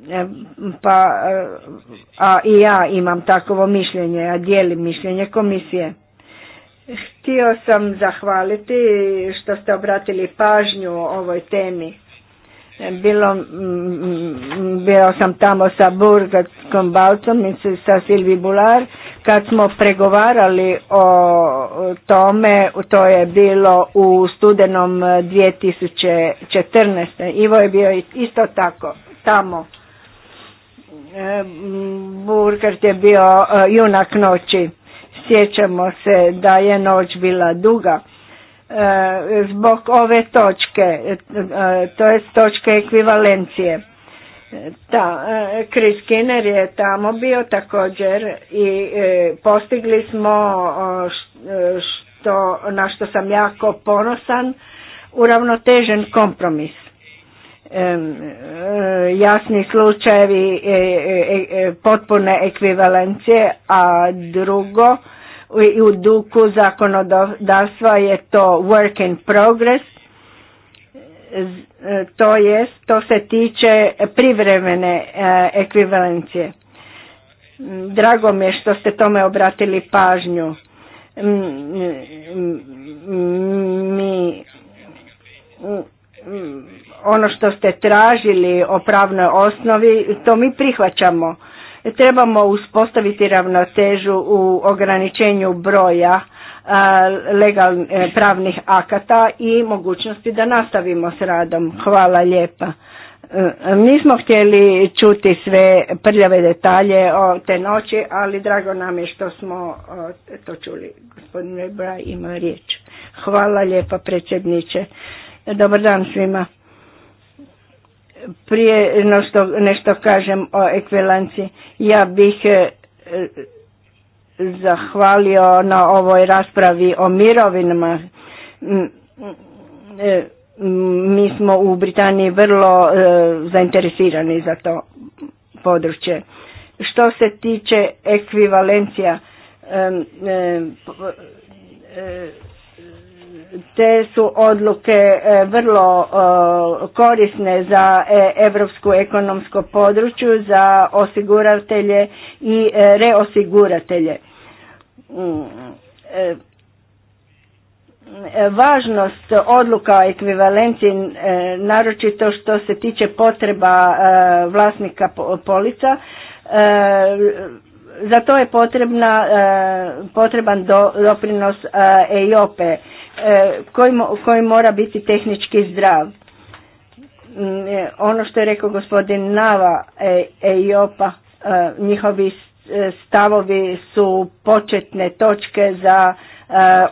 E, pa a i ja imam takovo mišljenje, a dijelim mišljenje komisije. Htio sam zahvaliti što ste obratili pažnju o ovoj temi. Bilo, mm, mm, bio sam tamo sa Burgatskom Balcom i sa Silvi Bular. Kad smo pregovarali o tome, to je bilo u studenom 2014. Eh, Ivo je bio isto tako tamo. Eh, mm, Burkart je bio eh, junak noći. Sjećamo se da je noć bila duga E, zbog ove točke, e, e, to je točke ekvivalencije. Da, Chris Skinner je tamo bio također i postigli smo što, na što sam jako ponosan, uravnotežen kompromis. Jasni slučajevi potpune ekvivalencije, a drugo i u duku zakonodavstva je to work in progress, e, to jest to se tiče privremene e, ekvivalencije. Mm, drago mi je što ste tome obratili pažnju. Mm, mm, mi ono što ste tražili o pravnoj osnovi, to mi prihvaćamo. Trebamo uspostaviti ravnotežu u ograničenju broja legal, e, pravnih akata i mogućnosti da nastavimo s radom. Hvala lijepa. Nismo e, htjeli čuti sve prljave detalje o te noći, ali drago nam je što smo to čuli. Gospodin Rebra ima riječ. Hvala lijepa predsjedniče. Dobar dan svima. Prije no što nešto kažem o ekvivalenciji, ja bih e, zahvalio na ovoj raspravi o mirovinama. E, mi smo u Britaniji vrlo e, zainteresirani za to područje. Što se tiče ekvivalencija, te su odluke e, vrlo e, korisne za e, evropsku ekonomsko području, za osiguratelje i reosiguratelje. Mm, važnost odluka o ekvivalenciji, naročito što se tiče potreba vlasnika polica, za to je potreban doprinos EIOPE E, koji, koji mora biti tehnički zdrav. Mm, e, ono što je rekao gospodin Nava EIOPA, e, njihovi stavovi su početne točke za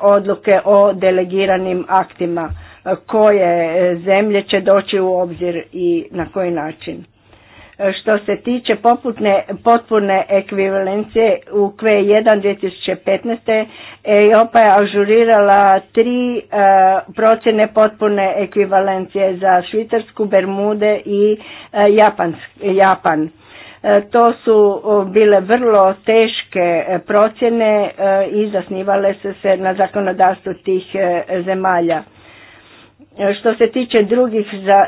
odluke o delegiranim aktima koje zemlje će doći u obzir i na koji način. Što se tiče poputne, potpune ekvivalencije u Q1 2015. EIOPA je ažurirala tri e, procjene potpune ekvivalencije za Švicarsku, Bermude i e, Japan. Japan. E, to su bile vrlo teške procjene i zasnivale su se na zakonodavstvu tih zemalja. Što se tiče drugih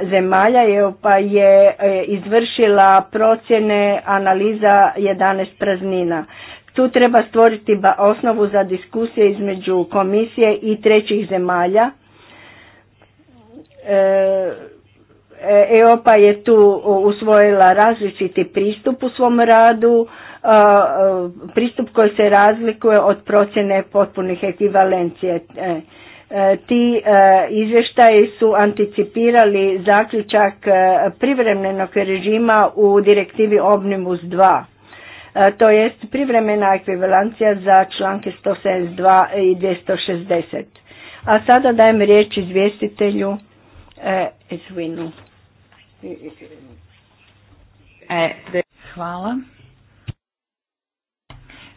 zemalja, pa je e, izvršila procjene analiza 11 praznina. Tu treba stvoriti osnovu za diskusije između komisije i trećih zemalja. EOPA e, je tu usvojila različiti pristup u svom radu, e, pristup koji se razlikuje od procjene potpunih ekvivalencije. E, ti e, izvještaji su anticipirali zaključak e, privremenog režima u direktivi Omnibus 2 to jest privremena ekvivalencija za članke 172 i 260. A sada dajem riječ izvjestitelju e Hvala.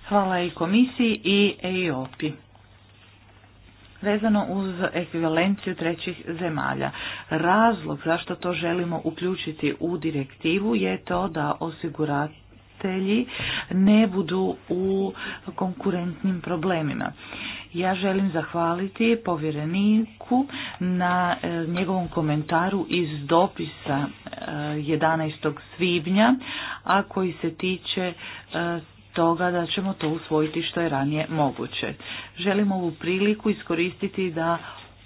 Hvala i komisiji i EIOPI vezano uz ekvivalenciju trećih zemalja. Razlog zašto to želimo uključiti u direktivu je to da osiguratelji ne budu u konkurentnim problemima. Ja želim zahvaliti povjereniku na e, njegovom komentaru iz dopisa 11. E, svibnja, a koji se tiče e, toga da ćemo to usvojiti što je ranije moguće. Želim ovu priliku iskoristiti da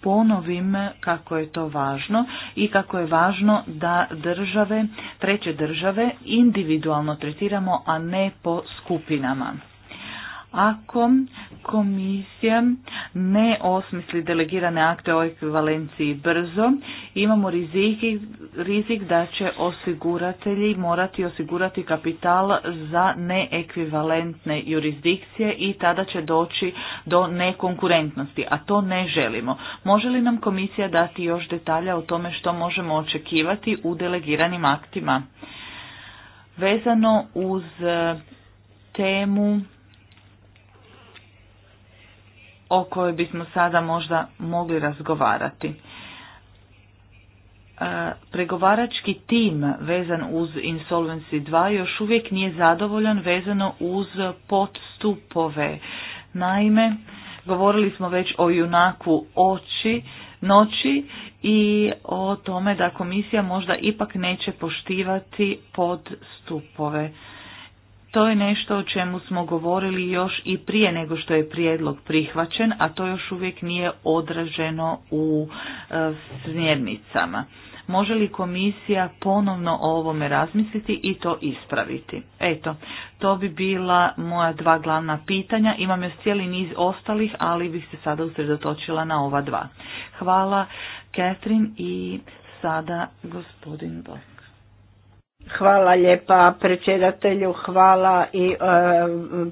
ponovim kako je to važno i kako je važno da države, treće države individualno tretiramo, a ne po skupinama ako komisija ne osmisli delegirane akte o ekvivalenciji brzo, imamo rizik, rizik da će osiguratelji morati osigurati kapital za neekvivalentne jurisdikcije i tada će doći do nekonkurentnosti, a to ne želimo. Može li nam komisija dati još detalja o tome što možemo očekivati u delegiranim aktima? Vezano uz temu o kojoj bismo sada možda mogli razgovarati. E, pregovarački tim vezan uz Insolvency 2 još uvijek nije zadovoljan vezano uz podstupove. Naime, govorili smo već o junaku oči, noći i o tome da komisija možda ipak neće poštivati podstupove. To je nešto o čemu smo govorili još i prije nego što je prijedlog prihvaćen, a to još uvijek nije odraženo u e, smjernicama. Može li komisija ponovno o ovome razmisliti i to ispraviti? Eto, to bi bila moja dva glavna pitanja. Imam još cijeli niz ostalih, ali bih se sada usredotočila na ova dva. Hvala, Catherine i sada gospodin Bos. Hvala lijepa predsjedatelju, hvala i e,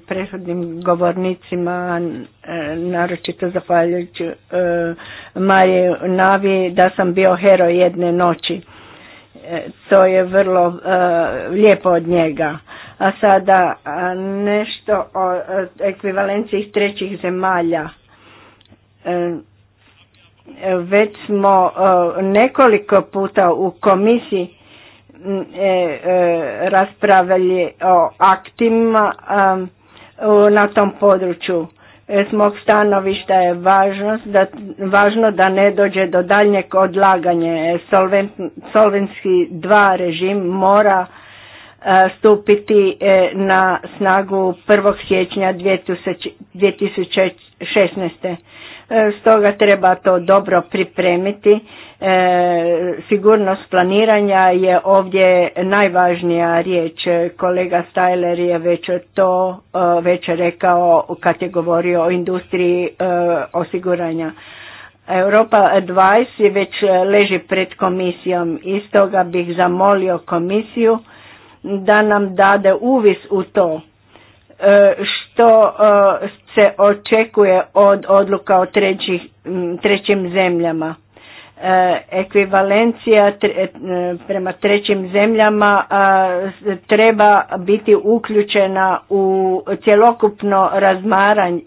prethodnim govornicima, e, naročito zahvaljujući e, Mariju Navi da sam bio hero jedne noći. E, to je vrlo lijepo od njega. A sada nešto o ekvivalenciji trećih zemalja. Već smo nekoliko puta u komisiji E, e, raspravljali o aktima na tom području. E, s mog stanovišta je važno da, važno da ne dođe do daljnjeg odlaganja. Solvenski dva režim mora stupiti na snagu 1. siječnja 2016. Stoga treba to dobro pripremiti E, sigurnost planiranja je ovdje najvažnija riječ. Kolega Stajler je već to e, već rekao kad je govorio o industriji e, osiguranja. Europa Advice je već leži pred komisijom i stoga bih zamolio komisiju da nam dade uvis u to što se očekuje od odluka o trećih, trećim zemljama E, ekvivalencija e, prema trećim zemljama treba biti uključena u cjelokupno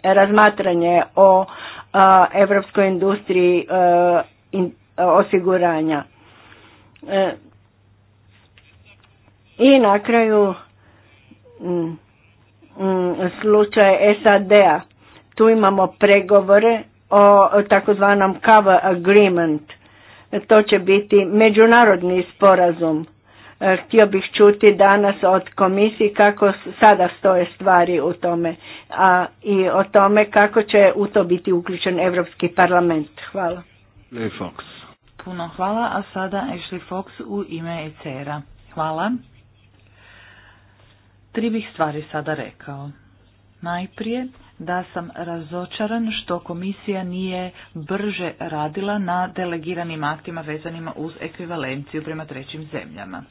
razmatranje o europskoj industriji e, osiguranja. I na kraju slučaj SAD-a. Tu imamo pregovore o takozvanom cover agreement to će biti međunarodni sporazum. E, htio bih čuti danas od komisije kako sada stoje stvari u tome a i o tome kako će u to biti uključen Europski parlament. Hvala. Fox. Puno hvala, a sada Ashley Fox u ime ECR-a. Hvala. Tri bih stvari sada rekao. Najprije, da sam razočaran što komisija nije brže radila na delegiranim aktima vezanima uz ekvivalenciju prema trećim zemljama.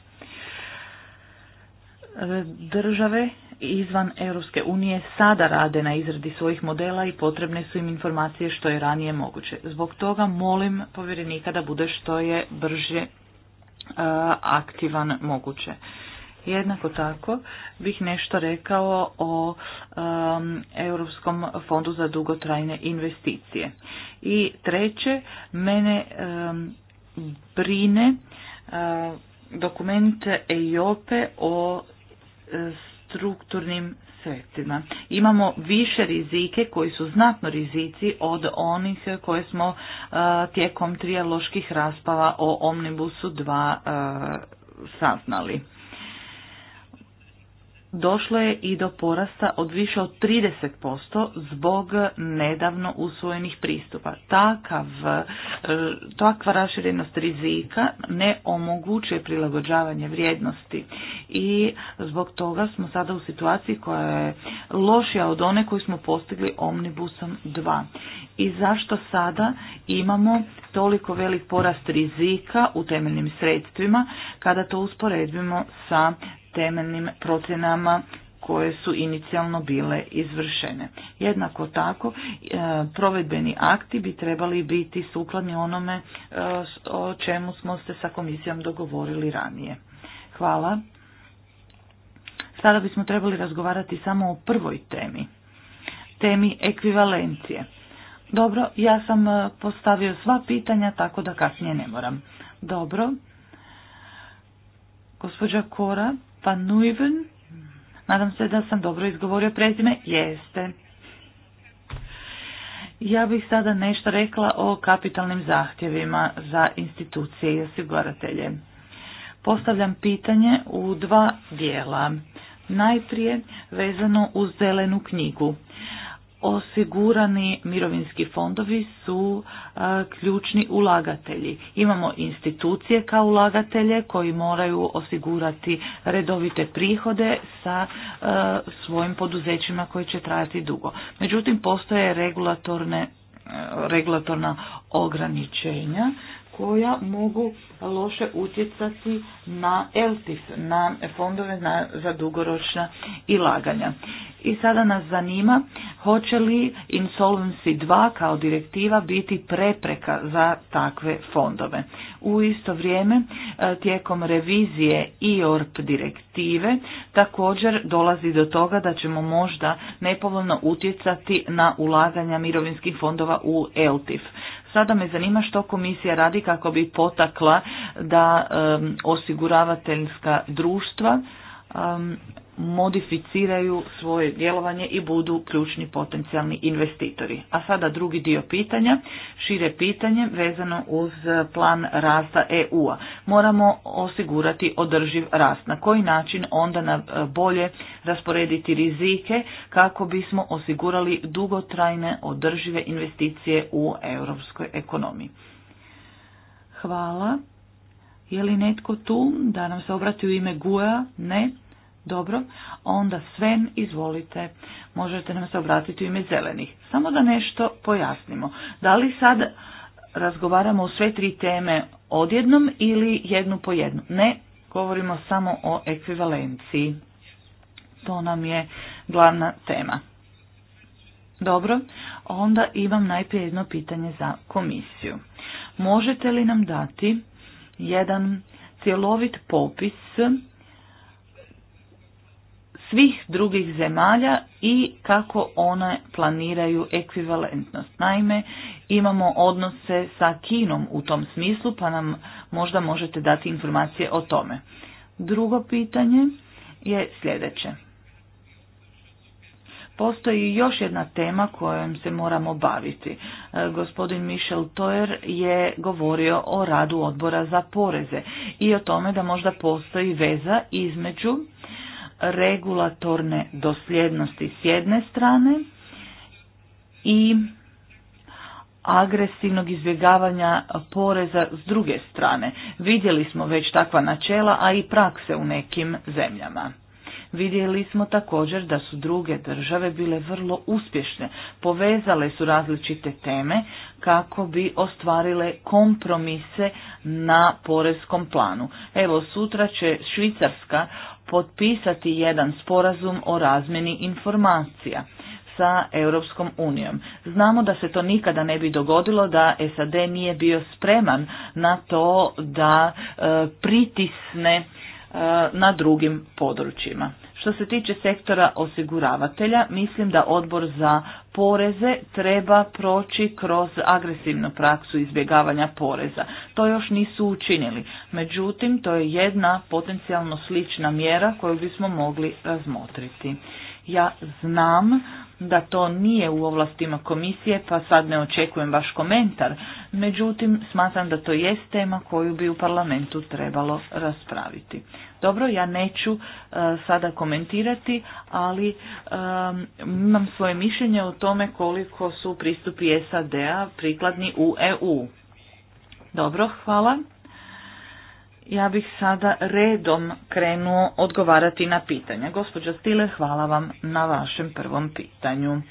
Države izvan Europske unije sada rade na izradi svojih modela i potrebne su im informacije što je ranije moguće. Zbog toga molim povjerenika da bude što je brže aktivan moguće. Jednako tako bih nešto rekao o um, Europskom fondu za dugotrajne investicije. I treće, mene um, brine dokumente uh, dokument EIOPE o uh, strukturnim sredstvima. Imamo više rizike koji su znatno rizici od onih koje smo uh, tijekom trijaloških raspava o Omnibusu 2 saznali došlo je i do porasta od više od 30% zbog nedavno usvojenih pristupa. Takav, e, takva raširenost rizika ne omogućuje prilagođavanje vrijednosti i zbog toga smo sada u situaciji koja je lošija od one koju smo postigli Omnibusom 2. I zašto sada imamo toliko velik porast rizika u temeljnim sredstvima kada to usporedimo sa temeljnim procjenama koje su inicijalno bile izvršene. Jednako tako, e, provedbeni akti bi trebali biti sukladni onome e, o čemu smo se sa komisijom dogovorili ranije. Hvala. Sada bismo trebali razgovarati samo o prvoj temi, temi ekvivalencije. Dobro, ja sam e, postavio sva pitanja, tako da kasnije ne moram. Dobro. Gospođa Kora, Van Nuiven. Nadam se da sam dobro izgovorio prezime. Jeste. Ja bih sada nešto rekla o kapitalnim zahtjevima za institucije i osiguratelje. Postavljam pitanje u dva dijela. Najprije vezano uz zelenu knjigu osigurani mirovinski fondovi su e, ključni ulagatelji. Imamo institucije kao ulagatelje koji moraju osigurati redovite prihode sa e, svojim poduzećima koji će trajati dugo. Međutim, postoje regulatorne e, regulatorna ograničenja koja mogu loše utjecati na ELTIF, na fondove za dugoročna ilaganja. I sada nas zanima hoće li Insolvency 2 kao direktiva biti prepreka za takve fondove. U isto vrijeme e, tijekom revizije IORP direktive također dolazi do toga da ćemo možda nepovoljno utjecati na ulaganja mirovinskih fondova u ELTIF. Sada me zanima što komisija radi kako bi potakla da osiguravateljska društva um, modificiraju svoje djelovanje i budu ključni potencijalni investitori. A sada drugi dio pitanja, šire pitanje vezano uz plan rasta EU-a. Moramo osigurati održiv rast. Na koji način onda na e, bolje rasporediti rizike kako bismo osigurali dugotrajne održive investicije u europskoj ekonomiji. Hvala. Je li netko tu da nam se obrati u ime Guja? Ne? Dobro. Onda Sven, izvolite. Možete nam se obratiti u ime zelenih. Samo da nešto pojasnimo. Da li sad razgovaramo o sve tri teme odjednom ili jednu po jednu? Ne, govorimo samo o ekvivalenciji. To nam je glavna tema. Dobro, onda imam najprije jedno pitanje za komisiju. Možete li nam dati jedan cjelovit popis svih drugih zemalja i kako one planiraju ekvivalentnost. Naime, imamo odnose sa Kinom u tom smislu, pa nam možda možete dati informacije o tome. Drugo pitanje je sljedeće. Postoji još jedna tema kojom se moramo baviti. E, gospodin Michel Toer je govorio o radu odbora za poreze i o tome da možda postoji veza između regulatorne dosljednosti s jedne strane i agresivnog izbjegavanja poreza s druge strane. Vidjeli smo već takva načela, a i prakse u nekim zemljama. Vidjeli smo također da su druge države bile vrlo uspješne, povezale su različite teme kako bi ostvarile kompromise na porezkom planu. Evo sutra će Švicarska potpisati jedan sporazum o razmjeni informacija sa Europskom unijom. Znamo da se to nikada ne bi dogodilo da SAD nije bio spreman na to da e, pritisne E, na drugim područjima. Što se tiče sektora osiguravatelja, mislim da odbor za poreze treba proći kroz agresivnu praksu izbjegavanja poreza. To još nisu učinili. Međutim, to je jedna potencijalno slična mjera koju bismo mogli razmotriti. Ja znam da to nije u ovlastima komisije, pa sad ne očekujem vaš komentar. Međutim, smatram da to jest tema koju bi u parlamentu trebalo raspraviti. Dobro, ja neću e, sada komentirati, ali e, imam svoje mišljenje o tome koliko su pristupi SAD-a prikladni u EU. Dobro, hvala. Ja bih sada redom krenuo odgovarati na pitanja. Gospođa Stile, hvala vam na vašem prvom pitanju.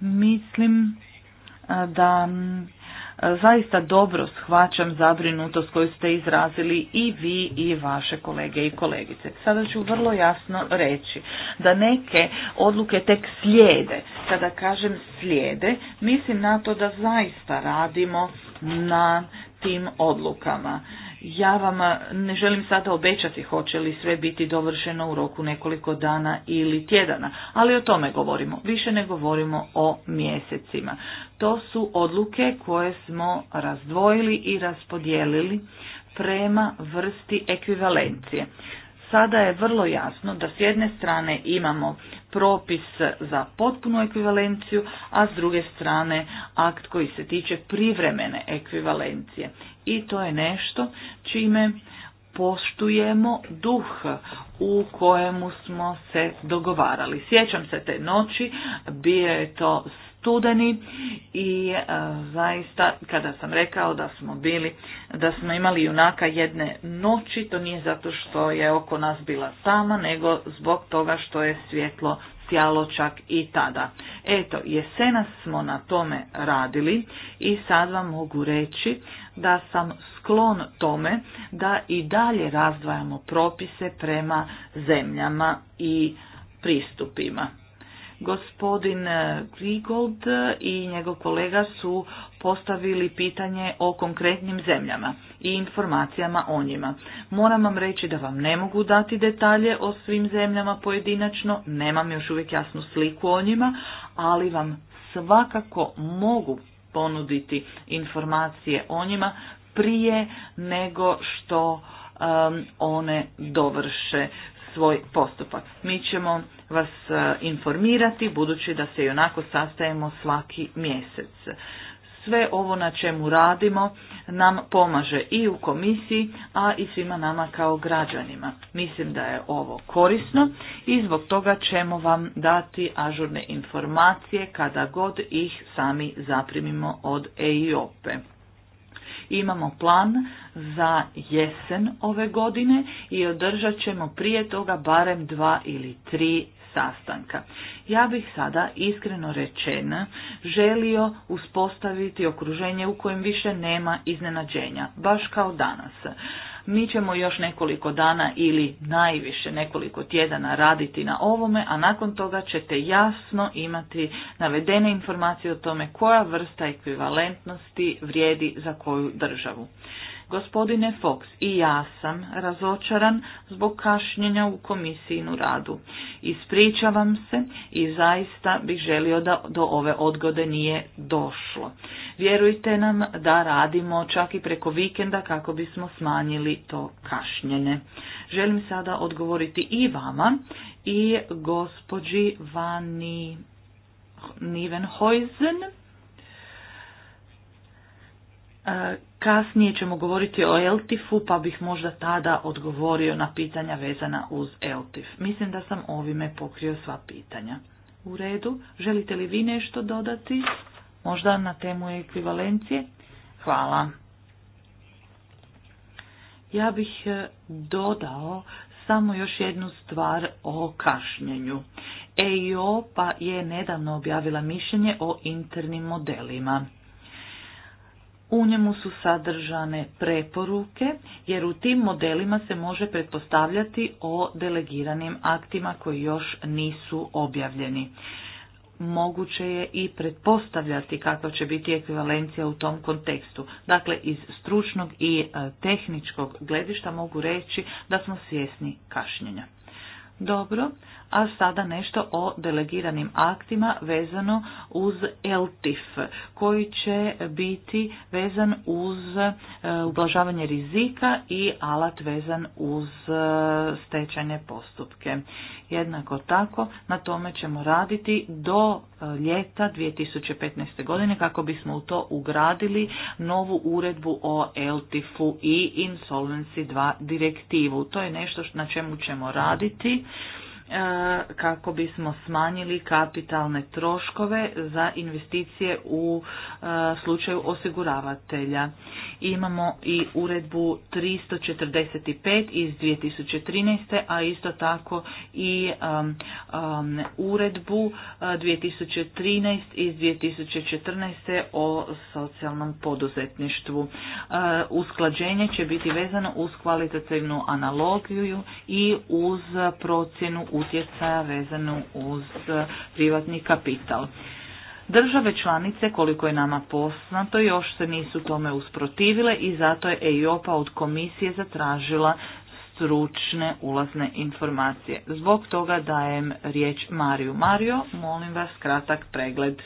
Mislim da zaista dobro shvaćam zabrinutost koju ste izrazili i vi i vaše kolege i kolegice. Sada ću vrlo jasno reći da neke odluke tek slijede. Kada kažem slijede, mislim na to da zaista radimo na tim odlukama. Ja vam ne želim sada obećati hoće li sve biti dovršeno u roku nekoliko dana ili tjedana, ali o tome govorimo. Više ne govorimo o mjesecima. To su odluke koje smo razdvojili i raspodijelili prema vrsti ekvivalencije. Sada je vrlo jasno da s jedne strane imamo propis za potpunu ekvivalenciju, a s druge strane akt koji se tiče privremene ekvivalencije i to je nešto čime poštujemo duh u kojemu smo se dogovarali. Sjećam se te noći, bio je to studeni i e, zaista kada sam rekao da smo bili, da smo imali junaka jedne noći, to nije zato što je oko nas bila sama, nego zbog toga što je svjetlo sjalo čak i tada. Eto, jesena smo na tome radili i sad vam mogu reći da sam sklon tome da i dalje razdvajamo propise prema zemljama i pristupima. Gospodin e, Grigold i njegov kolega su postavili pitanje o konkretnim zemljama i informacijama o njima. Moram vam reći da vam ne mogu dati detalje o svim zemljama pojedinačno, nemam još uvijek jasnu sliku o njima, ali vam svakako mogu ponuditi informacije o njima prije nego što um, one dovrše svoj postupak. Mi ćemo vas uh, informirati budući da se i onako sastajemo svaki mjesec. Sve ovo na čemu radimo nam pomaže i u komisiji, a i svima nama kao građanima. Mislim da je ovo korisno i zbog toga ćemo vam dati ažurne informacije kada god ih sami zaprimimo od EIOPE. Imamo plan za jesen ove godine i održat ćemo prije toga barem dva ili tri sastanka. Ja bih sada, iskreno rečena, želio uspostaviti okruženje u kojem više nema iznenađenja, baš kao danas. Mi ćemo još nekoliko dana ili najviše nekoliko tjedana raditi na ovome, a nakon toga ćete jasno imati navedene informacije o tome koja vrsta ekvivalentnosti vrijedi za koju državu. Gospodine Fox, i ja sam razočaran zbog kašnjenja u komisijinu radu. Ispričavam se i zaista bih želio da do ove odgode nije došlo. Vjerujte nam da radimo čak i preko vikenda kako bismo smanjili to kašnjenje. Želim sada odgovoriti i vama i gospođi Vani Nivenhojzen E, kasnije ćemo govoriti o eltifu pa bih možda tada odgovorio na pitanja vezana uz ELTIF. Mislim da sam ovime pokrio sva pitanja. U redu, želite li vi nešto dodati? Možda na temu ekvivalencije? Hvala. Ja bih e, dodao samo još jednu stvar o kašnjenju. E pa je nedavno objavila mišljenje o internim modelima. U njemu su sadržane preporuke, jer u tim modelima se može pretpostavljati o delegiranim aktima koji još nisu objavljeni. Moguće je i pretpostavljati kakva će biti ekvivalencija u tom kontekstu. Dakle, iz stručnog i e, tehničkog gledišta mogu reći da smo svjesni kašnjenja. Dobro, a sada nešto o delegiranim aktima vezano uz LTIF koji će biti vezan uz e, ublažavanje rizika i alat vezan uz e, stečajne postupke. Jednako tako na tome ćemo raditi do e, ljeta 2015. godine kako bismo u to ugradili novu uredbu o LTIF-u i Insolvency 2 direktivu. To je nešto na čemu ćemo raditi E, kako bismo smanjili kapitalne troškove za investicije u e, slučaju osiguravatelja. Imamo i uredbu 345 iz 2013. a isto tako i uredbu 2013 e, iz 2014. o socijalnom poduzetništvu. Usklađenje će biti vezano uz kvalitativnu analogiju i uz procjenu utjecaja vezanu uz privatni kapital. Države članice, koliko je nama poznato, još se nisu tome usprotivile i zato je EIOPA od komisije zatražila stručne ulazne informacije. Zbog toga dajem riječ Mariju. Mario, molim vas kratak pregled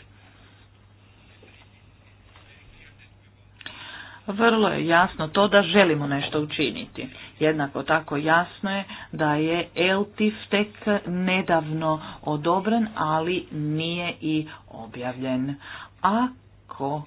Vrlo je jasno to da želimo nešto učiniti. Jednako tako jasno je da je LTIF tek nedavno odobren, ali nije i objavljen. Ako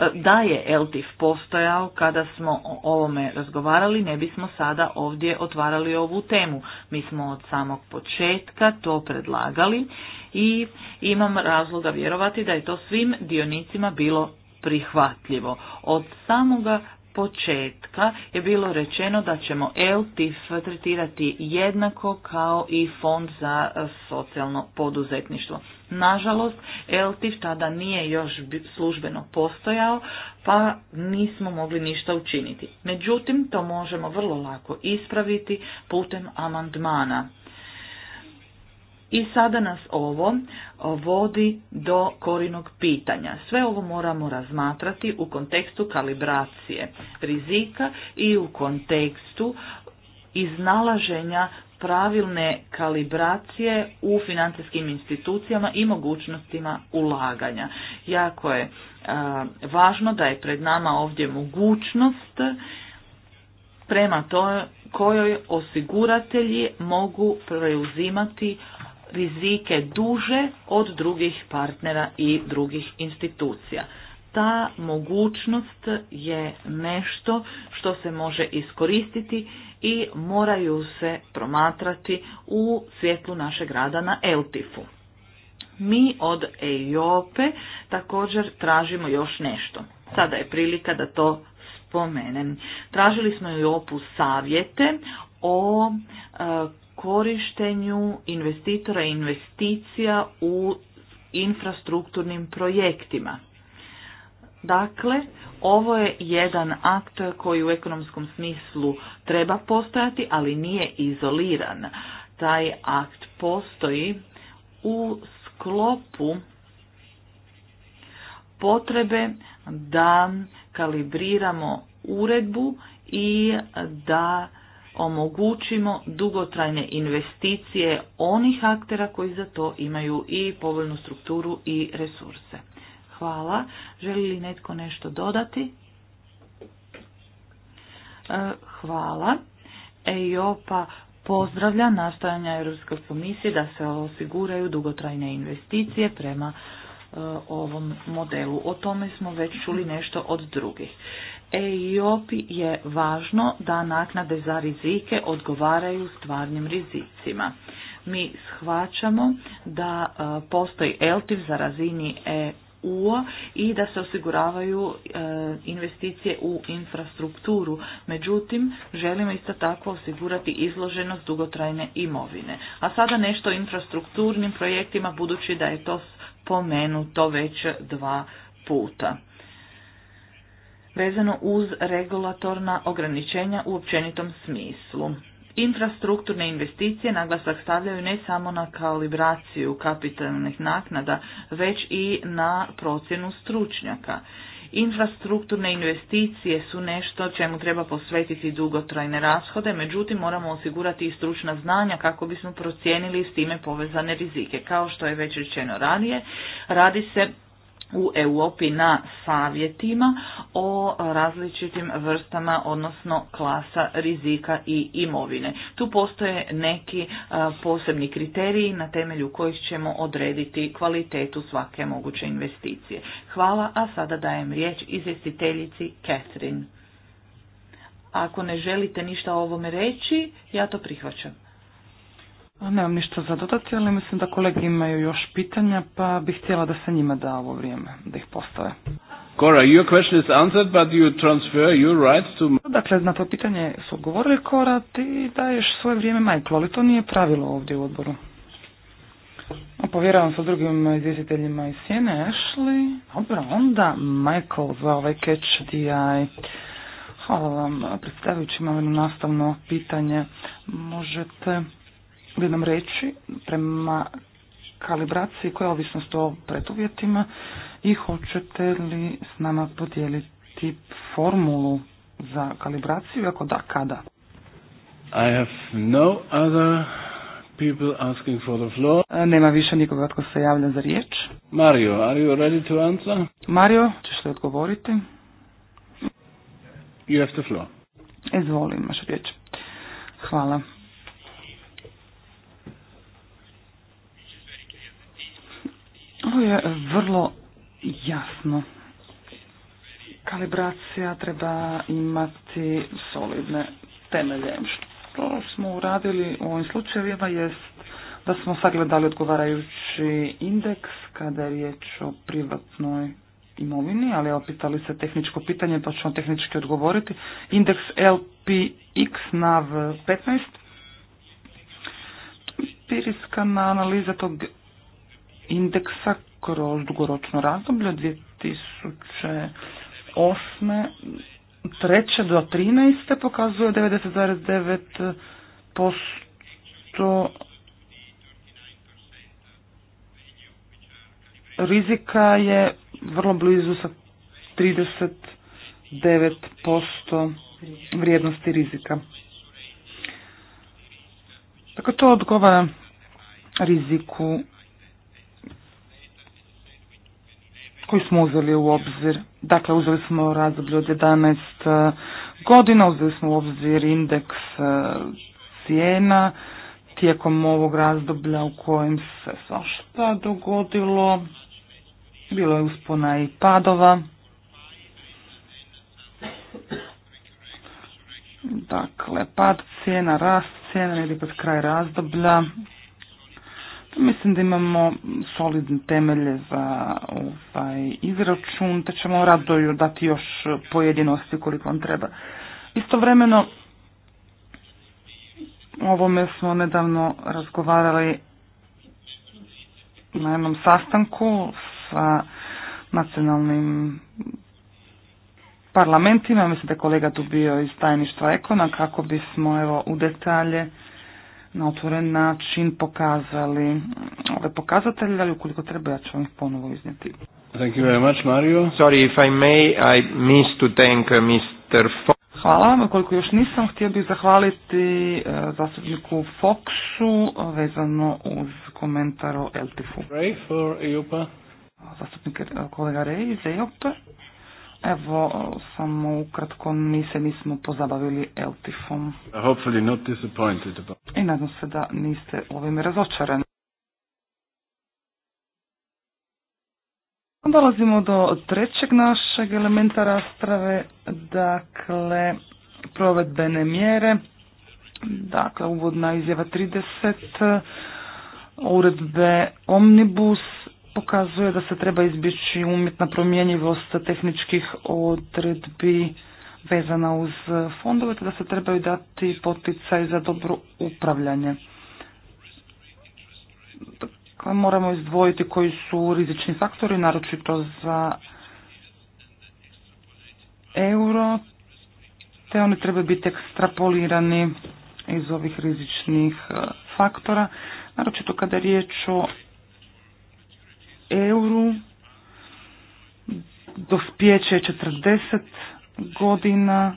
e, da je LTIF postojao kada smo o ovome razgovarali, ne bismo sada ovdje otvarali ovu temu. Mi smo od samog početka to predlagali i imam razloga vjerovati da je to svim dionicima bilo prihvatljivo. Od samoga početka je bilo rečeno da ćemo e LTIF tretirati jednako kao i fond za socijalno poduzetništvo. Nažalost, e LTIF tada nije još službeno postojao, pa nismo mogli ništa učiniti. Međutim, to možemo vrlo lako ispraviti putem amandmana. I sada nas ovo vodi do korinog pitanja. Sve ovo moramo razmatrati u kontekstu kalibracije rizika i u kontekstu iznalaženja pravilne kalibracije u financijskim institucijama i mogućnostima ulaganja. Jako je važno da je pred nama ovdje mogućnost prema to kojoj osiguratelji mogu preuzimati rizike duže od drugih partnera i drugih institucija. Ta mogućnost je nešto što se može iskoristiti i moraju se promatrati u svjetlu našeg rada na Eltifu. Mi od EIOPE također tražimo još nešto. Sada je prilika da to spomenem. Tražili smo i EIOPU savjete o e, korištenju investitora i investicija u infrastrukturnim projektima. Dakle, ovo je jedan akt koji u ekonomskom smislu treba postojati, ali nije izoliran. Taj akt postoji u sklopu potrebe da kalibriramo uredbu i da omogućimo dugotrajne investicije onih aktera koji za to imaju i povoljnu strukturu i resurse. Hvala. Želi li netko nešto dodati? E, hvala. Pa pozdravlja nastojanja Europske komisije da se osiguraju dugotrajne investicije prema e, ovom modelu. O tome smo već čuli nešto od drugih. EIOPI je važno da naknade za rizike odgovaraju stvarnim rizicima. Mi shvaćamo da e, postoji ELTIF za razini eu i da se osiguravaju e, investicije u infrastrukturu. Međutim, želimo isto tako osigurati izloženost dugotrajne imovine. A sada nešto o infrastrukturnim projektima budući da je to spomenuto već dva puta vezano uz regulatorna ograničenja u općenitom smislu. Infrastrukturne investicije naglasak stavljaju ne samo na kalibraciju kapitalnih naknada, već i na procjenu stručnjaka. Infrastrukturne investicije su nešto čemu treba posvetiti dugotrajne rashode, međutim moramo osigurati i stručna znanja kako bismo procijenili s time povezane rizike. Kao što je već rečeno ranije, radi se u Europi na savjetima o različitim vrstama, odnosno klasa rizika i imovine. Tu postoje neki e, posebni kriteriji na temelju kojih ćemo odrediti kvalitetu svake moguće investicije. Hvala, a sada dajem riječ izvjestiteljici Catherine. Ako ne želite ništa o ovome reći, ja to prihvaćam. Nemam ništa za dodati, ali mislim da kolege imaju još pitanja, pa bih htjela da se njima da ovo vrijeme, da ih postave. Cora, your question is answered, but you transfer your rights to... Dakle, na to pitanje su govorili, Cora, ti daješ svoje vrijeme Michael, ali to nije pravilo ovdje u odboru. Povjeravam sa drugim izvjestiteljima iz Sjene, Ashley. Dobro, onda Michael za ovaj catch DI. Hvala vam, predstavljući imam nastavno pitanje. Možete bi nam reći prema kalibraciji koja je ovisnost o preduvjetima i hoćete li s nama podijeliti formulu za kalibraciju, ako da, kada? I have no other people asking for the floor. E, nema više nikoga tko se javlja za riječ. Mario, are you ready to answer? Mario, ćeš li odgovoriti? You have the floor. imaš riječ. Hvala. Ovo je vrlo jasno. Kalibracija treba imati solidne temelje. Što smo uradili u ovim slučajevima jest da smo sagledali odgovarajući indeks kada je riječ o privatnoj imovini, ali opitali se tehničko pitanje pa ćemo tehnički odgovoriti. Indeks LPX NAV 15 na analiza tog indeksa kroz dugoročno razdoblje od 2008. treće do 13. pokazuje 90,9% rizika je vrlo blizu sa 39% vrijednosti rizika. Tako dakle, to odgovara riziku koji smo uzeli u obzir. Dakle, uzeli smo razdoblje od 11 e, godina, uzeli smo u obzir indeks e, cijena tijekom ovog razdoblja u kojem se svašta dogodilo. Bilo je uspona i padova. Dakle, pad cijena, rast cijena, ili pod kraj razdoblja. Mislim da imamo solidne temelje za ovaj izračun, te ćemo radoju dati još pojedinosti koliko vam treba. Istovremeno, ovome smo nedavno razgovarali na jednom sastanku sa nacionalnim parlamentima, mislim da je kolega tu bio iz tajništva Ekona, kako bismo evo u detalje na otvoren način pokazali ove pokazatelje, ali ukoliko treba ja ću vam ih ponovo iznijeti. Hvala vam. Koliko još nisam, htio bih zahvaliti e, zastupniku Foxu e, vezano uz komentar o LTF-u. Zastupnik e, kolega Rej iz EOP. Evo, samo ukratko, mi se nismo pozabavili Eltifom. Not I nadam se da niste ovim razočarani. Dolazimo do trećeg našeg elementa rasprave, dakle, provedbene mjere, dakle, uvodna izjava 30, uredbe Omnibus pokazuje da se treba izbjeći umjetna promjenjivost tehničkih odredbi vezana uz fondove, da se trebaju dati poticaj za dobro upravljanje. Dakle, moramo izdvojiti koji su rizični faktori, naročito za euro, te oni trebaju biti ekstrapolirani iz ovih rizičnih e, faktora, naročito kada je riječ o euru, dospjeće 40 godina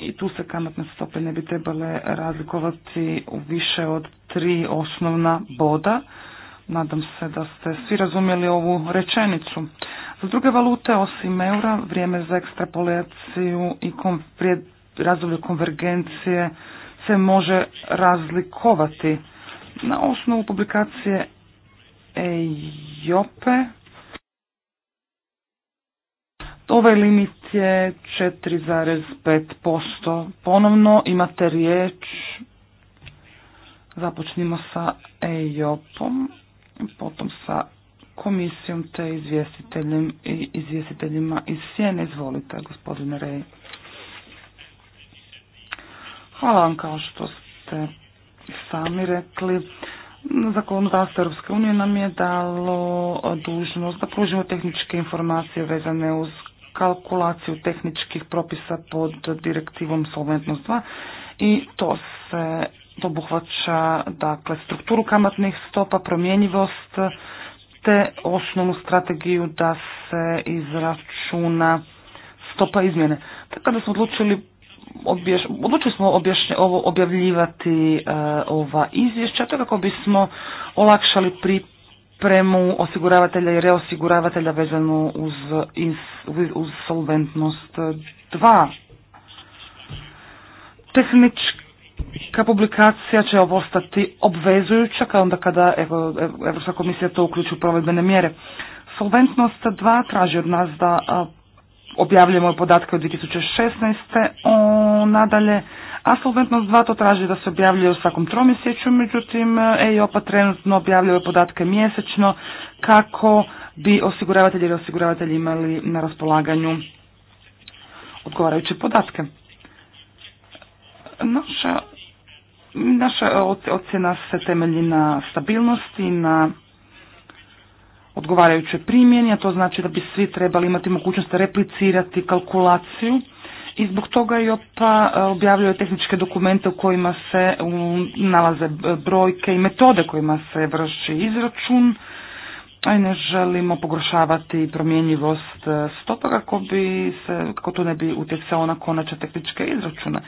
i tu se kamatne stope ne bi trebale razlikovati u više od tri osnovna boda. Nadam se da ste svi razumjeli ovu rečenicu. Za druge valute osim eura vrijeme za ekstrapolaciju i razdoblje konvergencije se može razlikovati na osnovu publikacije E, Jope. Ovaj limit je 4,5%. Ponovno imate riječ. Započnimo sa EIOP-om, potom sa komisijom te izvjestiteljem i izvjestiteljima iz Sjene. Izvolite, gospodine Rej. Hvala vam kao što ste sami rekli za Europske unije nam je dalo dužnost da pružimo tehničke informacije vezane uz kalkulaciju tehničkih propisa pod direktivom Solventnost i to se obuhvaća dakle, strukturu kamatnih stopa, promjenjivost te osnovnu strategiju da se izračuna stopa izmjene. Tako da smo odlučili obješ, odlučili smo ovo, objavljivati e, ova izvješća, to kako bismo olakšali pripremu osiguravatelja i reosiguravatelja vezanu uz, uz solventnost 2. Tehnička publikacija će ostati obvezujuća kao onda kada Europska komisija to uključi u provedbene mjere. Solventnost 2 traži od nas da objavljujemo podatke od 2016. O, nadalje, a solventnost 2 to traži da se objavljuje u svakom tromjesečju, međutim EIOPA e trenutno objavljuje podatke mjesečno kako bi osiguravatelji i osiguravatelji imali na raspolaganju odgovarajuće podatke. Naša, naša ocjena se temelji na stabilnosti, na odgovarajućoj primjeni, a to znači da bi svi trebali imati mogućnost replicirati kalkulaciju i zbog toga IOPA e, objavljuje tehničke dokumente u kojima se nalaze brojke i metode kojima se vrši izračun, a i ne želimo pogoršavati promjenjivost e, stopa kako, bi se, kako to ne bi utjecao na konačne tehničke izračune.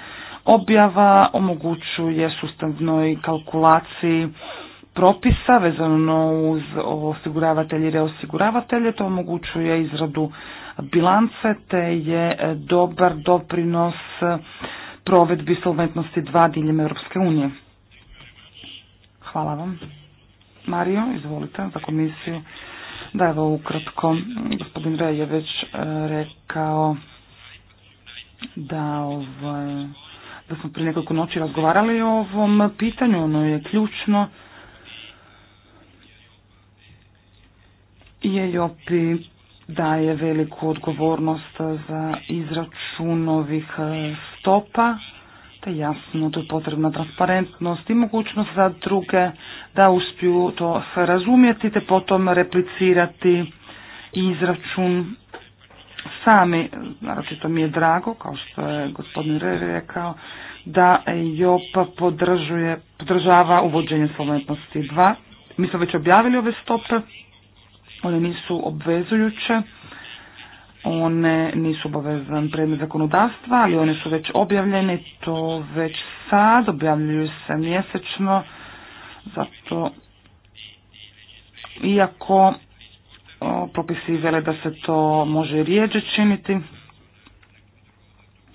Objava omogućuje sustavnoj kalkulaciji propisa vezano uz osiguravatelje i reosiguravatelje. To omogućuje izradu bilance te je dobar doprinos provedbi solventnosti dva diljem Europske unije. Hvala vam. Mario, izvolite za komisiju. Da, evo ukratko, gospodin Rej je već e, rekao da, ovaj, da smo prije nekoliko noći razgovarali o ovom pitanju, ono je ključno je Jopi daje veliku odgovornost za izračun ovih e, stopa, te jasno to je potrebna transparentnost i mogućnost za druge da uspiju to sve razumjeti te potom replicirati izračun sami. to mi je drago, kao što je gospodin Re rekao, da jop podržava uvođenje solventnosti 2. Mi smo već objavili ove stope, one nisu obvezujuće, one nisu obavezan predmet zakonodavstva, ali one su već objavljene, to već sad, objavljuju se mjesečno, zato iako o, propisi vele da se to može rijeđe činiti,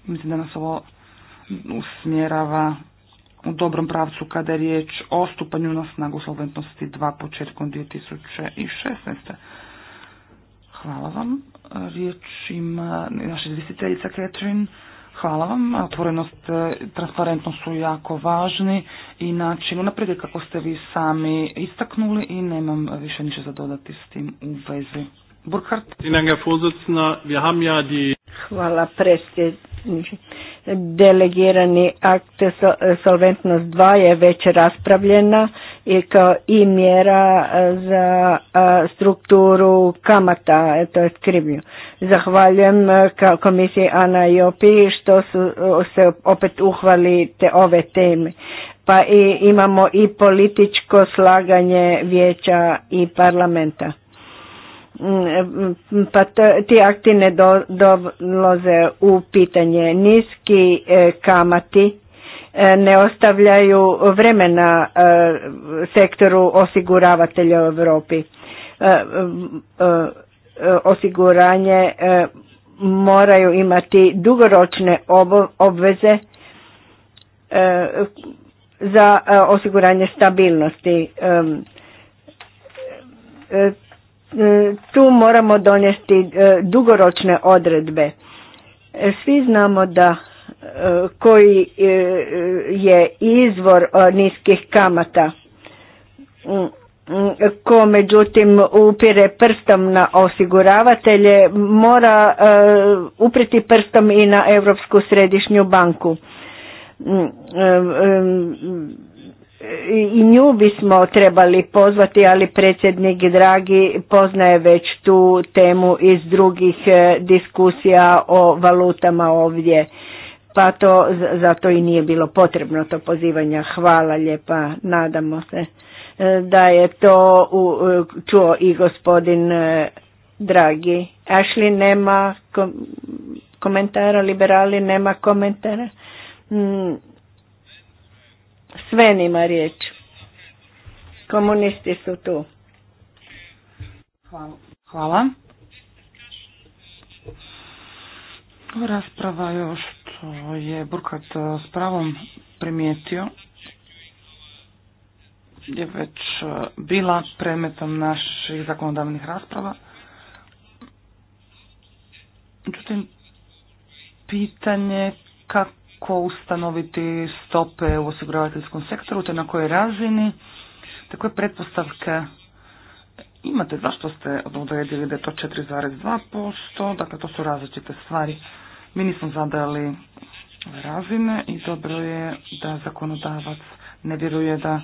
mislim da nas ovo usmjerava u dobrom pravcu kada je riječ o stupanju na snagu solventnosti 2 početkom 2016. Hvala vam. Riječ ima naša izvisiteljica, Catherine. Hvala vam. Otvorenost, e, transparentnost su jako važni i način unaprijed kako ste vi sami istaknuli i nemam više ništa za dodati s tim u vezi. Burkhardt. Hvala predsjedniče. Delegirani akt Solventnost 2 je već raspravljena i kao i mjera e, za e, strukturu kamata, e, to je krivnju. Zahvaljujem kao komisiji Ana OPI što su se opet uhvali te ove teme. Pa i imamo i političko slaganje vijeća i parlamenta Mm, pa ti akti ne dolaze u pitanje. Niski e, kamati e, ne ostavljaju vremena e, sektoru osiguravatelja u Europi. Osiguranje moraju imati dugoročne obveze za osiguranje stabilnosti tu moramo donijeti e, dugoročne odredbe. E, svi znamo da e, koji je izvor niskih kamata mm, mm, ko međutim upire prstom na osiguravatelje mora upriti prstom i na Europsku središnju banku mm, i nju bismo trebali pozvati, ali predsjednik Dragi poznaje već tu temu iz drugih e, diskusija o valutama ovdje. Pa to zato i nije bilo potrebno to pozivanje. Hvala lijepa, nadamo se e, da je to e, čuo i gospodin Dragi. Ashley nema komentara, liberali nema komentara. Mm, sve nima riječ. Komunisti su tu. Hvala. Hvala. Rasprava je što je Burkat s pravom primijetio je već e, bila premetom naših zakonodavnih rasprava. Međutim, pitanje kako ko ustanoviti stope u osiguravateljskom sektoru, te na kojoj razini, te koje pretpostavke imate, zašto ste odredili da je to 4,2%, dakle to su različite stvari. Mi nismo zadali razine i dobro je da zakonodavac ne vjeruje da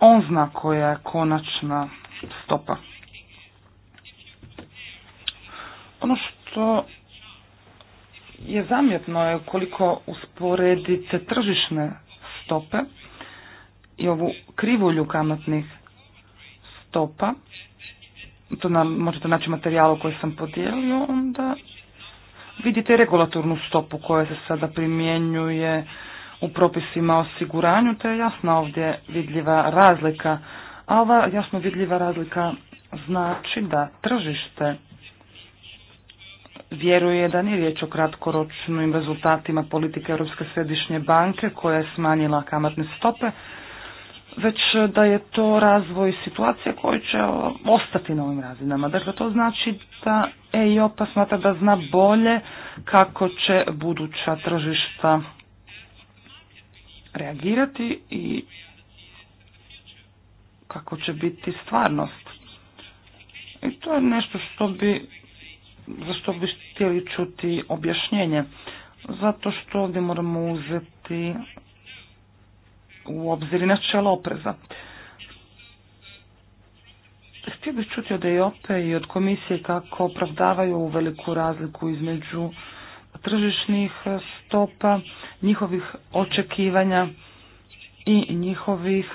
on zna koja je konačna stopa. Ono što je zamjetno je koliko usporedite tržišne stope i ovu krivulju kamatnih stopa, to nam možete naći materijalu koji sam podijelio, onda vidite regulatornu stopu koja se sada primjenjuje u propisima o osiguranju, to je jasna ovdje vidljiva razlika. A ova jasno vidljiva razlika znači da tržište vjeruje da nije riječ o kratkoročnim rezultatima politike Europske središnje banke koja je smanjila kamatne stope, već da je to razvoj situacije koji će ostati na ovim razinama. Dakle, to znači da EIOPA smatra da zna bolje kako će buduća tržišta reagirati i kako će biti stvarnost. I to je nešto što bi zašto bi htjeli čuti objašnjenje? Zato što ovdje moramo uzeti u obzir načelo opreza. Htio bih čuti od EOPE i od komisije kako opravdavaju veliku razliku između tržišnih stopa, njihovih očekivanja i njihovih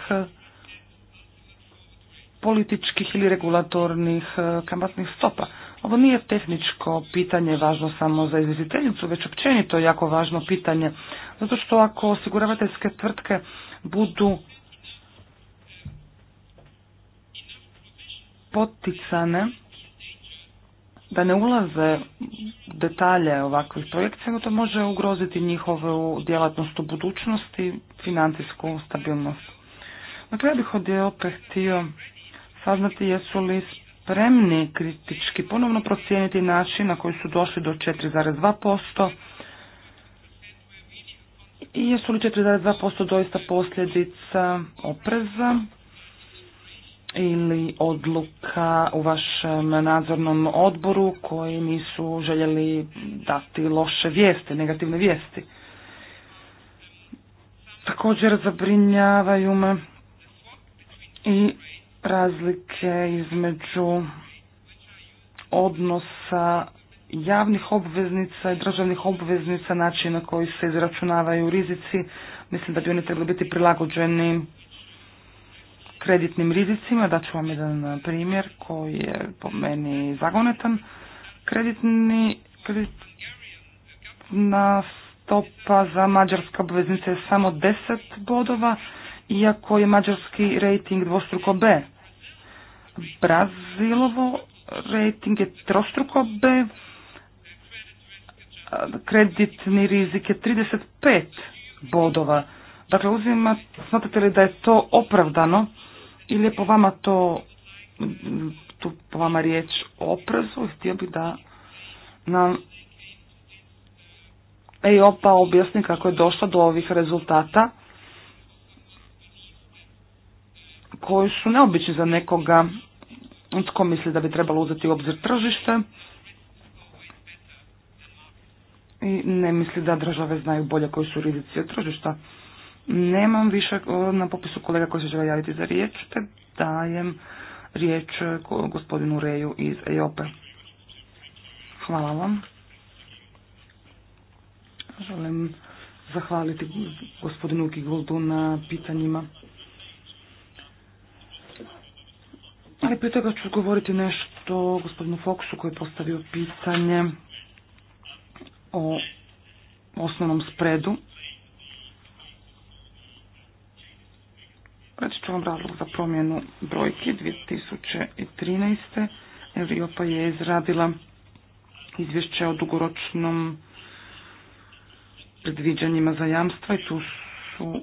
političkih ili regulatornih kamatnih stopa. Ovo nije tehničko pitanje važno samo za izvjestiteljicu, već općenito jako važno pitanje, zato što ako osiguravateljske tvrtke budu poticane da ne ulaze detalje ovakvih projekcija, to može ugroziti njihovu djelatnost u budućnosti, financijsku stabilnost. Na kraju bih od opet htio saznati jesu li spremni kritički ponovno procijeniti način na koji su došli do 4,2% i jesu li 4,2% doista posljedica opreza ili odluka u vašem nadzornom odboru koji nisu željeli dati loše vijesti, negativne vijesti. Također zabrinjavaju me i razlike između odnosa javnih obveznica i državnih obveznica, način na koji se izračunavaju rizici, mislim da bi oni trebali biti prilagođeni kreditnim rizicima. Daću vam jedan eh, primjer koji je po meni zagonetan. Kreditni, kreditna stopa za mađarske obveznice je samo 10 bodova, iako je mađarski rating dvostruko B. Brazilovo rating je trostruko B, kreditni rizik je 35 bodova. Dakle, uzimate smatrate li da je to opravdano ili je po vama to, tu po vama riječ o oprezu? Htio bih da nam EIOPA objasni kako je došlo do ovih rezultata koji su neobični za nekoga tko misli da bi trebalo uzeti u obzir tržište i ne misli da države znaju bolje koji su rizici od tržišta. Nemam više na popisu kolega koji se žele javiti za riječ, te dajem riječ e, gospodinu Reju iz EOPE. Hvala vam. Želim zahvaliti gospodinu Kiguldu na pitanjima. Ali prije toga ću govoriti nešto gospodinu Foksu koji je postavio pitanje o osnovnom spredu. Reći ću vam razlog za promjenu brojke 2013. pa je izradila izvješće o dugoročnom predviđanjima za jamstva i tu su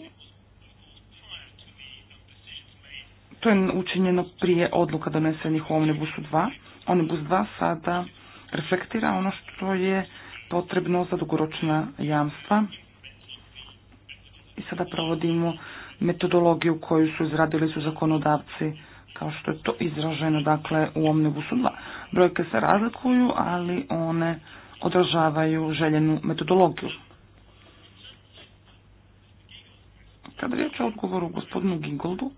To je učinjeno prije odluka donesenih u Omnibusu 2. Omnibus 2 sada reflektira ono što je potrebno za dugoročna jamstva i sada provodimo metodologiju koju su izradili su zakonodavci kao što je to izraženo dakle u Omnibusu 2. Brojke se razlikuju, ali one odražavaju željenu metodologiju. Kada riječ o odgovoru gospodinu Gingoldu,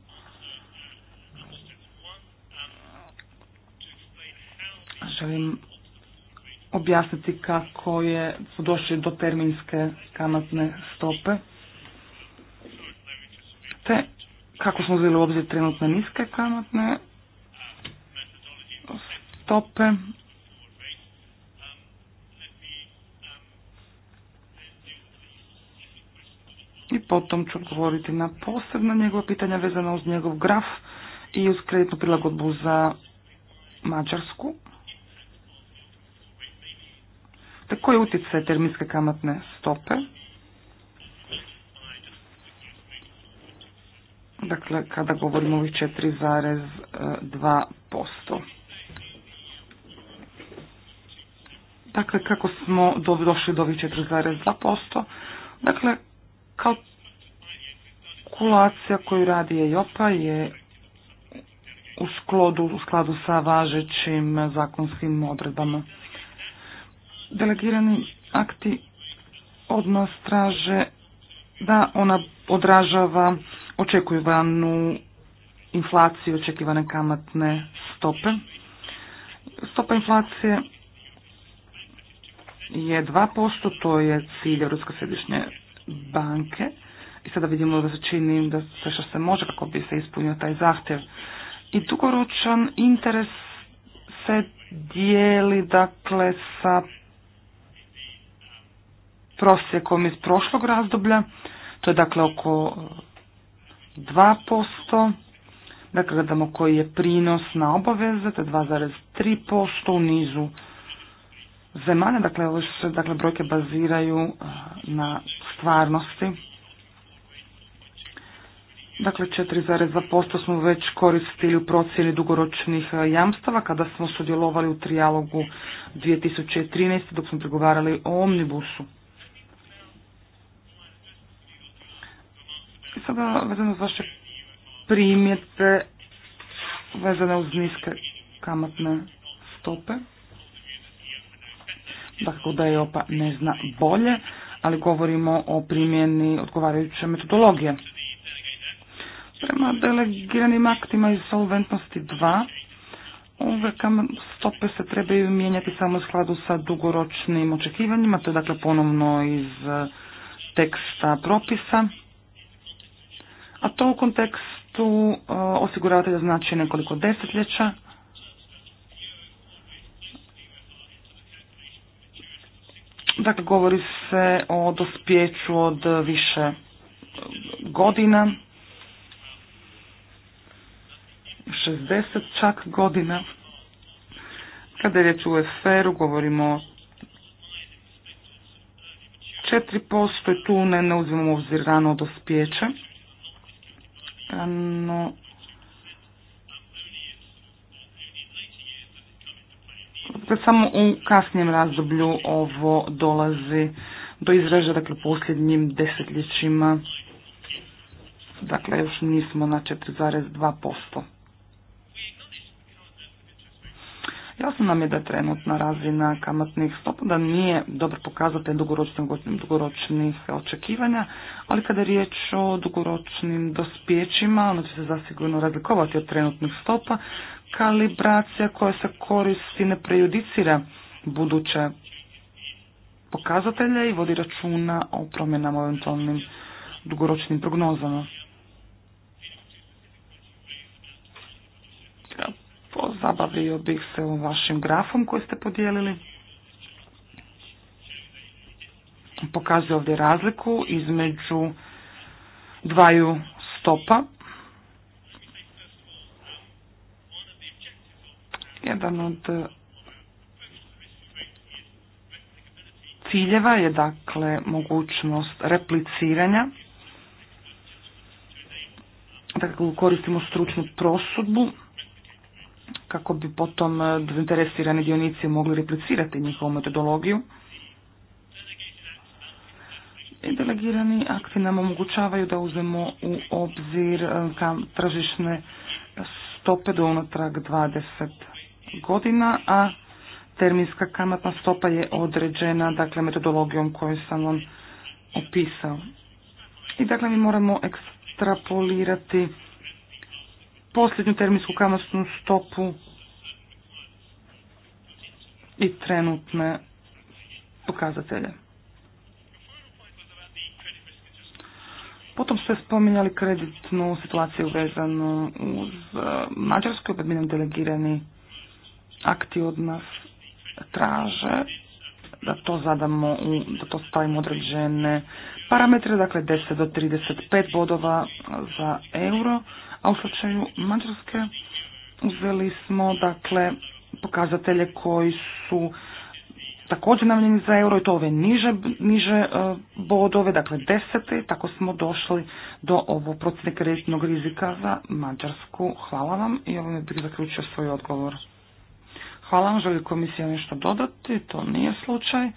želim objasniti kako je, su došli do terminske kamatne stope te kako smo uzeli u obzir trenutno niske kamatne stope i potom ću odgovoriti na posebna njegova pitanja vezana uz njegov graf i uz kreditnu prilagodbu za Mađarsku koji je utjecaj terminske kamatne stope. Dakle, kada govorimo o ovih 4,2%. Dakle, kako smo došli do ovih 4,2%? Dakle, kalkulacija koju radi EIOPA je u skladu, u skladu sa važećim zakonskim odredbama delegirani akti nas traže da ona odražava očekivanu inflaciju, očekivane kamatne stope. Stopa inflacije je 2%, to je cilj Europske središnje banke. I sada vidimo da se čini da sve što se može kako bi se ispunio taj zahtjev. I dugoročan interes se dijeli dakle sa prosjekom iz prošlog razdoblja, to je dakle oko 2%, dakle gledamo koji je prinos na obaveze, to je 2,3% u nizu zemalja, dakle ove se dakle, brojke baziraju e, na stvarnosti. Dakle, 4,2% smo već koristili u procjeni dugoročnih e, jamstava kada smo sudjelovali u trijalogu 2013. dok smo pregovarali o omnibusu. Sada vezano za vaše vezane uz niske kamatne stope. Dakle, da je opa ne zna bolje, ali govorimo o primjeni odgovarajuće metodologije. Prema delegiranim aktima iz solventnosti 2, ove stope se trebaju mijenjati samo u skladu sa dugoročnim očekivanjima, to je dakle ponovno iz eh, teksta propisa a to u kontekstu e, osiguravatelja znači nekoliko desetljeća. Dakle, govori se o dospjeću od više godina, 60 čak godina. Kada je riječ u efr govorimo o 4%, tu ne, ne uzimamo obzir rano dospjeće no samo u kasnijem razdoblju ovo dolazi do izraža, dakle posljednjim desetljećima, dakle još nismo na 4,2%. Jasno nam je da je trenutna razina kamatnih stopa da nije dobar pokazatelj dugoročnih, dugoročnih očekivanja, ali kada je riječ o dugoročnim dospjećima, ono će se zasigurno razlikovati od trenutnih stopa, kalibracija koja se koristi ne prejudicira buduće pokazatelje i vodi računa o promjenama eventualnim dugoročnim prognozama. Pozabavio bih se u vašim grafom koji ste podijelili. Pokazuje ovdje razliku između dvaju stopa. Jedan od ciljeva je dakle mogućnost repliciranja. Dakle, koristimo stručnu prosudbu kako bi potom e, zainteresirani dionici mogli replicirati njihovu metodologiju. I delegirani akti nam omogućavaju da uzmemo u obzir e, tržišne stope do unatrag 20 godina, a terminska kamatna stopa je određena dakle, metodologijom koju sam vam opisao. I dakle mi moramo ekstrapolirati posljednju terminsku kamatnu stopu i trenutne pokazatelje. Potom ste spominjali kreditnu situaciju vezanu uz e, Mađarsku, pa nam delegirani akti od nas traže da to zadamo, da to stavimo određene parametre, dakle 10 do 35 bodova za euro, a u slučaju Mađarske uzeli smo dakle pokazatelje koji su također namljeni za euro i to ove niže, niže e, bodove, dakle desete, tako smo došli do ovo procjene kreditnog rizika za Mađarsku. Hvala vam i ovime bih zaključio svoj odgovor. Hvala vam, želi komisija nešto dodati, to nije slučaj.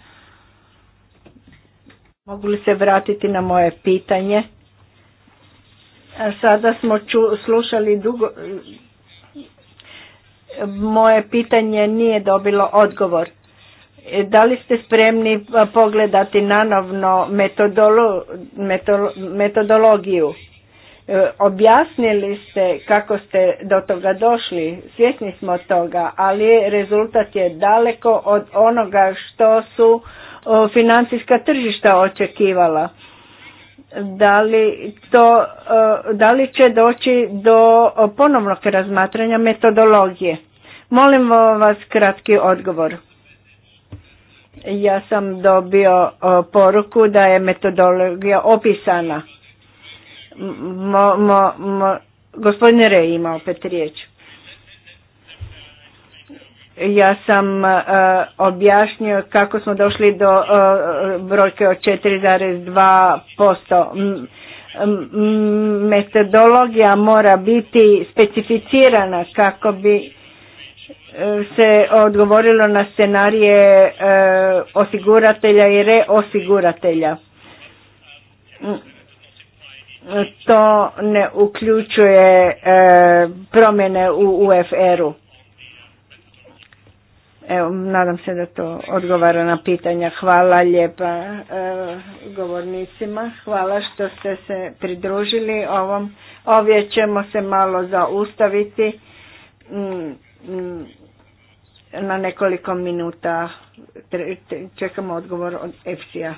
Mogu li se vratiti na moje pitanje? Sada smo slušali dugo, moje pitanje nije dobilo odgovor. E, da li ste spremni pogledati nanovno metodolo, metodologiju? E, objasnili ste kako ste do toga došli, svjesni smo toga, ali rezultat je daleko od onoga što su financijska tržišta očekivala da li, to, e, da li će doći do ponovnog razmatranja metodologije? Molim vas kratki odgovor. Ja sam dobio e, poruku da je metodologija opisana. Mo, mo, gospodin Rej ima opet riječ. Ja sam e, objašnjio kako smo došli do e, brojke od 4,2%. Metodologija mora biti specificirana kako bi e, se odgovorilo na scenarije osiguratelja i reosiguratelja. To ne uključuje promjene u UFR-u Evo, nadam se da to odgovara na pitanja. Hvala lijepa e, govornicima. Hvala što ste se pridružili ovom. Ovdje ćemo se malo zaustaviti mm, mm, na nekoliko minuta. Čekamo odgovor od EFSI-a.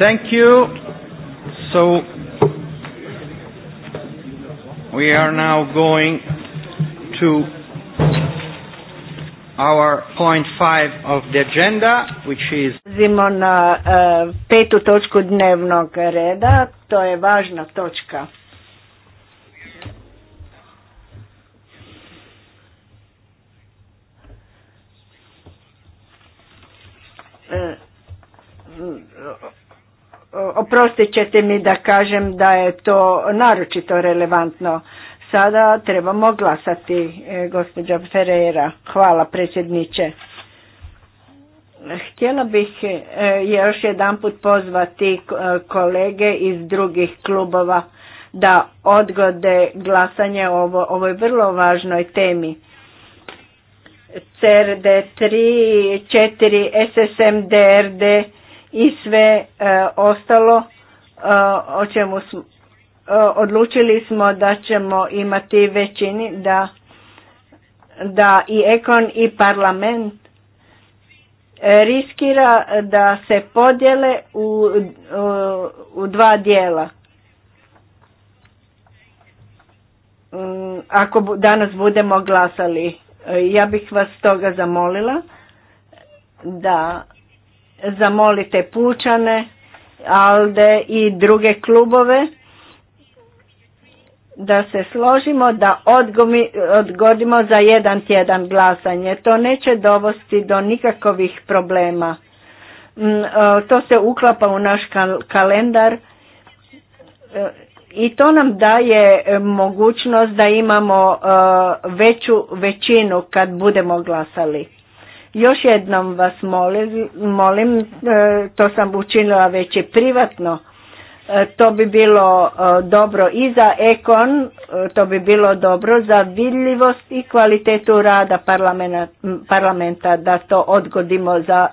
Thank you. So we are now going to our point five of the agenda, which is... Zimona e, petu točku dnevnog reda, to je važna točka. Uh, oprostit ćete mi da kažem da je to naročito relevantno. Sada trebamo glasati, e, gospođa Ferreira. Hvala predsjedniče. Htjela bih e, još jedan put pozvati e, kolege iz drugih klubova da odgode glasanje o ovo, ovoj vrlo važnoj temi. CRD3, 4, SSM, DRD i sve e, ostalo e, o čemu smo e, odlučili smo da ćemo imati većini da, da i ekon i parlament riskira da se podjele u, u, u dva dijela. Mm, ako danas budemo glasali, ja bih vas toga zamolila da zamolite Pučane, Alde i druge klubove da se složimo da odgodimo za jedan tjedan glasanje. To neće dovesti do nikakvih problema. Mm, e, to se uklapa u naš kalendar e, i to nam daje mogućnost da imamo e, veću većinu kad budemo glasali. Još jednom vas molim, molim e, to sam učinila već i privatno, e, to bi bilo e, dobro i za ekon, to bi bilo dobro za vidljivost i kvalitetu rada parlamenta da to odgodimo za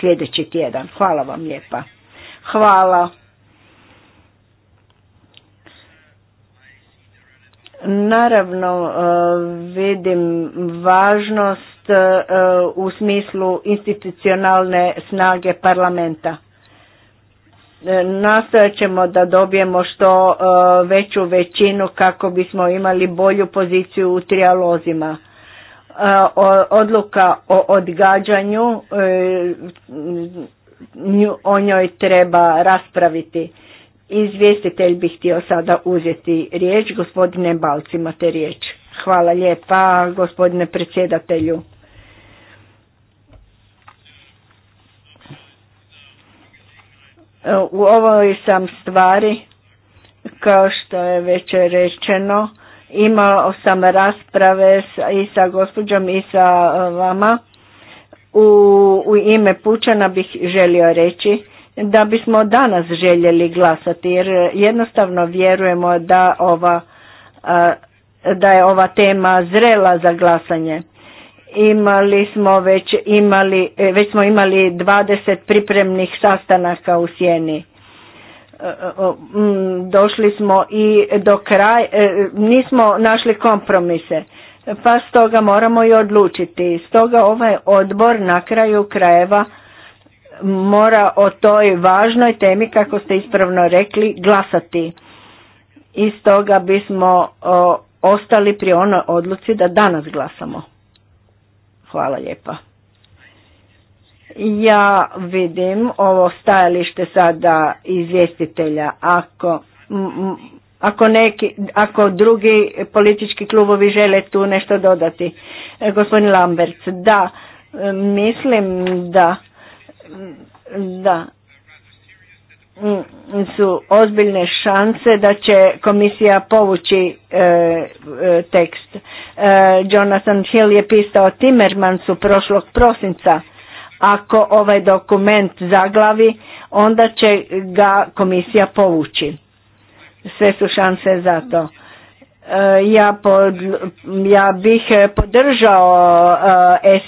sljedeći tjedan. Hvala vam lijepa. Hvala. Naravno e, vidim važnost e, u smislu institucionalne snage parlamenta. E, nastojat ćemo da dobijemo što veću većinu kako bismo imali bolju poziciju u trijalozima. Odluka o odgađanju, o njoj treba raspraviti Izvjestitelj bi htio sada uzeti riječ, gospodine Balc imate riječ. Hvala lijepa gospodine predsjedatelju. U ovoj sam stvari, kao što je već rečeno, imao sam rasprave i sa gospođom i sa vama. U, u ime Pučana bih želio reći da bismo danas željeli glasati jer jednostavno vjerujemo da ova da je ova tema zrela za glasanje. Imali smo već imali e, već smo imali 20 pripremnih sastanaka u sjeni. E, e, došli smo i do kraja nismo našli kompromise. Pa stoga moramo i odlučiti. Stoga ovaj odbor na kraju krajeva mora o toj važnoj temi, kako ste ispravno rekli, glasati. I toga bismo o, ostali pri onoj odluci da danas glasamo. Hvala lijepa. Ja vidim ovo stajalište sada izvjestitelja. Ako, ako, neki, ako drugi politički klubovi žele tu nešto dodati. E, gospodin Lamberts, da, e, mislim da da mm, su ozbiljne šanse da će komisija povući e, e, tekst. E, Jonathan Hill je pisao Timmermansu prošlog prosinca. Ako ovaj dokument zaglavi, onda će ga komisija povući. Sve su šanse za to. Ja, ja bih podržao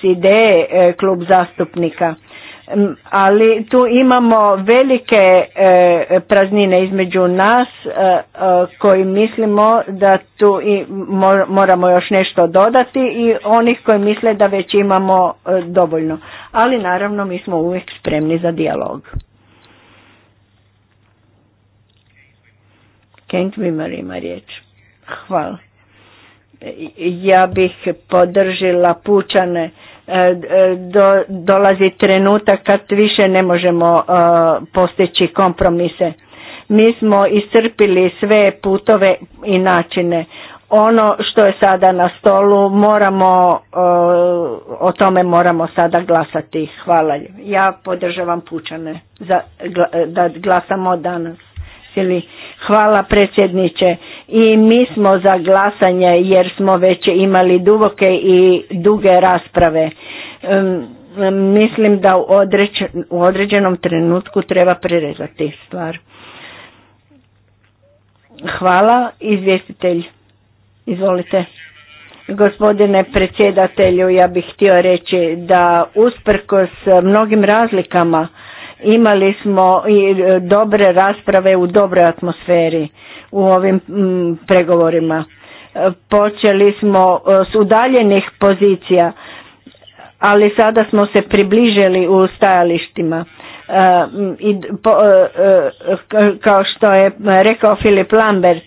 SID klub zastupnika ali tu imamo velike e, praznine između nas e, e, koji mislimo da tu i moramo još nešto dodati i onih koji misle da već imamo dovoljno. Ali naravno mi smo uvijek spremni za dijalog. Kent Wimmer ima riječ. Hvala. Ja bih podržila pučane E, e, do, dolazi trenutak kad više ne možemo e, postići kompromise. Mi smo iscrpili sve putove i načine. Ono što je sada na stolu moramo, o tome moramo sada glasati. Hvala. Ja podržavam pučane za, da glasamo danas. Hvala predsjedniče. I mi smo za glasanje jer smo već imali duboke i duge rasprave. mislim da u, u određenom trenutku treba prerezati stvar. Hvala, izvjestitelj. Izvolite. Gospodine predsjedatelju, ja bih htio reći da usprkos mnogim razlikama Imali smo i e, dobre rasprave u dobroj atmosferi u ovim pregovorima. E, počeli smo e, s udaljenih pozicija, ali sada smo se približili u stajalištima. I kao što je rekao Filip Lambert,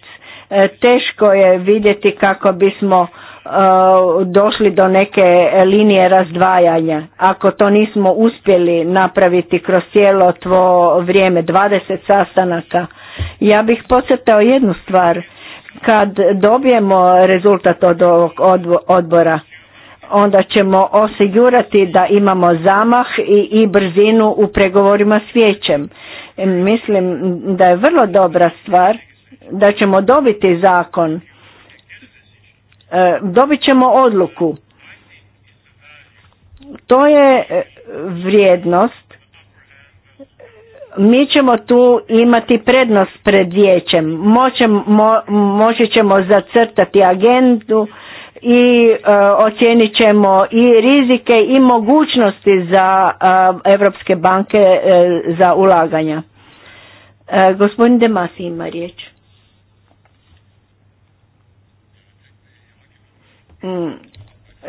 teško je vidjeti kako bismo Uh, došli do neke linije razdvajanja. Ako to nismo uspjeli napraviti kroz cijelo tvo vrijeme, 20 sastanaka, ja bih podsjetao jednu stvar. Kad dobijemo rezultat od ovog odbora, onda ćemo osigurati da imamo zamah i, i brzinu u pregovorima s vijećem. Mislim da je vrlo dobra stvar da ćemo dobiti zakon E, dobit ćemo odluku. To je e, vrijednost. Mi ćemo tu imati prednost pred vijećem. moći ćemo zacrtati agendu i e, ocijenit ćemo i rizike i mogućnosti za europske banke za ulaganja. gospodin Demasi ima riječ. Mm,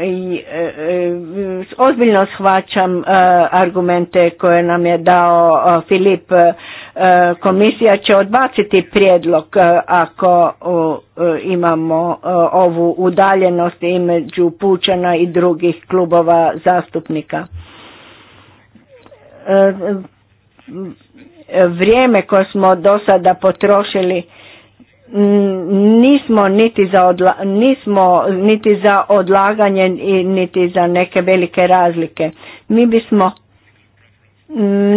i e, e, ozbiljno shvaćam e, argumente koje nam je dao Filip komisija će odbaciti prijedlog ako imamo ovu udaljenost između pučana i drugih klubova zastupnika vrijeme koje smo do sada potrošili nismo niti za, odla, nismo niti za odlaganje niti za neke velike razlike. Mi bismo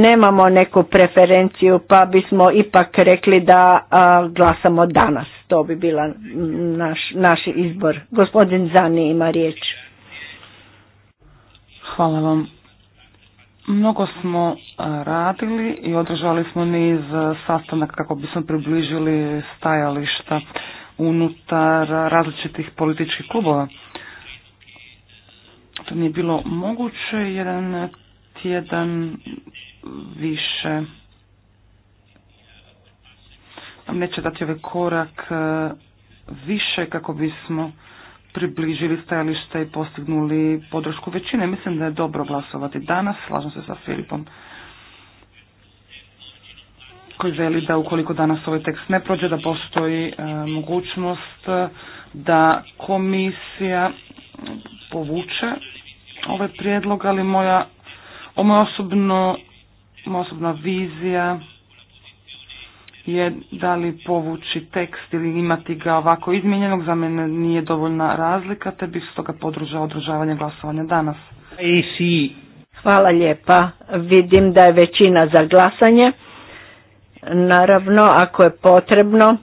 nemamo neku preferenciju pa bismo ipak rekli da glasamo danas. To bi bila naš, naš izbor. Gospodin Zani ima riječ. Hvala vam Mnogo smo e, radili i održali smo niz e, sastanaka kako bismo približili stajališta unutar različitih političkih klubova. To nije bilo moguće, jedan tjedan više neće dati ovaj korak e, više kako bismo približili stajališta i postignuli podršku većine. Mislim da je dobro glasovati danas, slažem se sa Filipom koji želi da ukoliko danas ovaj tekst ne prođe da postoji e, mogućnost da komisija povuče ovaj prijedlog, ali moja, moja osobno, moja osobna vizija je da li povući tekst ili imati ga ovako izmijenjenog, za mene nije dovoljna razlika, te bih stoga podržao održavanje glasovanja danas. Hvala lijepa. Vidim da je većina za glasanje. Naravno, ako je potrebno,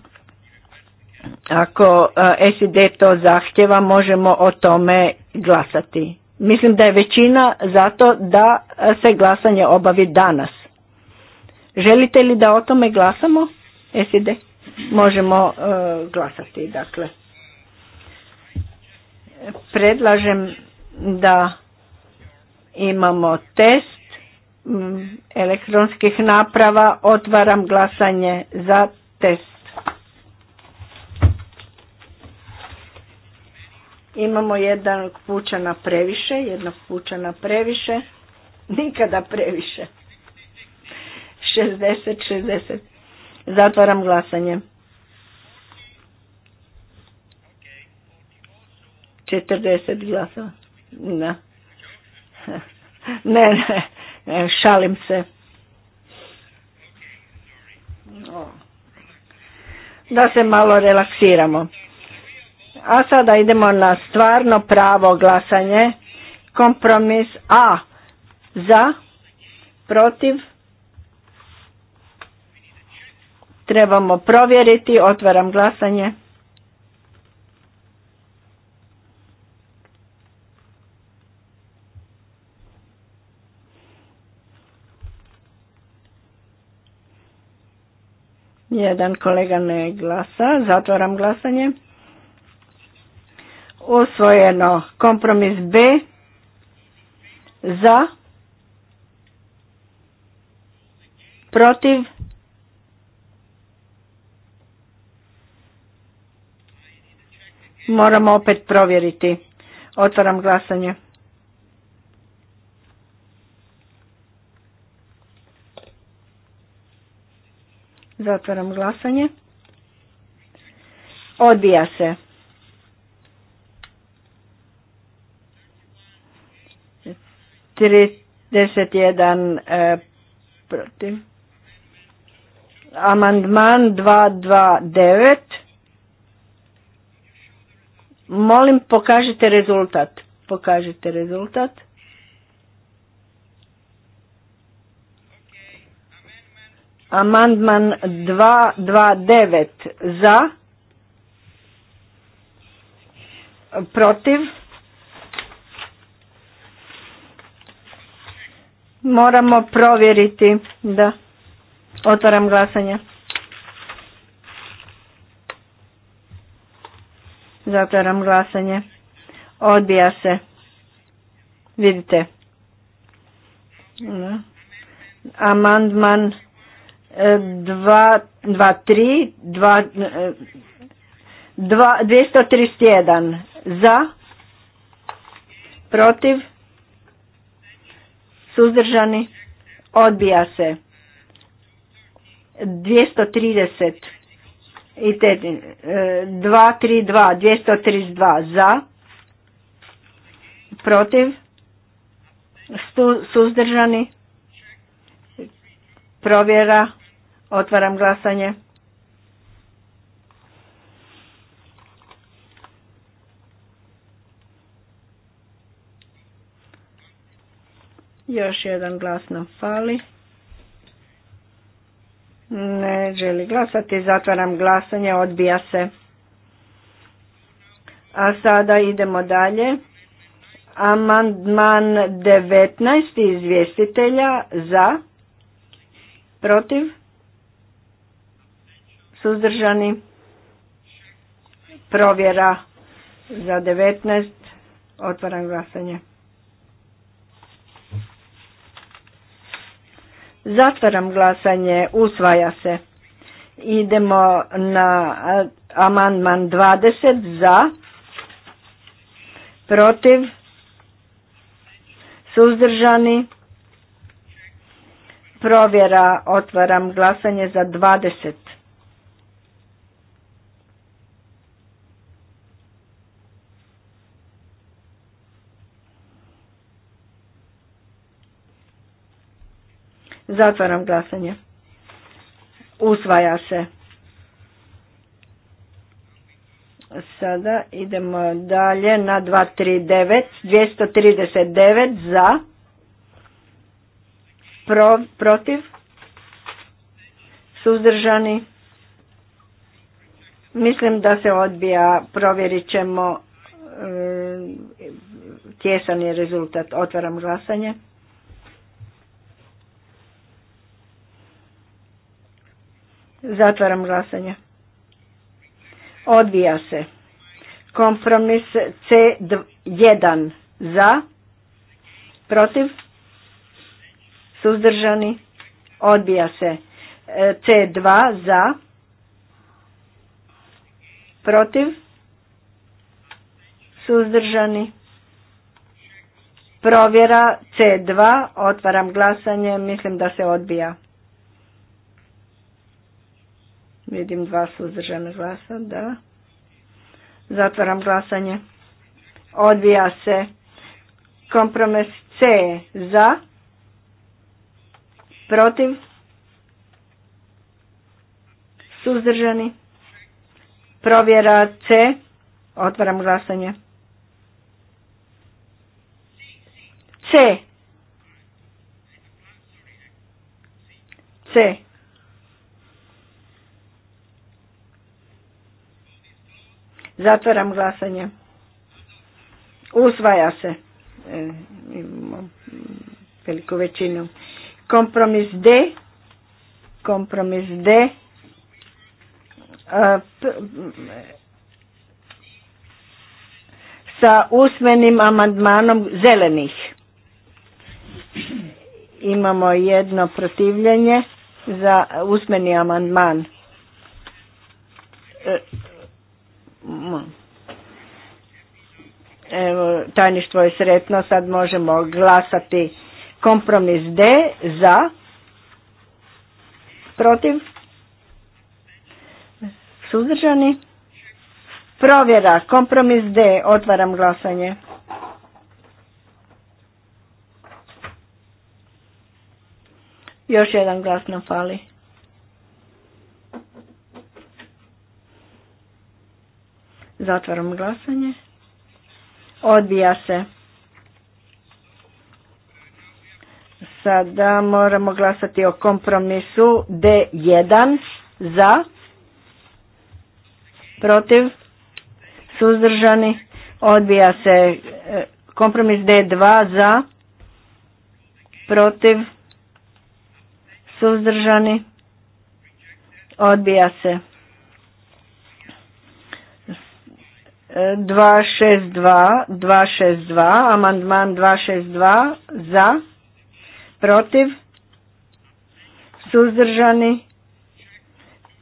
ako e, SID to zahtjeva, možemo o tome glasati. Mislim da je većina zato da se glasanje obavi danas. Želite li da o tome glasamo? S&D, Možemo e, glasati, dakle. Predlažem da imamo test elektronskih naprava. Otvaram glasanje za test. Imamo jednog na previše, jednog na previše, (laughs) nikada previše. 60, 60. Zatvaram glasanje. 40 glasa Da. Ne, ne, šalim se. Da se malo relaksiramo. A sada idemo na stvarno pravo glasanje. Kompromis A. Za. Protiv. Trebamo provjeriti, otvaram glasanje. Jedan kolega ne glasa, zatvaram glasanje. Usvojeno kompromis B za, protiv, Moramo opet provjeriti. Otvaram glasanje. Zatvaram glasanje. Odbija se. 31 jedan e, protiv. Amandman 229 Molim, pokažite rezultat. Pokažite rezultat. Amandman 229 za, protiv, moramo provjeriti, da, otvaram glasanje. Zatvaram glasanje. Odbija se. Vidite. Amandman 231 e, e, za protiv suzdržani odbija se 230 i te 232, e, 232 za, protiv, suzdržani, provjera, otvaram glasanje. Još jedan glas nam fali. Ne želi glasati. Zatvaram glasanje. Odbija se. A sada idemo dalje. Amandman 19. izvjestitelja za. Protiv. Suzdržani. Provjera za 19. Otvaram glasanje. Zatvaram glasanje, usvaja se. Idemo na amandman 20 za, protiv, suzdržani, provjera, otvaram glasanje za 20. Zatvaram glasanje. Usvaja se. Sada idemo dalje na 239, 239 za, pro, protiv, suzdržani. Mislim da se odbija, provjerit ćemo e, tjesan je rezultat. Otvaram glasanje. Zatvaram glasanje. Odbija se. Kompromis C1 za, protiv, suzdržani, odbija se. E, C2 za, protiv, suzdržani, provjera C2, otvaram glasanje, mislim da se odbija. Vidim dva suzdržana glasa, da. Zatvaram glasanje. Odvija se kompromis C za, protiv, suzdržani. Provjera C. Otvaram glasanje. C. C. Zatvaram glasanje. Usvaja se. E, imamo veliku većinu. Kompromis D. Kompromis D. E, sa usmenim amandmanom zelenih. Imamo jedno protivljenje za usmeni amandman. Evo, tajništvo je sretno, sad možemo glasati kompromis D za, protiv, suzdržani. Provjera, kompromis D, otvaram glasanje. Još jedan glas nam fali. Zatvaram glasanje. Odbija se. Sada moramo glasati o kompromisu D1 za, protiv, suzdržani, odbija se e, kompromis D2 za, protiv, suzdržani, odbija se. 262, 262, amandman 262 za, protiv, suzdržani,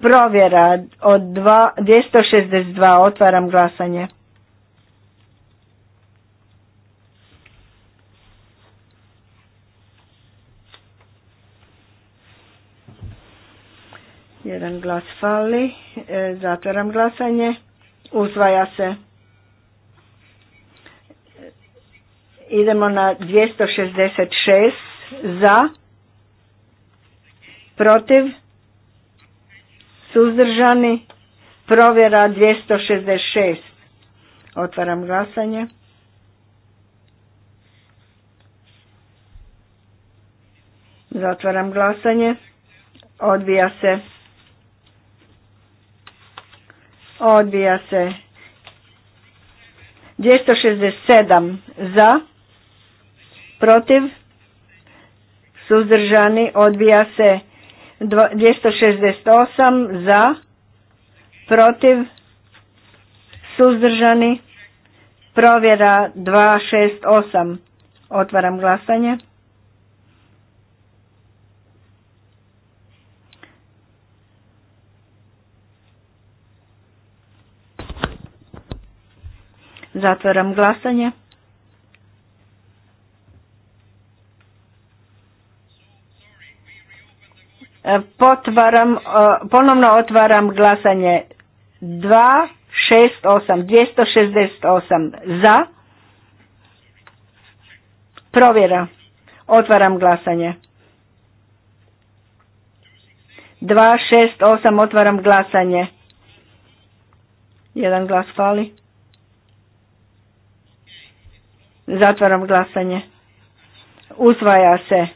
provjera od 262, otvaram glasanje. Jedan glas fali, e, zatvaram glasanje. Usvaja se. Idemo na 266 za, protiv, suzdržani, provjera 266. Otvaram glasanje. Zatvaram glasanje. Odvija se. Odvija se. 267 za, protiv, suzdržani, Odvija se 268 za, protiv, suzdržani, provjera 268. Otvaram glasanje. Zatvaram glasanje. E, potvaram, e, ponovno otvaram glasanje 2, 6, 8, 268 za. Provjera. Otvaram glasanje. 2, 6, 8, otvaram glasanje. Jedan glas fali. Zatvaram glasanje. Usvaja se.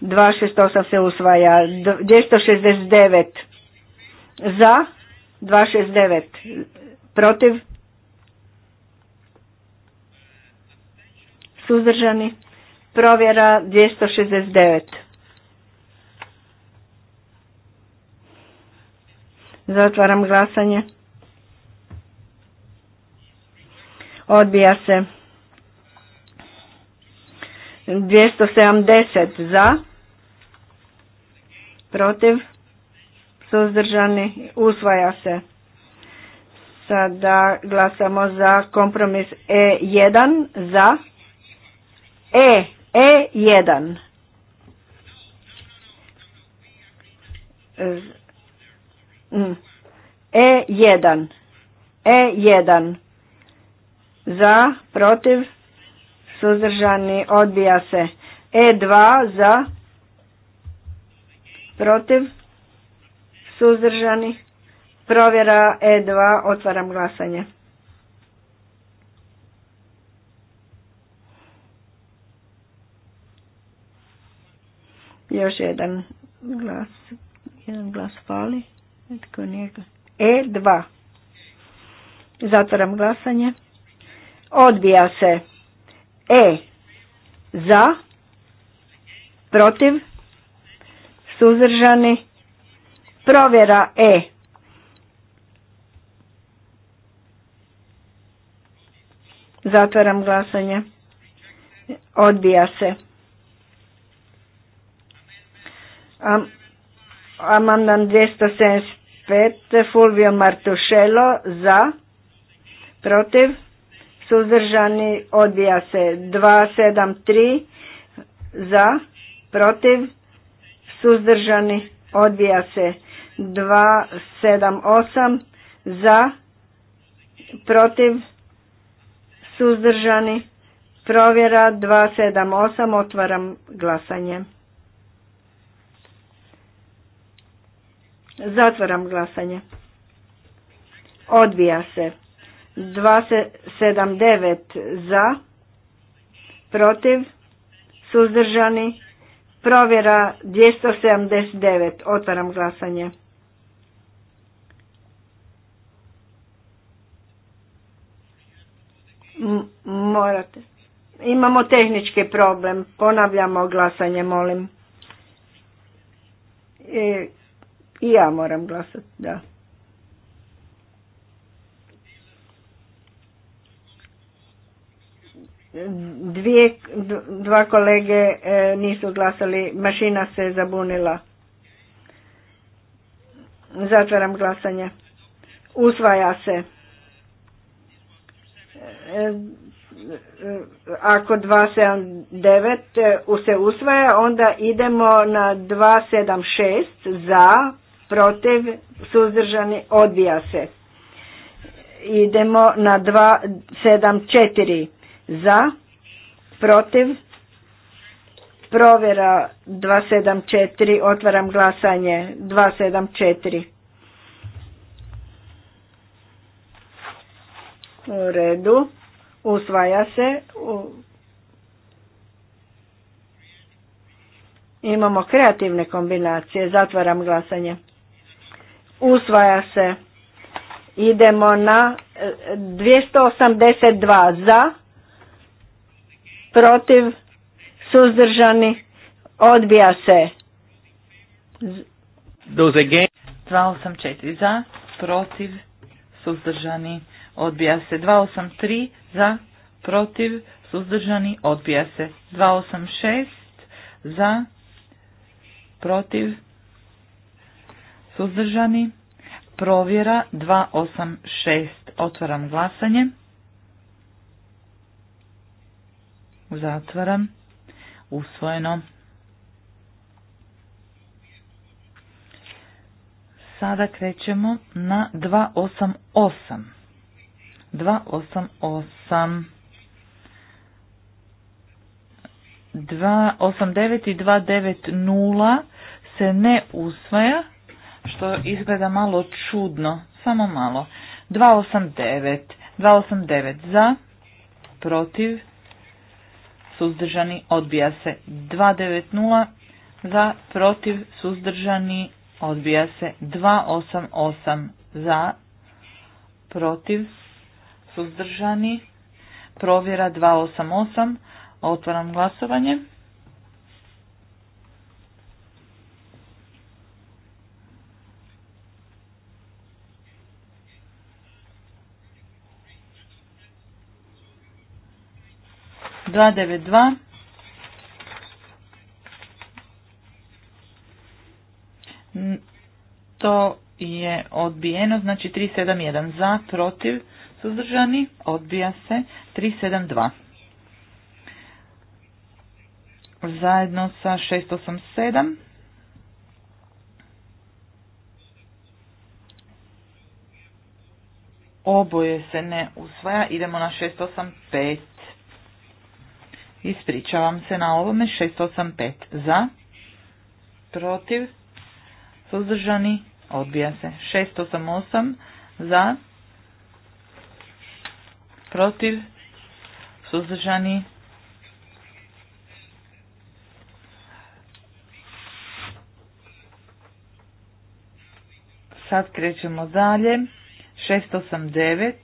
268 se usvaja. 269 za. 269 protiv. Suzdržani. Provjera 269. Zatvaram glasanje. Odbija se. 270 za, protiv, suzdržani, usvaja se. Sada glasamo za kompromis E1 za, E, E1. E1. E1. Za, protiv, suzdržani, odbija se. E2 za, protiv, suzdržani, provjera E2, otvaram glasanje. Još jedan glas, jedan glas fali, netko nije E2. Zatvaram glasanje. Odbija se. E za, protiv, suzdržani, provjera E. Zatvaram glasanje. Odbija se. amandan 275 Fulvio Martušelo za, protiv, suzdržani, odbija se 273 za, protiv, suzdržani, odbija se 278 za, protiv, suzdržani, provjera 278, otvaram glasanje. Zatvaram glasanje. Odbija se. 279 za, protiv, suzdržani, provjera 279, otvaram glasanje. morate. Imamo tehnički problem, ponavljamo glasanje, molim. E, i ja moram glasati, da. Dvije, dva kolege e, nisu glasali, mašina se zabunila. Zatvaram glasanje. Usvaja se. E, e, ako 279 se usvaja, onda idemo na 276 za, protiv, suzdržani, odbija se. Idemo na 274 za, protiv, provjera 274, otvaram glasanje 274. U redu, usvaja se, imamo kreativne kombinacije, zatvaram glasanje. Usvaja se. Idemo na 282 e, za, protiv, suzdržani, odbija se. 284 za, protiv, suzdržani, odbija se. 283 za, protiv, suzdržani, odbija se. 286 za, protiv, suzdržani, provjera 286. Otvaram glasanje. Zatvaram. Usvojeno. Sada krećemo na 288. 288. 289 i 290 se ne usvaja, što izgleda malo čudno, samo malo. 289, 289 za, protiv, suzdržani, odbija se. 290 za, protiv, suzdržani, odbija se. 288 za, protiv, suzdržani, provjera 288, otvaram glasovanje. 292. To je odbijeno, znači 371 za, protiv, suzdržani, odbija se 372. Zajedno sa 687. Oboje se ne usvaja, idemo na 685. Ispričavam se na ovome. 685 za. Protiv. Suzdržani. Odbija se. 688 za. Protiv. Suzdržani. Sad krećemo dalje. 689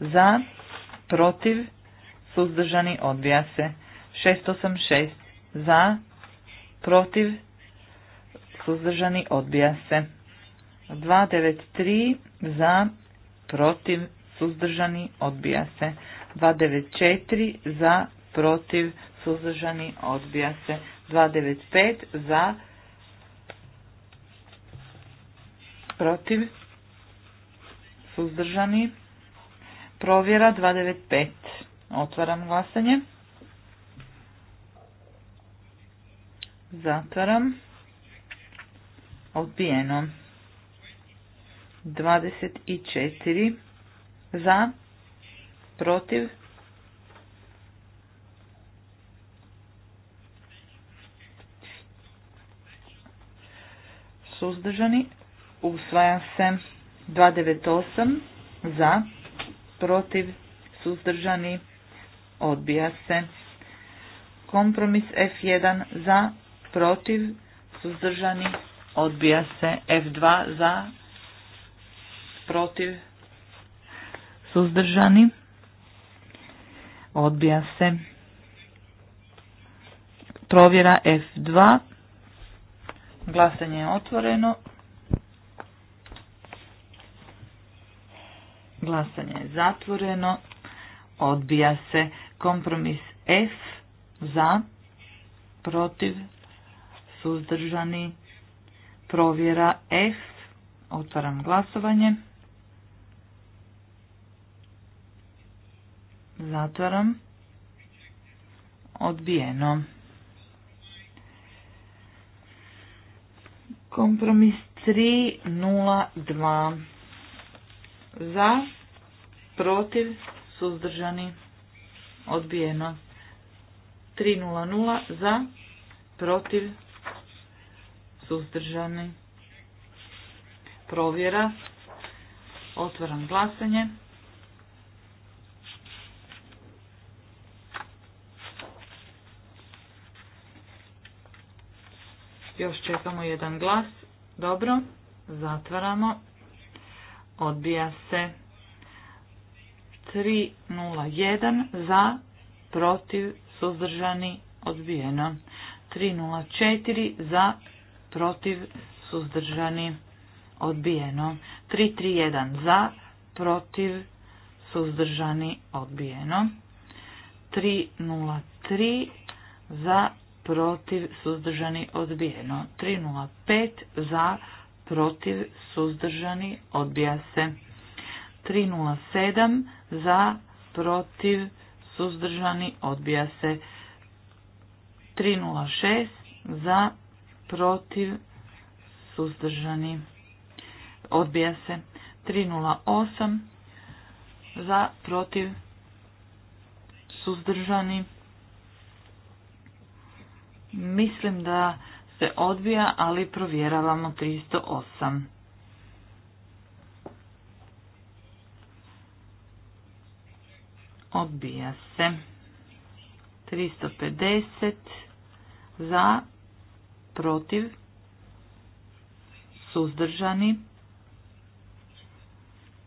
za. Protiv suzdržani, odbija se. 686 za, protiv, suzdržani, odbija se. 293 za, protiv, suzdržani, odbija se. 294 za, protiv, suzdržani, odbija se. 295 za, protiv, suzdržani, provjera 295. Otvaram glasanje. Zatvaram. Odbijeno. 24 za, protiv, suzdržani, usvaja se 298 za, protiv, suzdržani, odbija se. Kompromis F1 za, protiv, suzdržani, odbija se. F2 za, protiv, suzdržani, odbija se. Provjera F2, glasanje je otvoreno. Glasanje je zatvoreno odbija se. Kompromis F za, protiv, suzdržani, provjera F, otvaram glasovanje, zatvaram, odbijeno. Kompromis 302 za, protiv, suzdržani, odbijeno. 3.00 za, protiv, suzdržani, provjera, otvaram glasanje. Još čekamo jedan glas. Dobro, zatvaramo. Odbija se. 301 za, protiv, suzdržani, odbijeno. 304 za, protiv, suzdržani, odbijeno. 331 za, protiv, suzdržani, odbijeno. 303 za, protiv, suzdržani, odbijeno. 305 za, protiv, suzdržani, odbija se. 307 za, protiv, suzdržani, odbija se. 306 za, protiv, suzdržani, odbija se. 308 za, protiv, suzdržani. Mislim da se odbija, ali provjeravamo 308. odbija se. 350 za, protiv, suzdržani.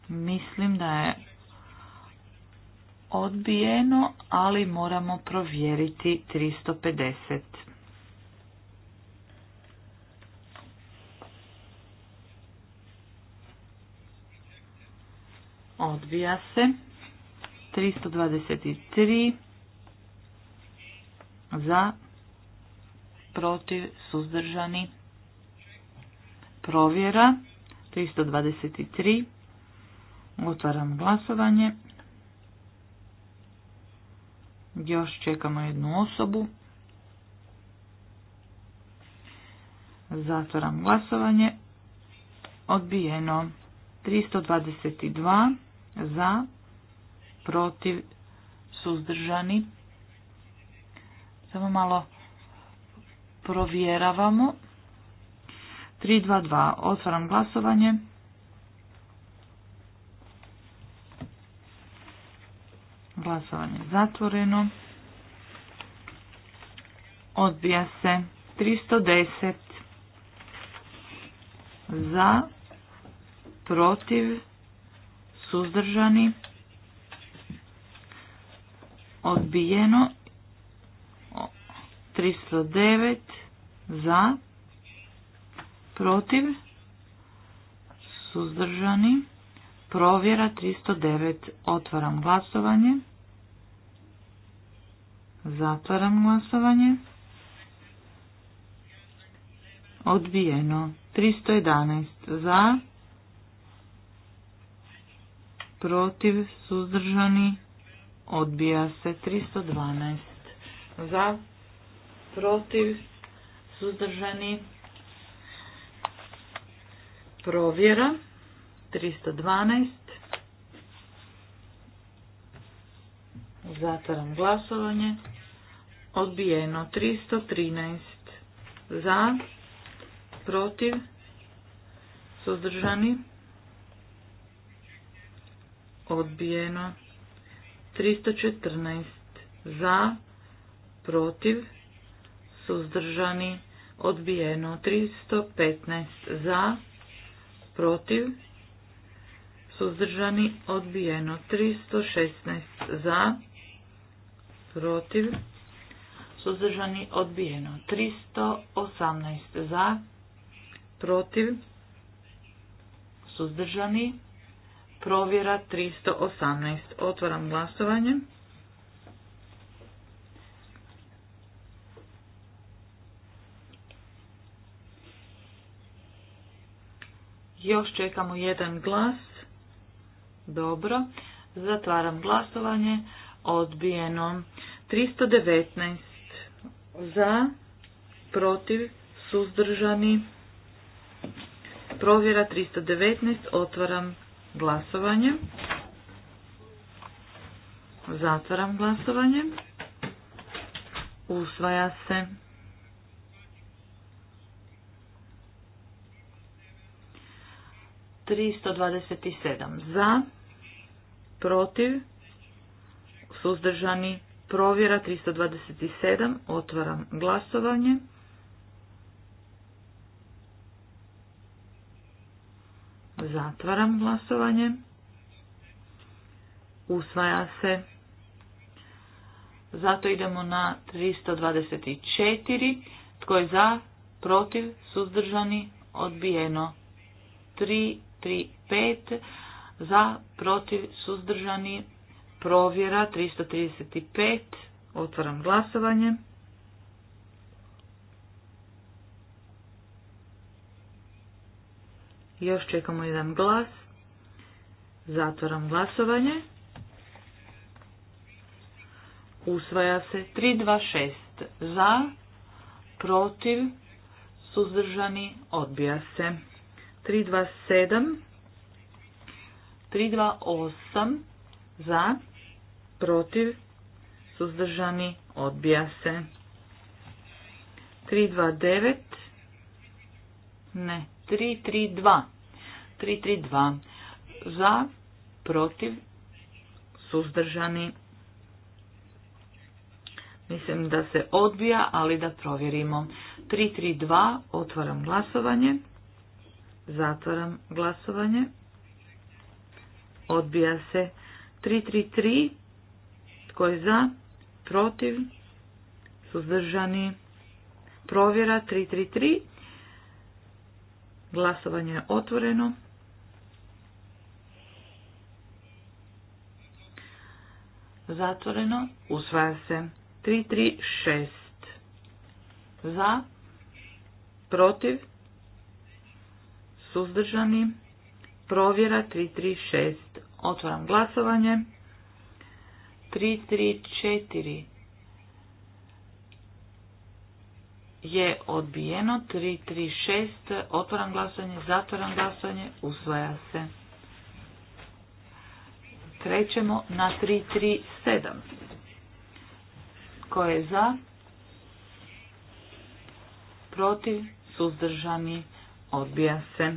Mislim da je odbijeno, ali moramo provjeriti 350. Odbija se. 323 za, protiv, suzdržani, provjera, 323, otvaram glasovanje, još čekamo jednu osobu, zatvaram glasovanje, odbijeno, 322 za, protiv, suzdržani. Samo malo provjeravamo. 322. Otvaram glasovanje. Glasovanje zatvoreno. Odbija se 310 za, protiv, suzdržani odbijeno 309 za protiv suzdržani provjera 309 otvaram glasovanje zatvaram glasovanje odbijeno 311 za protiv suzdržani Odbija se 312. Za, protiv, suzdržani. Provjera 312. Zatvaram glasovanje. Odbijeno 313. Za, protiv, suzdržani. Odbijeno 314 za, protiv, suzdržani, odbijeno. 315 za, protiv, suzdržani, odbijeno. 316 za, protiv, suzdržani, odbijeno. 318 za, protiv, suzdržani, odbijeno Provjera 318. Otvaram glasovanje. Još čekamo jedan glas. Dobro. Zatvaram glasovanje. Odbijeno. 319 za, protiv, suzdržani. Provjera 319. Otvaram glasovanje. Zatvaram glasovanje. Usvaja se. Tristo za, protiv, suzdržani, provjera 327, otvaram glasovanje. Zatvaram glasovanje. Usvaja se. Zato idemo na 324. Tko je za, protiv, suzdržani, odbijeno. 3, 3, Za, protiv, suzdržani, provjera 335. Otvaram glasovanje. Još čekamo jedan glas. Zatvoram glasovanje. Usvaja se 326 za, protiv, suzdržani, odbija se. 327, 328 za, protiv, suzdržani, odbija se. 329, ne, 332 332 za, protiv, suzdržani. Mislim da se odbija, ali da provjerimo. 332, otvaram glasovanje, zatvaram glasovanje, odbija se. 333, tko je za, protiv, suzdržani, provjera 333, glasovanje je otvoreno. Zatvoreno. Usvaja se. 336. Za. Protiv. Suzdržani. Provjera 336. Otvaram glasovanje. 334 je odbijeno. 336. Otvaram glasovanje. Zatvoram glasovanje. Usvaja se. Krećemo na 337. Ko je za? Protiv? Suzdržani? Odbija se.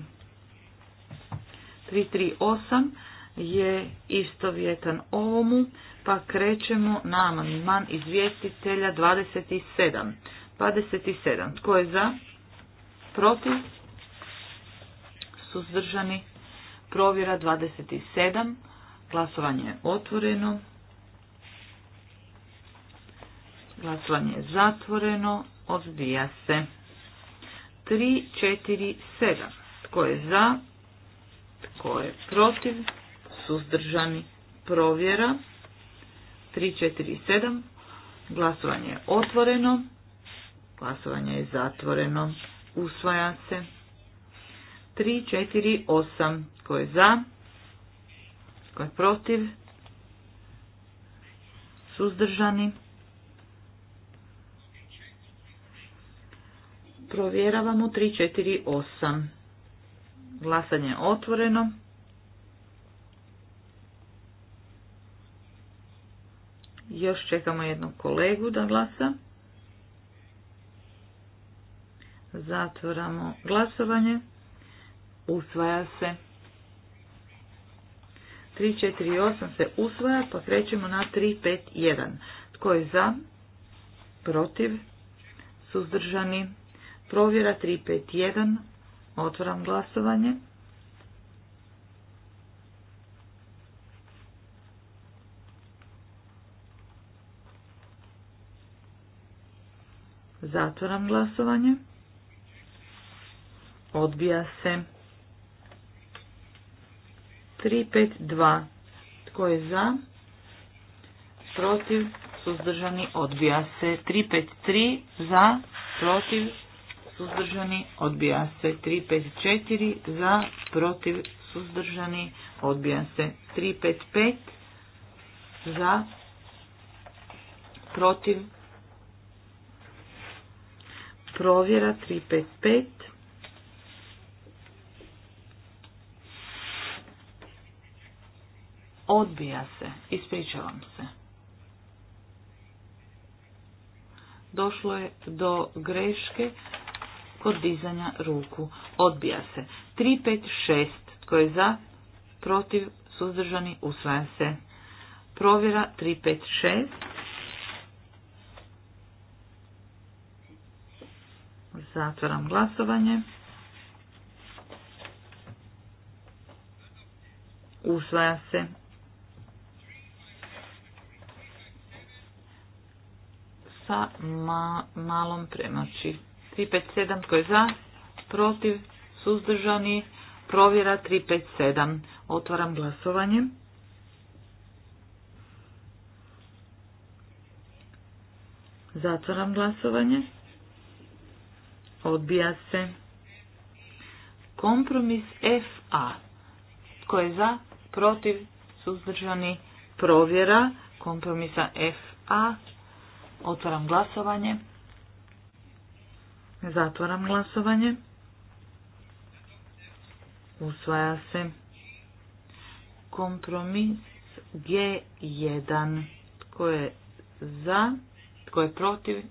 338 je istovjetan ovomu, pa krećemo na amandman izvjestitelja 27. 27. Tko je za? Protiv? Suzdržani? Provjera 27. Glasovanje je otvoreno. Glasovanje je zatvoreno. Odbija se. 3, 4, 7. Tko je za? Tko je protiv? Suzdržani provjera. 3, 4, 7. Glasovanje je otvoreno. Glasovanje je zatvoreno. Usvaja se. 3, 4, 8. Tko je za? Tko je protiv? Suzdržani? Provjeravamo 3, 8 Glasanje je otvoreno. Još čekamo jednog kolegu da glasa. Zatvoramo glasovanje. Usvaja se. 3-4-8 se usvoja, pa krećemo na 3-5-1. Tko je za? Protiv? Suzdržani? Provjera 3-5-1. Otvoram glasovanje. Zatvoram glasovanje. Odbija se. 352. Tko je za? Protiv? Suzdržani? Odbija se. 353. Za? Protiv? Suzdržani? Odbija se. 354. Za? Protiv? Suzdržani? Odbija se. 355. Za? Protiv? Provjera 355. Odbija se. Ispričavam se. Došlo je do greške kod dizanja ruku. Odbija se. 356. Tko je za? Protiv? Suzdržani? Usvaja se. Provjera 356. Zatvaram glasovanje. Usvaja se. sa ma, malom premači 357 koji je za, protiv, suzdržani, provjera 357. Otvaram glasovanje. Zatvaram glasovanje. Odbija se. Kompromis FA. Tko je za, protiv, suzdržani, provjera kompromisa FA. Otvaram glasovanje. Zatvaram glasovanje. Usvaja se. Kompromis G1. Tko je za? Tko je protiv?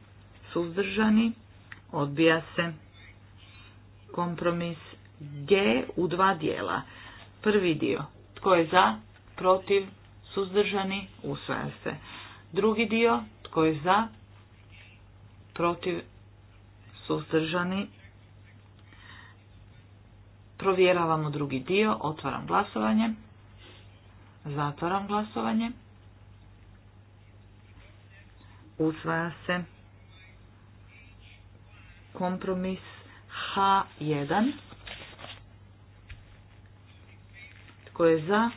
Suzdržani? Odbija se. Kompromis G u dva dijela. Prvi dio. Tko je za? Protiv? Suzdržani? Usvaja se. Drugi dio, tko je za, protiv, suzdržani. Provjeravamo drugi dio, otvaram glasovanje, zatvaram glasovanje. Usvaja se kompromis H1. Tko je za?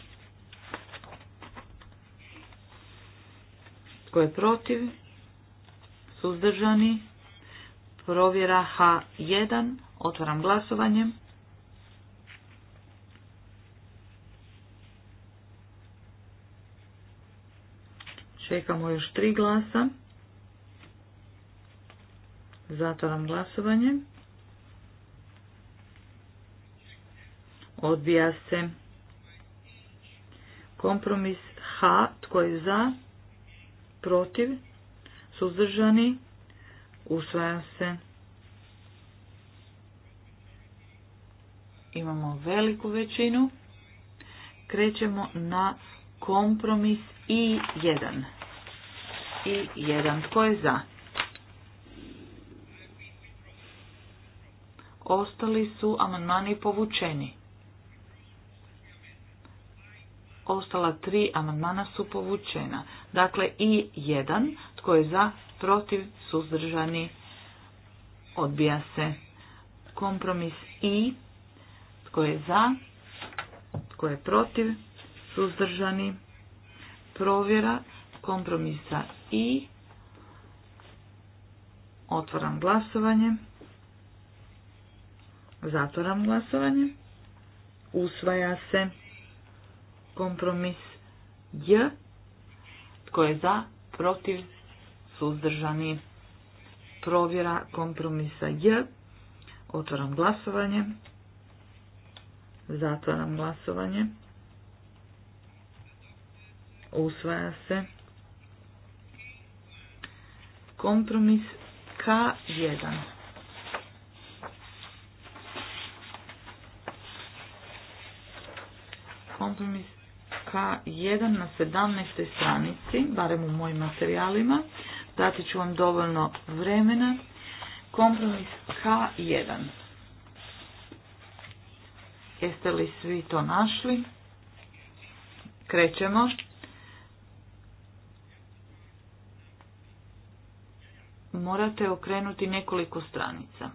Tko je protiv? Suzdržani? Provjera H1. Otvaram glasovanje. Čekamo još tri glasa. Zatvaram glasovanje. Odbija se kompromis H. Tko je za? protiv, suzdržani, usvaja se. Imamo veliku većinu. Krećemo na kompromis i 1. I 1. Tko je za? Ostali su amandmani povučeni. ostala tri amandmana su povučena. Dakle, i jedan, tko je za, protiv, suzdržani, odbija se. Kompromis i, tko je za, tko je protiv, suzdržani, provjera kompromisa i, otvoram glasovanje, zatvoram glasovanje, usvaja se. Kompromis J. Tko je za? Protiv? Suzdržani? Provjera kompromisa J. Otvaram glasovanje. Zatvaram glasovanje. Usvaja se. Kompromis K1. Kompromis članka 1 na 17. stranici, barem u mojim materijalima, dati ću vam dovoljno vremena, kompromis K1. Jeste li svi to našli? Krećemo. Morate okrenuti nekoliko stranica.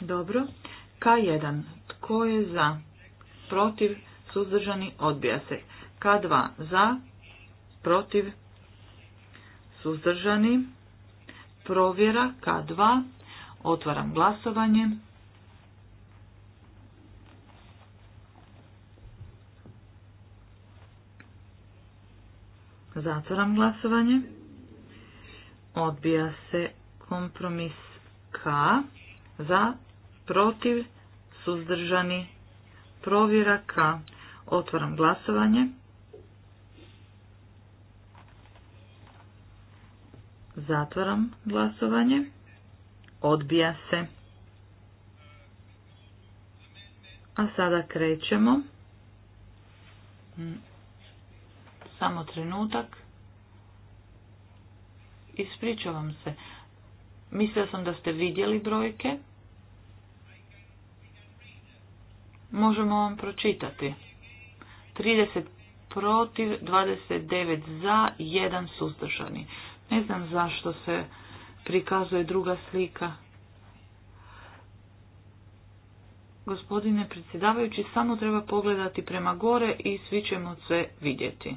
Dobro. K1. Tko je za? Protiv? Suzdržani? Odbija se. K2 za? Protiv? Suzdržani? Provjera K2. Otvaram glasovanje. Zatvaram glasovanje. Odbija se kompromis K za, protiv, suzdržani, provjera K. Otvaram glasovanje. Zatvaram glasovanje. Odbija se. A sada krećemo. Samo trenutak. Ispričavam se. Mislio sam da ste vidjeli brojke. možemo vam pročitati. 30 protiv, 29 za, 1 suzdržani. Ne znam zašto se prikazuje druga slika. Gospodine predsjedavajući, samo treba pogledati prema gore i svi ćemo sve vidjeti.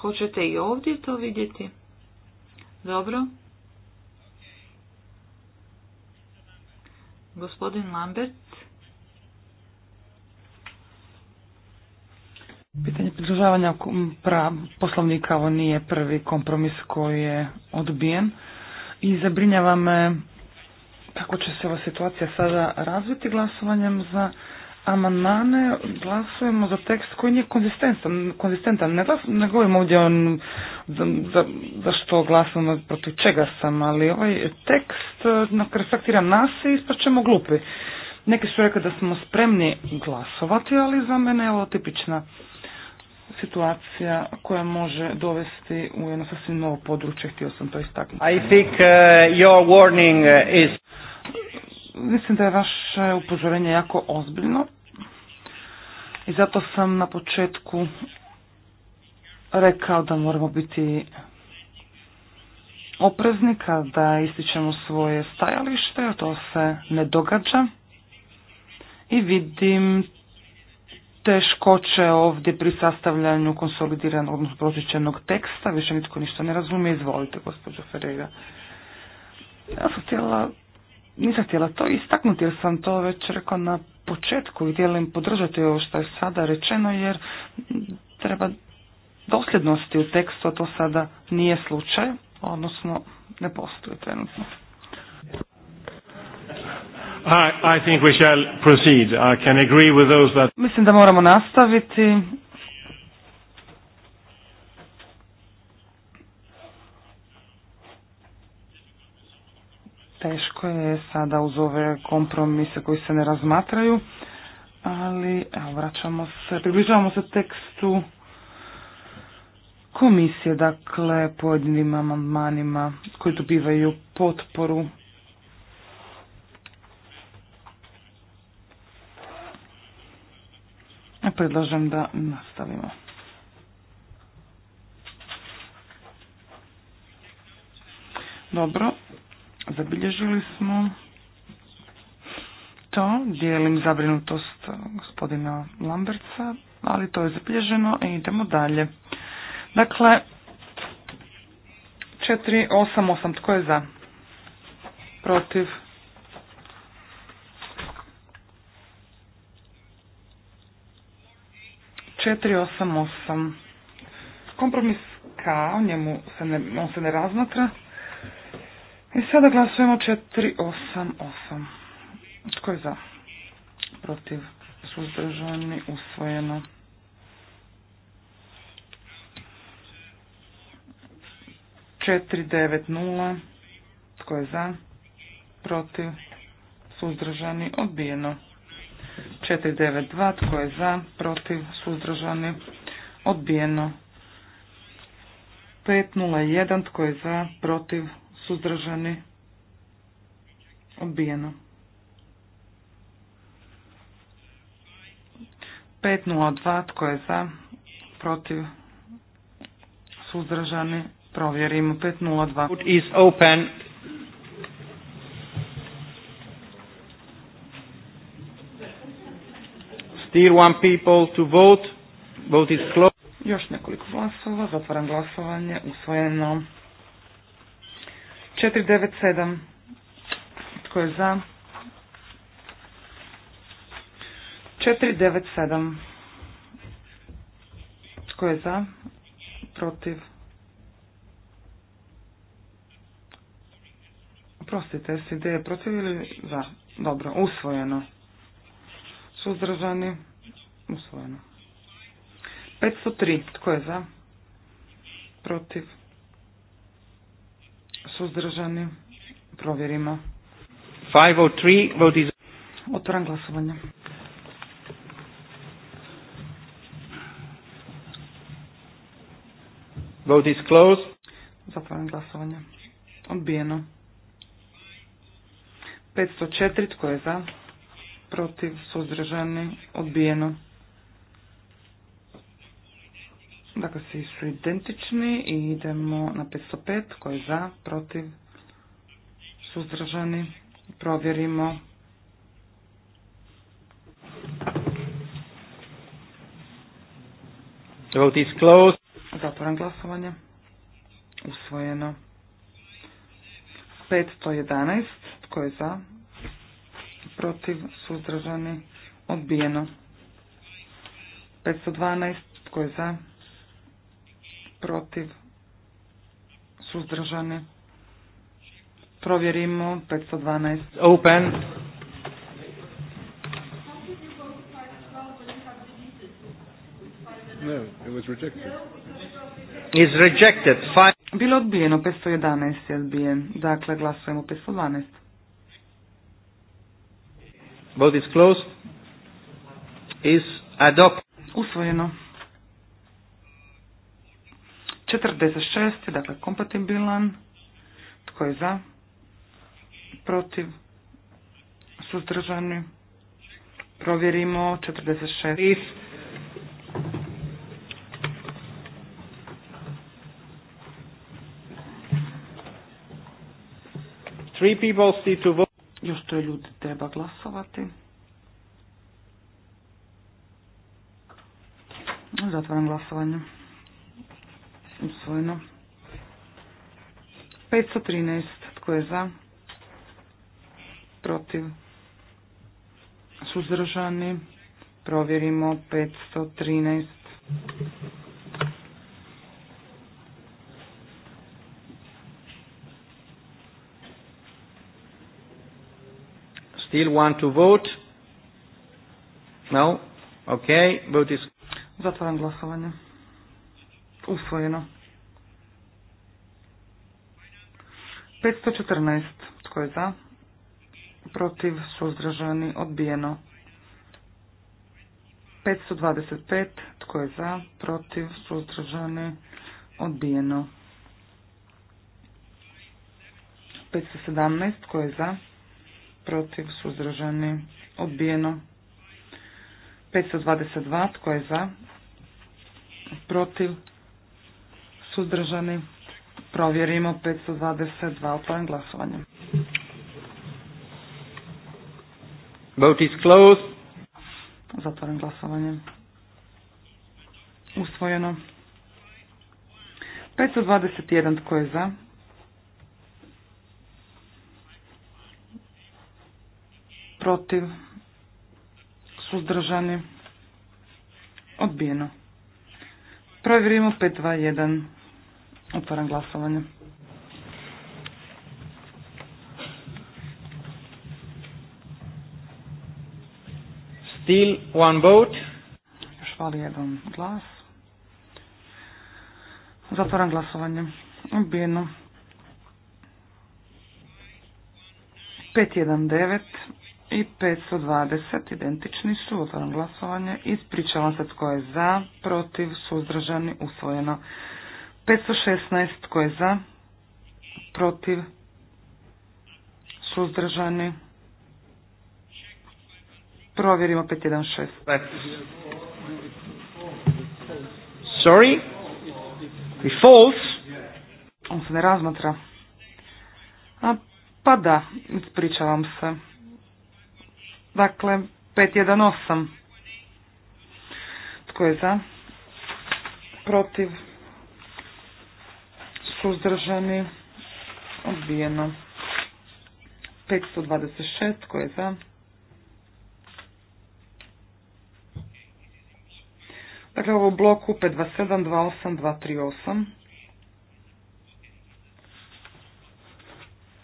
Hoćete i ovdje to vidjeti? Dobro. Gospodin Lambert. Pitanje pridružavanja poslovnika ovo nije prvi kompromis koji je odbijen i zabrinjava me kako će se ova situacija sada razviti glasovanjem za amandmane glasujemo za tekst koji nije konzistentan. konzistentan. Ne, glas, govorim ovdje on, za, što glasamo, protiv čega sam, ali ovaj tekst eh, reflektira nas i ispraćemo glupi. Neki su rekli da smo spremni glasovati, ali za mene je ovo tipična situacija koja može dovesti u jedno sasvim novo područje, htio sam to istaknuti. I think eh, warning is... Mislim da je vaše upozorenje jako ozbiljno. I zato sam na početku rekao da moramo biti oprezni kada ističemo svoje stajalište, a to se ne događa. I vidim teškoće ovdje pri sastavljanju konsolidiranog, odnosno pročišćenog teksta, više nitko ništa ne razumije, izvolite gospođo Ferreira. Ja sam htjela, nisam htjela to istaknuti jer sam to već rekao na početku i djelim podržati ovo što je sada rečeno jer treba dosljednosti u tekstu, a to sada nije slučaj, odnosno ne postoji trenutno. Mislim da moramo nastaviti. Teško je sada uz ove kompromise koji se ne razmatraju, ali evo, vraćamo se, približavamo se tekstu komisije, dakle, pojedinim amandmanima koji dobivaju potporu. Predlažem da nastavimo. Dobro, Zabilježili smo to, dijelim zabrinutost gospodina Lamberca, ali to je zabilježeno i idemo dalje. Dakle, 488, tko je za? Protiv? Četiri, osam, osam. Kompromis K, njemu se ne, on se ne razmatra. I e, sada glasujemo 488. Tko je za? Protiv suzdržani usvojeno. Četiri devet Tko je za? Protiv suzdržani odbijeno. 492. Tko je za? Protiv suzdržani odbijeno. 501. Tko je za? Protiv suzdržani, odbijeno. 502, tko je za, protiv, suzdržani, provjerimo. 502. is open. Still one people to vote. Vote is closed. Još nekoliko glasova, zatvaram glasovanje, usvojeno. 497. Tko je za? 497. Tko je za? Protiv? Prostite, jesi ideje protiv ili za? Dobro, usvojeno. Suzdržani? Usvojeno. 503. Tko je za? Protiv? Suzdržani. Provjerimo. 503 vote is... Otvoram glasovanje. Vote is closed. Zatvaram glasovanje. Odbijeno. 504 tko je za? Protiv, suzdržani, odbijeno. Dakle, svi su identični i idemo na 505, koji je za, protiv, suzdržani. Provjerimo. Vote is closed. glasovanje. Usvojeno. 511, tko je za, protiv, suzdržani, odbijeno. 512, tko je za, protiv, suzdržani. Provjerimo 512. Open. No, it was rejected. Is rejected. Five. Bilo odbijeno, 511 je odbijen. Dakle, glasujemo 512. Vote is closed. Is adopted. Usvojeno. 46. dakle kompatibilan. Tko je za? Protiv? Suzdržani? Provjerimo 46. Three people see to vote. Još to je ljudi treba glasovati. Zatvaram glasovanje. Usvojeno. 513. Tko je za? Protiv. Suzdržani. Provjerimo 513. Still want to vote? No? Okay, vote is... Zatvaram glasovanje. Usvojeno. 514. Tko je za? Protiv, suzdržani, odbijeno. 525. Tko je za? Protiv, suzdržani, odbijeno. 517. Tko je za? Protiv, suzdržani, odbijeno. 522. Tko je za? Protiv, suzdržani. Provjerimo 522, otvoren glasovanje. Vote is closed. Zatvoren glasovanje. Usvojeno. 521, tko je za? Protiv? Suzdržani? Odbijeno. Provjerimo 521. Otvaram glasovanje. Still one vote. Još fali jedan glas. Zatvaram glasovanje. Odbijeno. 519 i 520 identični su. Otvaram glasovanje. Ispričavam se tko je za, protiv, suzdržani, usvojeno. 516 tko je za, protiv, suzdržani. Provjerimo 516. Sorry? We false? On se ne razmatra. A, pa da, ispričavam se. Dakle, 518. Tko je za? Protiv? suzdržani, odbijeno. 526, tko je za? Dakle, ovo u bloku 527, 28, 238.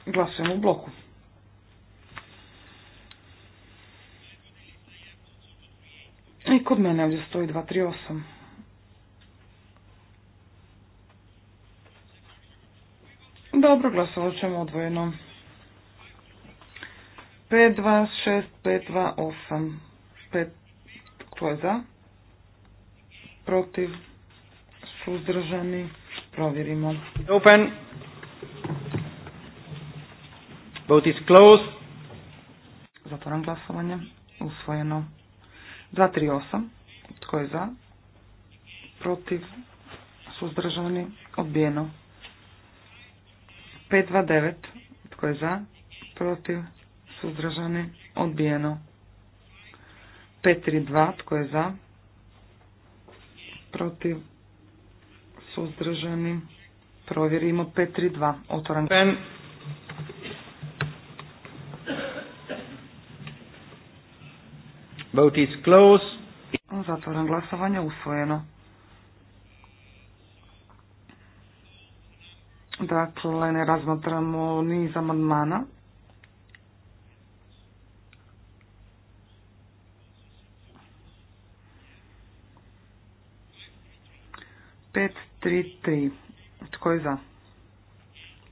Glasujemo u bloku. I kod mene ovdje stoji 238. Dobro, glasovat ćemo odvojeno. 5, 2, 6, 5, 2, 8. 5, tko je za? Protiv? Suzdržani? Provjerimo. Open. Vote is closed. Zatvoram glasovanje. Usvojeno. 2, 3, 8. Tko je za? Protiv? Suzdržani? Odbijeno. 529. Tko je za? Protiv? Suzdržani? Odbijeno. 532. Tko je za? Protiv? Suzdržani? Provjerimo 532. otvoran. Pen. Vote is closed. Zatvoram glasovanje. Usvojeno. Dakle, ne razmatramo niz amandmana. Pet, tri, tri. Tko je za?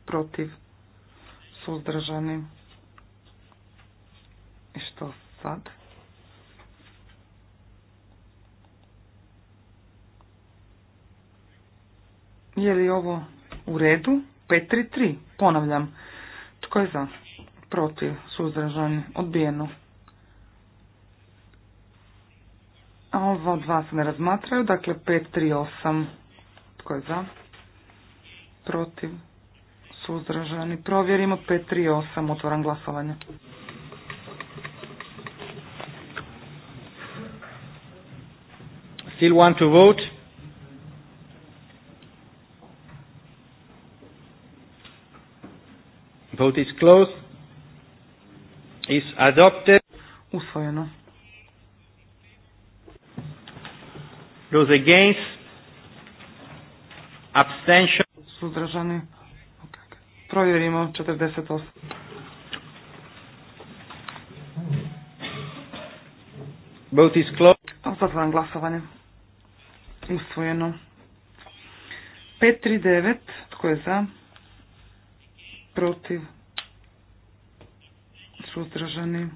Protiv? Suzdržani? I što sad? Je li ovo u redu. 533. Ponavljam. Tko je za? Protiv. Suzdržani. Odbijeno. A ovo dva se ne razmatraju. Dakle, 538. Tko je za? Protiv. Suzdržani. Provjerimo 538. Otvoram glasovanje. Still want to vote? Vote is closed. Is adopted. Usvojeno. Those against. Abstention. Suzdržani. Provjerimo 48. Vote is closed. Zatvaram glasovanje. Usvojeno. 539. Tko je za? protiv, suzdržani.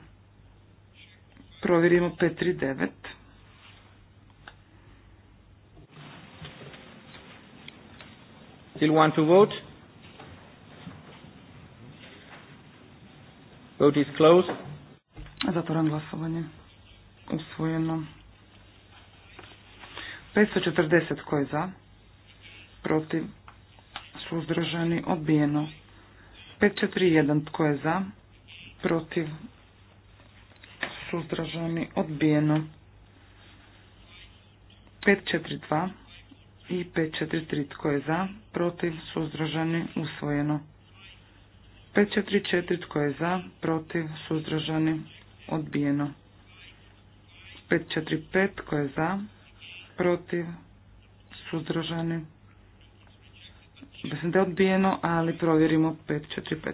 Provjerimo 539. Still want to vote? Vote is closed. Zatvoram glasovanje. Usvojeno. 540 ko je za? Protiv? Suzdržani? Odbijeno. 541 tko je za, protiv, suzdržani, odbijeno. 542 i 543 tko je za, protiv, suzdržani, usvojeno. 544 tko je za, protiv, suzdržani, odbijeno. 545 tko je za, protiv, suzdržani, odbijeno Mislim da je odbijeno, ali provjerimo 545.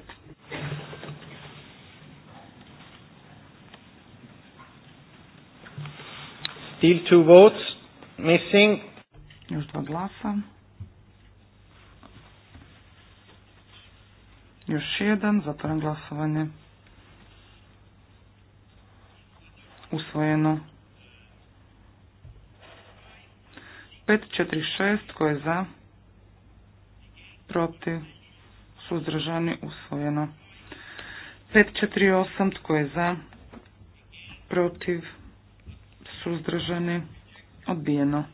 Still two votes missing. Još dva glasa. Još jedan, zatvoren glasovanje. Usvojeno. 5-4-6, koje je za? protiv, suzdržani, usvojeno. 548, tko je za, protiv, suzdržani, odbijeno.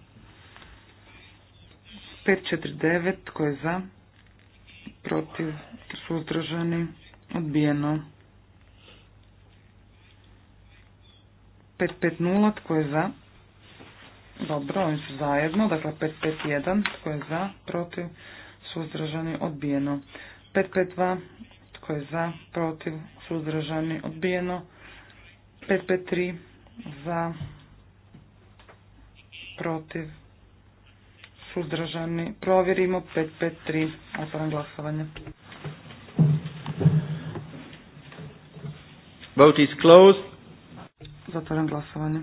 549, tko je za, protiv, suzdržani, odbijeno. 550, tko je za, dobro, oni su zajedno, dakle 551, tko je za, protiv, suzdržani, odbijeno. 552, tko je za, protiv, suzdržani, odbijeno. 553, za, protiv, suzdržani. Provjerimo 553, otvoram glasovanje. Vote is closed. Zatvaram glasovanje.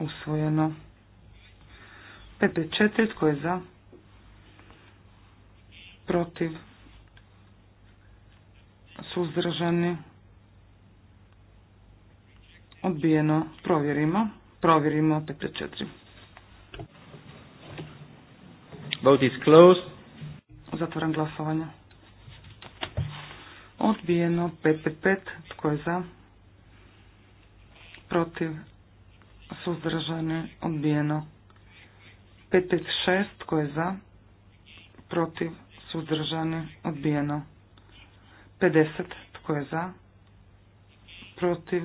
Usvojeno. 554, tko je za? protiv, suzdržani, odbijeno, provjerimo, provjerimo, četiri. Vote is closed. Zatvoram glasovanje. Odbijeno 555. Tko je za? Protiv. Suzdržani. Odbijeno. 556. Tko je za? Protiv suzdržani, odbijeno. 50, tko je za, protiv,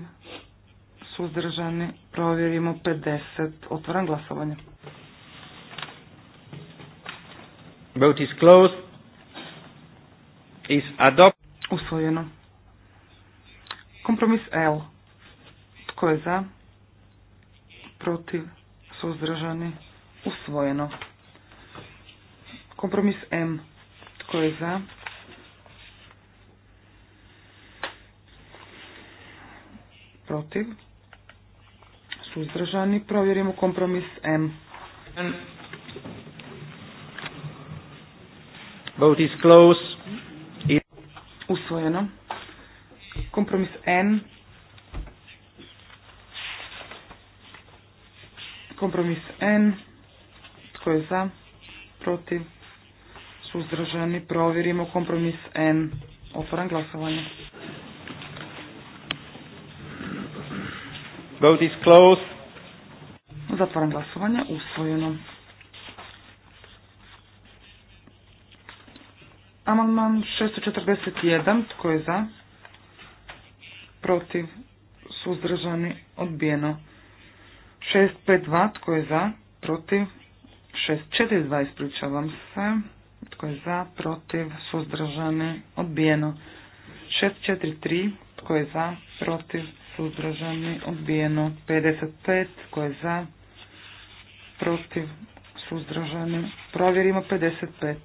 suzdržani, provjerimo 50, otvoram glasovanje. Vote is closed. Is adopt. Usvojeno. Kompromis L. Tko je za? Protiv, suzdržani, usvojeno. Kompromis M. Tko je za? Protiv? Suzdržani. Provjerimo kompromis M. is Usvojeno. Kompromis N. Kompromis N. Tko je za? Protiv? suzdržani, provjerimo kompromis N. Otvoram glasovanje. Vote is closed. Zatvoram glasovanje, usvojeno. Amandman 641, tko je za? Protiv, suzdržani, odbijeno. 652, tko je za? Protiv, 642, ispričavam se. Tko je za, protiv, suzdržani, odbijeno. 643. Tko je za, protiv, suzdržani, odbijeno. 55. Tko je za, protiv, suzdržani. Provjerimo 55.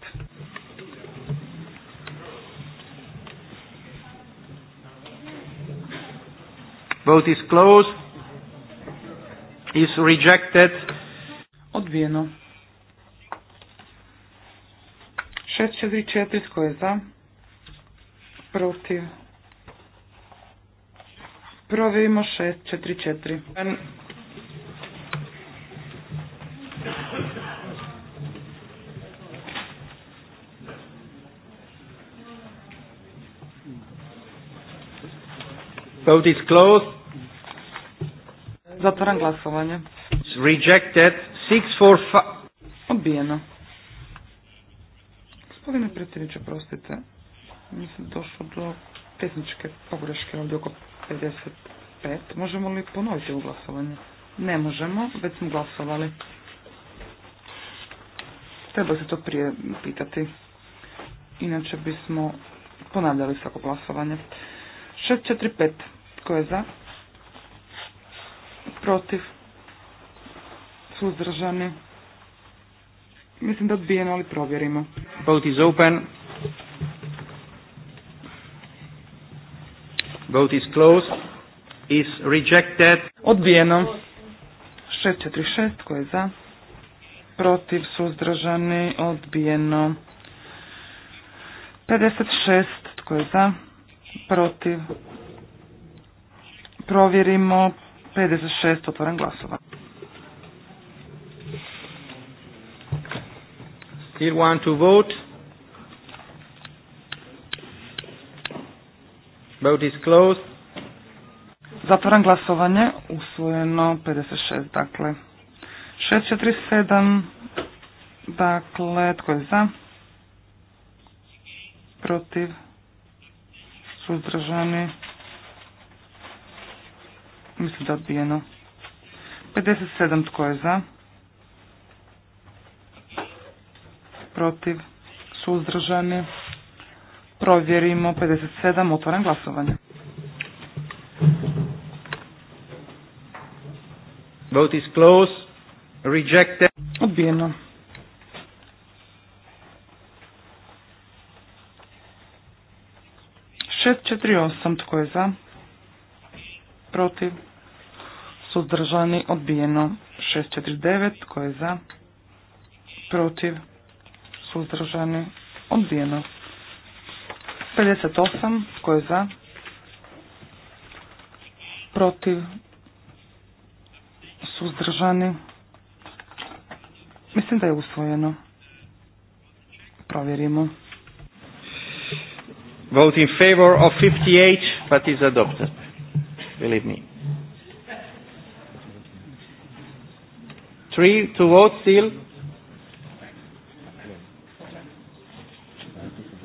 Vote is closed. Is rejected. Odbijeno. 4 tko je za? Protiv. Provjerimo 6-4-4 Vote is closed. Zatvaram glasovanje. Rejected Odbijeno. Gospodine predsjedniče, prostite, mislim došlo do tehničke pogreške ovdje oko 55. Možemo li ponoviti u glasovanju? Ne možemo, već smo glasovali. Treba se to prije pitati. Inače bismo ponavljali svako glasovanje. 645. Tko je za? Protiv? Suzdržani? Mislim da odbijeno, ali provjerimo. Vote is open. Vote is closed. Is rejected. Odbijeno. 646, ko je za? Protiv, suzdržani, odbijeno. 56, tko je za? Protiv. Provjerimo. 56, otvoren glasovanje. Still want to vote? Vote is closed. Zatvaram glasovanje. Usvojeno 56, dakle. 647, dakle, tko je za? Protiv? Suzdržani? Mislim da odbijeno. 57, tko je za? protiv, suzdržani. Provjerimo 57, otvoren glasovanje. Vote is closed. Rejected. Odbijeno. Šest četiri osam, tko je za? Protiv? Suzdržani, odbijeno. Šest četiri devet, tko je za? Protiv? suzdržani, odbijeno. 58, tko je za? Protiv, suzdržani. Mislim da je usvojeno. Provjerimo. Vote in favor of 58, but is adopted. Believe me. Three to vote still.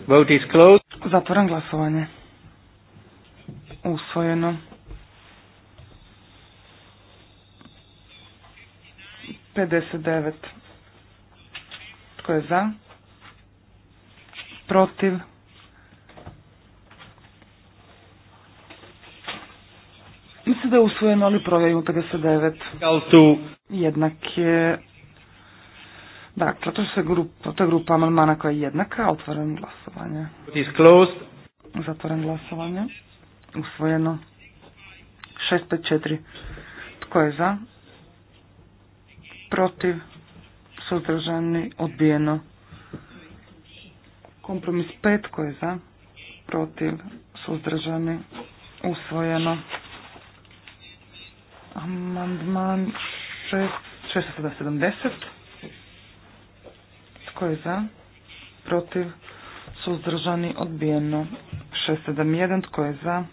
Vote is closed. Zatvoram glasovanje. Usvojeno. 59. Tko je za? Protiv? Mislim da je usvojeno, ali provjerimo 59. Jednak je Dakle, to se grupa, grupa amandmana koja je jednaka, otvoren glasovanje. Zatvoren glasovanje. Usvojeno. 654. Tko je za? Protiv? Suzdržani? Odbijeno. Kompromis 5. Tko je za? Protiv? Suzdržani? Usvojeno. Amandman 6, 670. Tko je za? Protiv? Suzdržani? Odbijeno. 671. Tko je za?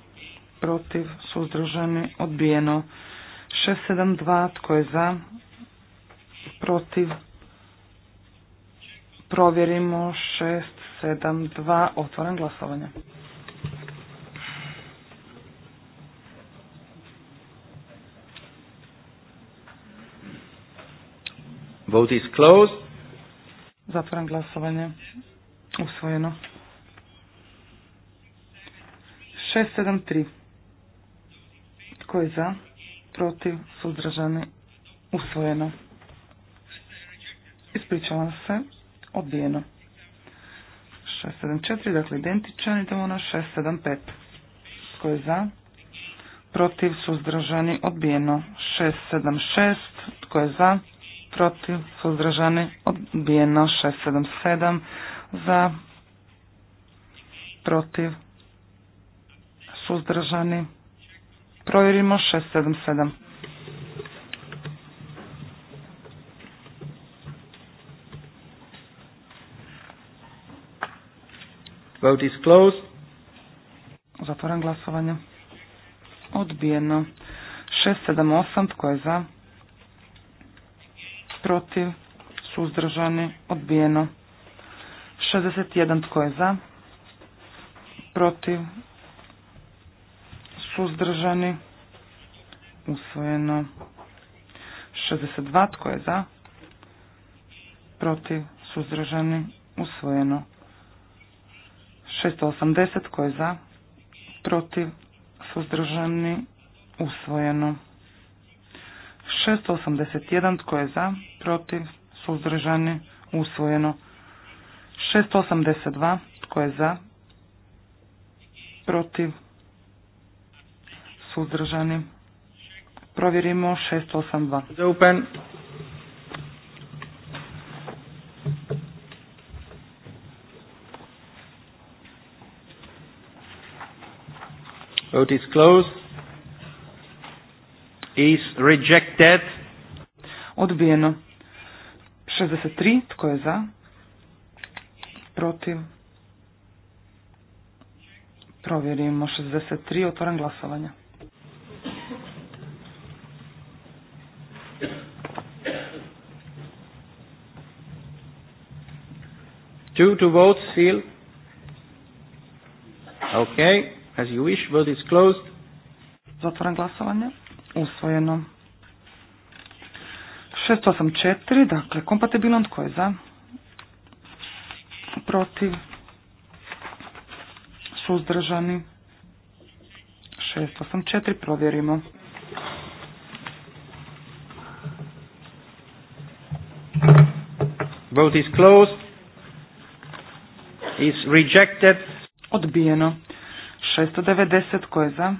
Protiv? Suzdržani? Odbijeno. 672. Tko je za? Protiv? Provjerimo 672. Otvaram glasovanje. Vote is closed. Zatvaram glasovanje. Usvojeno. 673. Tko je za? Protiv? Suzdržani? Usvojeno. Ispričavam se. Odbijeno. 674, dakle identičan. Idemo na 675. Tko je za? Protiv? Suzdržani? Odbijeno. 676. Tko je za? protiv, suzdržani, odbijeno 677 za, protiv, suzdržani, provjerimo 677. Vote is closed. Zatvoren glasovanje. Odbijeno. 678, tko je za? protiv, suzdržani, odbijeno. 61 tko je za, protiv, suzdržani, usvojeno. 62 tko je za, protiv, suzdržani, usvojeno. 680 tko je za, protiv, suzdržani, usvojeno. 681 tko je za, protiv, suzdržani, usvojeno. 682, tko je za, protiv, suzdržani. Provjerimo 682. Za upen. Vote is closed. Is rejected. Odbijeno. 63. Tko je za? Protiv? Provjerimo 63. otvoren glasovanje. Two to vote, seal. Okay, as you wish, vote is closed. Zatvoren glasovanje. Usvojeno. 684, dakle, kompatibilan tko je za? Protiv? Suzdržani? 684, provjerimo. Vote is closed. Is rejected. Odbijeno. 690, tko je za?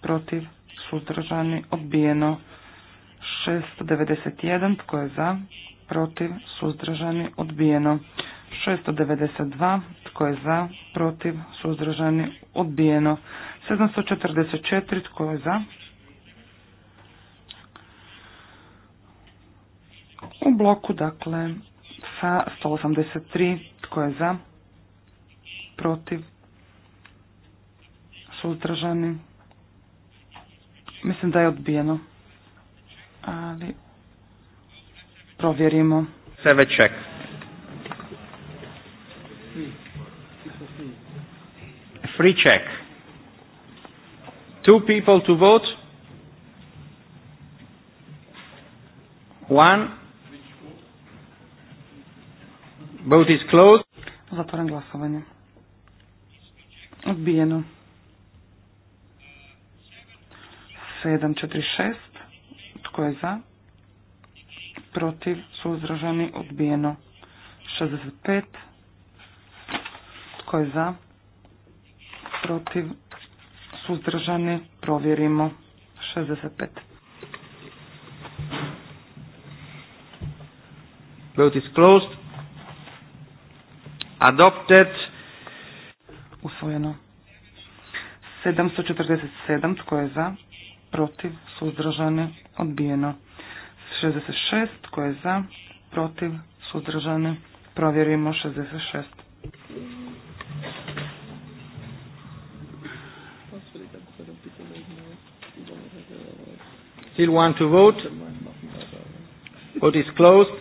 Protiv? Suzdržani? Odbijeno. 691. Tko je za? Protiv? Suzdržani? Odbijeno. 692. Tko je za? Protiv? Suzdržani? Odbijeno. 744. Tko je za? U bloku, dakle, sa 183. Tko je za? Protiv? Suzdržani? Mislim da je odbijeno ali provjerimo. Seve check. Free check. Two people to vote. One. Vote is closed. Zatvoren glasovanje. Odbijeno. 746. Tko je za? Protiv? Suzdržani? Odbijeno. 65. Tko je za? Protiv? Suzdržani? Provjerimo. 65. Vote is closed. Adopted. Usvojeno. 747. Tko je za? Protiv? Suzdržani? odbijeno. 66 koje je za, protiv, suzdržani, provjerimo 66. Still want to vote? Vote is closed.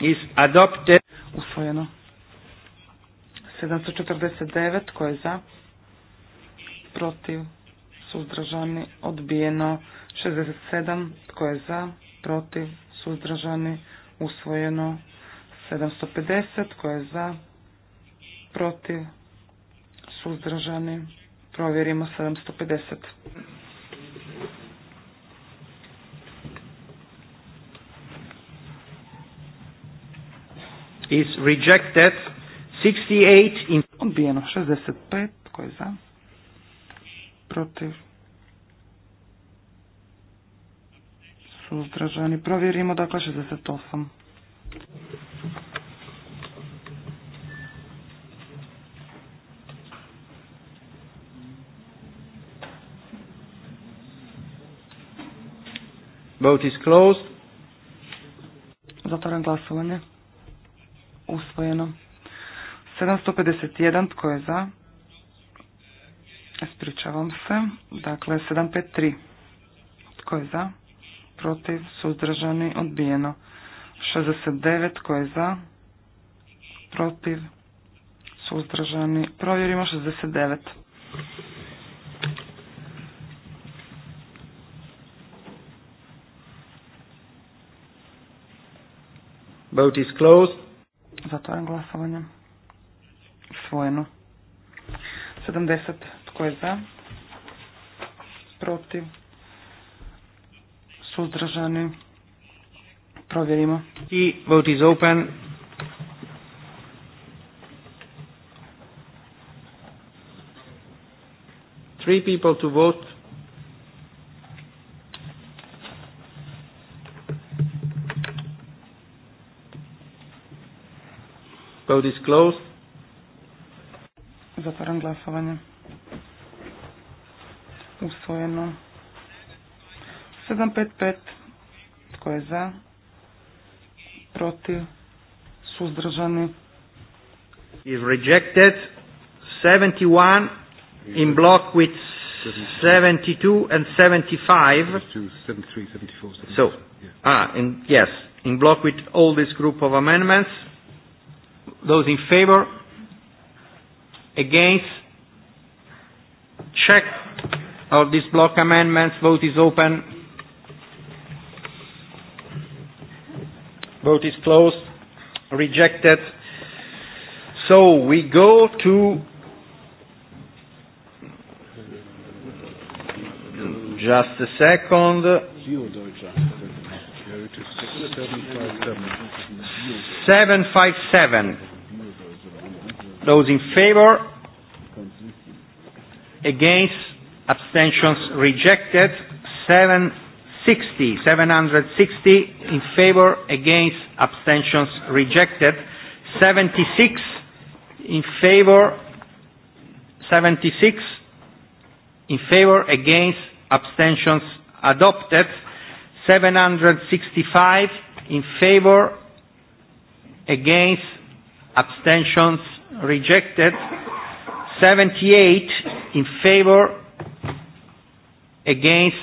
Is adopted. Usvojeno. 749 koje je za, protiv, suzdržani, odbijeno. 67. Tko je za? Protiv? Suzdržani? Usvojeno. 750. Tko je za? Protiv? Suzdržani? Provjerimo 750. is rejected. 68 in... Odbijeno 65, tko je za? Protiv suzdržani. Provjerimo, dakle, 68. Vote is closed. Zatvaram glasovanje. Usvojeno. 751, tko je za? Ispričavam se. Dakle, 753. Tko je za? protiv, suzdržani, odbijeno. 69 tko je za, protiv, suzdržani. Provjerimo 69. Vote is closed. Zatvaram glasovanje. Svojeno. 70. Tko je za? Protiv? Suzdržani? Provjerimo. I vote is open. Three people to vote. Vote is closed. Zatvaram glasovanje. Usvojeno. 755. Tko je za? Protiv? Suzdržani? Is rejected. 71 in block with 72 and 75. 73, 74, So, ah, in, yes, in block with all this group of amendments. Those in favor? Against? Check of this block amendments. Vote is open. Vote is closed. Rejected. So we go to just a second. Seven five seven. Those in favor, against, abstentions rejected. Seven 60, 760 in favor, against, abstentions rejected. 76 in favor, 76 in favor, against, abstentions adopted. 765 in favor, against, abstentions rejected. 78 in favor, against,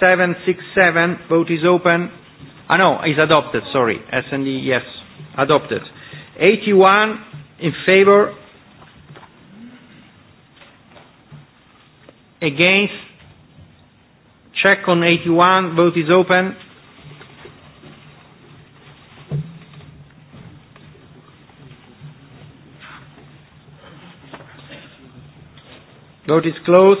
767. Vote is open. Ah, know is adopted. Sorry. SND, yes. Adopted. 81 in favor. Against. Check on 81. Vote is open. Vote is closed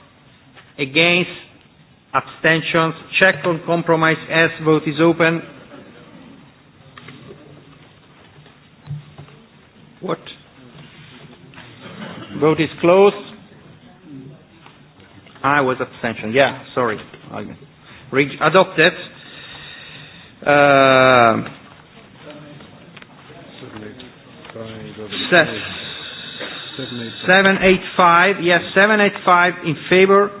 against, abstentions, check on compromise as vote is open. What? Vote is closed. I was abstention. Yeah, sorry. Re- adopted. Uh, eight 785, yes, 785 in favor,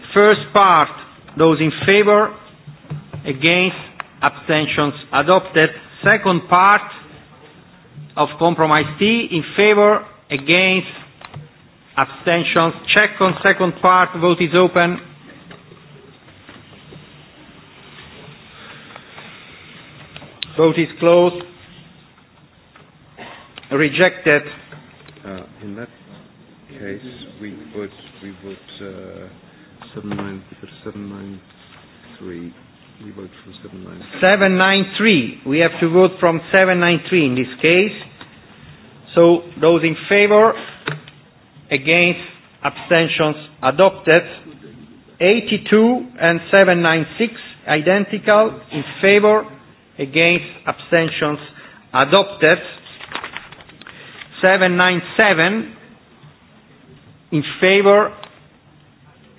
First part, those in favor, against, abstentions adopted. Second part of compromise T, in favor, against, abstentions. Check on second part, vote is open. Vote is closed. Rejected. Uh, in that case, we would, we would uh, 793. We vote from 793. 793. We have to vote from 793 in this case. So those in favor, against, abstentions adopted. 82 and 796 identical in favor, against, abstentions adopted. 797 in favor,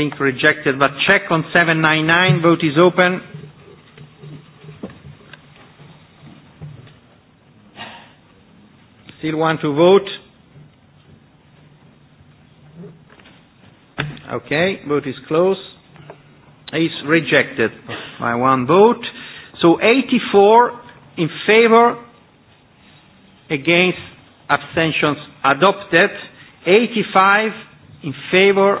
think rejected, but check on 799. Vote is open. Still want to vote? Okay, vote is closed. Is rejected by one vote. So 84 in favor, against abstentions adopted. 85 in favor,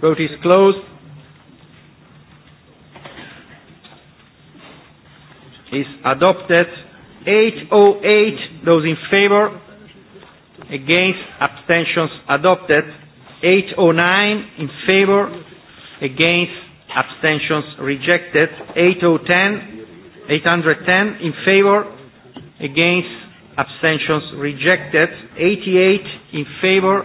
Vote is closed. Is adopted. 808, those in favor. Against, abstentions adopted. 809, in favor. Against, abstentions rejected. 810. 810, in favor. Against, abstentions rejected. 88, in favor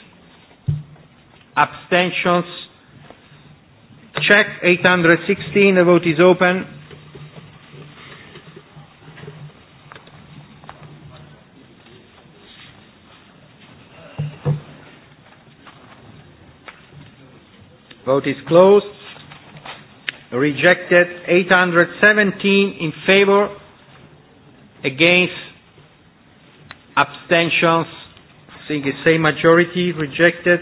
abstentions. Check 816. The vote is open. Vote is closed. Rejected 817 in favor, against, abstentions, I think it's same majority, rejected.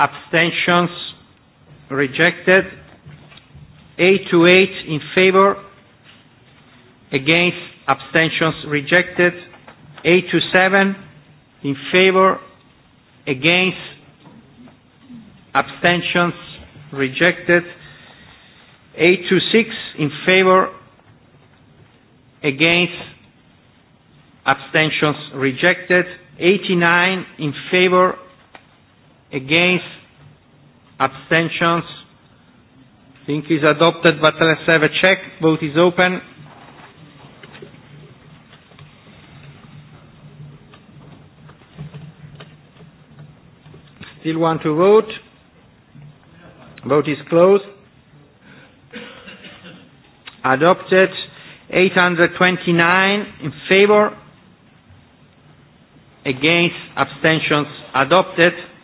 abstentions rejected. 8 to 8 in favor, against abstentions rejected. 8 to 7 in favor, against abstentions rejected. 8 to 6 in favor, against abstentions rejected. 89 in favor, against, abstentions, I think is adopted, but let's have a check. Vote is open. Still want to vote? Vote is closed. Adopted. 829 in favor. Against abstentions adopted.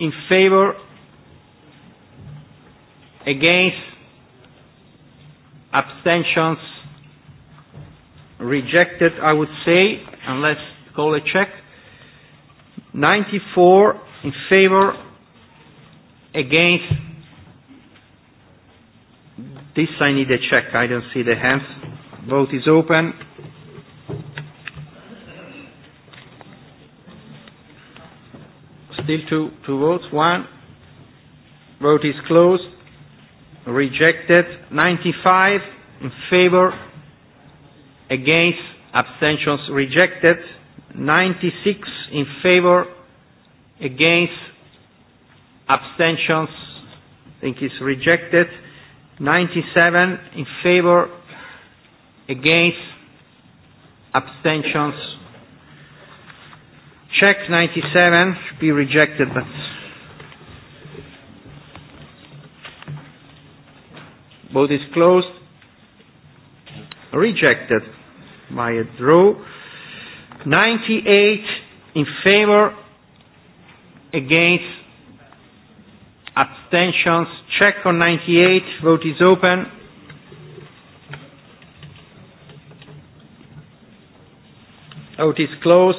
in favor against abstentions rejected I would say and let's call a check 94 in favor against this I need a check I don't see the hands vote is open Still two, two votes. One vote is closed. Rejected. 95 in favor. Against. Abstentions rejected. 96 in favor. Against. Abstentions. I think is rejected. 97 in favor. Against. Abstentions Check 97 should be rejected, but vote is closed. Rejected by a draw. 98 in favor, against, abstentions. Check on 98. Vote is open. Vote is closed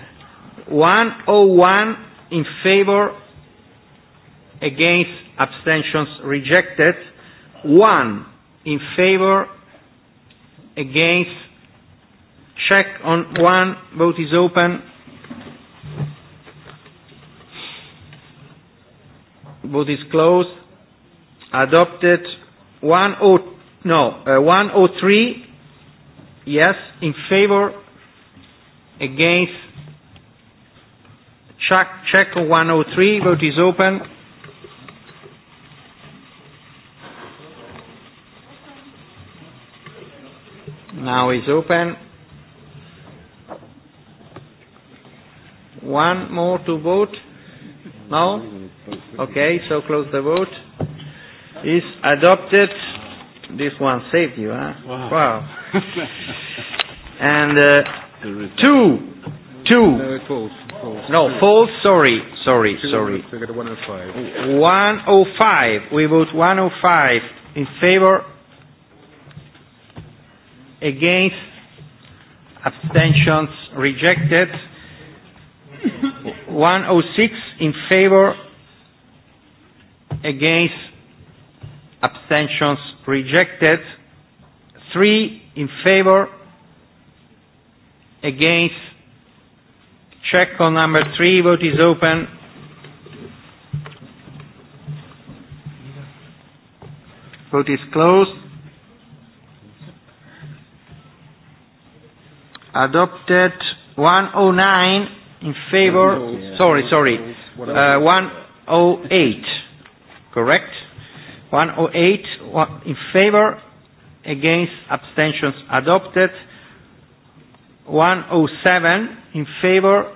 101 in favor, against abstentions rejected. One in favor, against check on one vote is open. Vote is closed. Adopted. One oh, no, uh, oh three. yes in favor, against Check, check 103. Vote is open. Now is open. One more to vote? No? Okay, so close the vote. Is adopted. This one saved you, huh? Wow. wow. (laughs) and uh, two. Two. No, false. Sorry, sorry, sorry. One 105. We vote 105 in favor, against, abstentions rejected. 106 in favor, against, abstentions rejected. Three in favor, against, Check on number three. Vote is open. Vote is closed. Adopted 109 in favor. yeah. Sorry, sorry. Uh, 108. Correct? 108 in favor. Against abstentions adopted. 107 in favor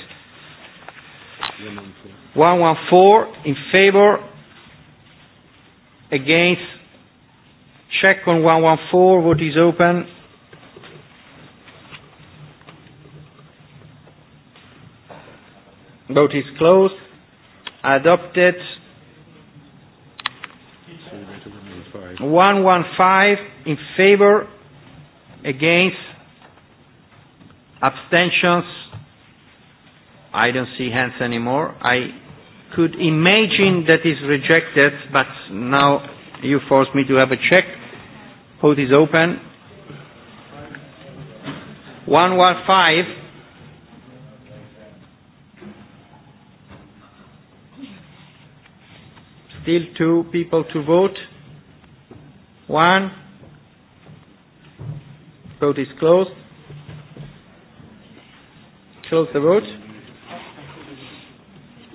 114 in favor against check on 114 vote is open vote is closed adopted 115 in favor against abstentions i don't see hands anymore. I could imagine that is rejected, but now you force me to have a check. Vote is open. 115. Still two people to vote. One. Vote is closed. Close the vote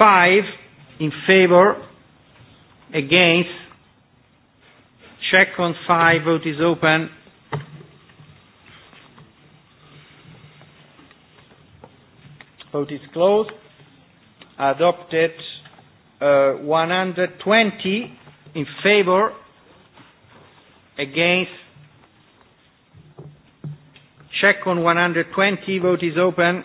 five in favor, against, check on five, vote is open. Vote is closed. Adopted uh, 120 in favor, against, check on 120, vote is open.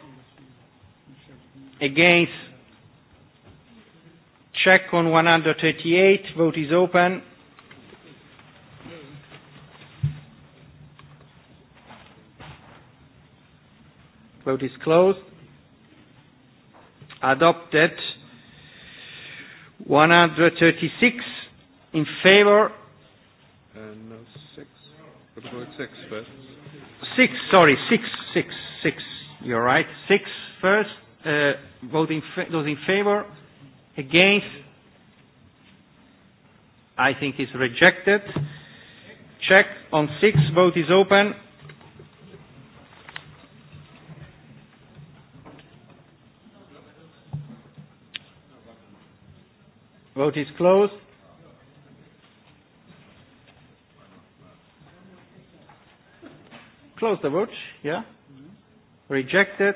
against check on 138 vote is open vote is closed adopted 136 in favor and no, six. six first. Six, sorry, six, six, six. You're right. Six first. Uh, voting those in favor, against, I think is rejected. Check on six, vote is open. Vote is closed. Close the vote, yeah? Rejected.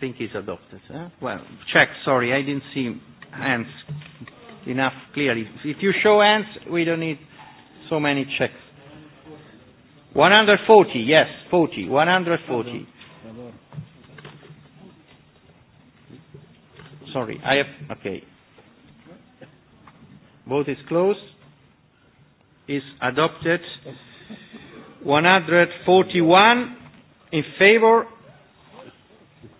think it's adopted. Huh? Eh? Well, check, sorry, I didn't see hands enough clearly. If you show hands, we don't need so many checks. 140, yes, 40, 140. Sorry, I have, okay. Vote is closed. Is adopted. 141 in favor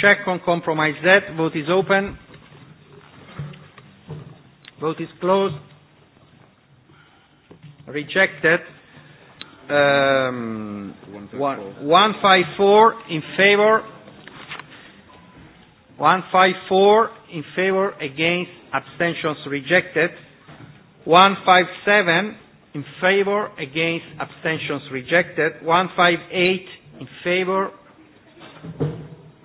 Check on compromise that. Vote is open. Vote is closed. Rejected. Um, 154. four in favor. 154 in favor against abstentions rejected. 157 in favor against abstentions rejected. 158 in favor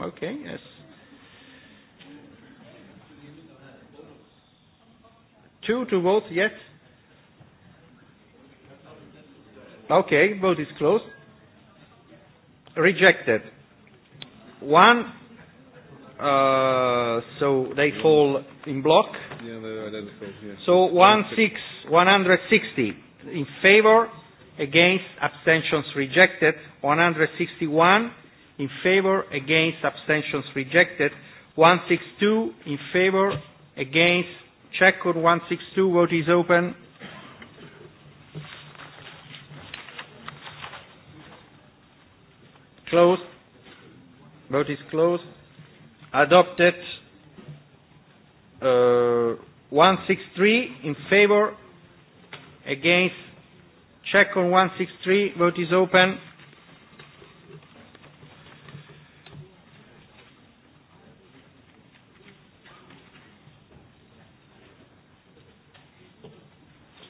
Okay, yes. Two to vote yet? Okay, vote is closed. Rejected. One, uh, so they fall in block. Yeah, they're identical. So one six, 160 in favor, against, abstentions rejected. 161 in favor, against, abstentions rejected. 162 in favor, against, check code 162, vote is open. Closed. Vote is closed. Adopted. Uh, 163 in favor, against, check on 163, vote is open.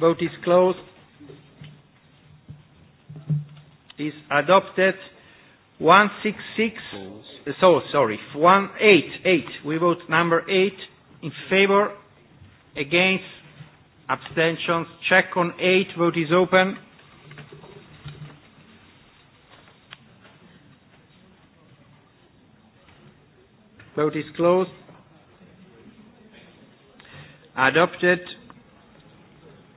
Vote is closed. Is adopted. 166. six uh, so sorry. One eight eight. We vote number eight in favor, against, abstentions. Check on eight. Vote is open. Vote is closed. Adopted.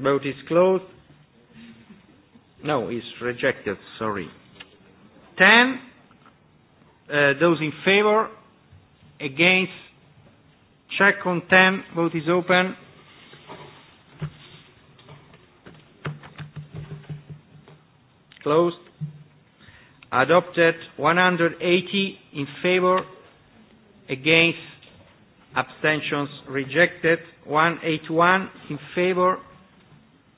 Vote is closed. No, it's rejected, sorry. Ten. Uh, those in favor, against, check on ten. Vote is open. Closed. Adopted 180 in favor, against, abstentions rejected. 181 in favor,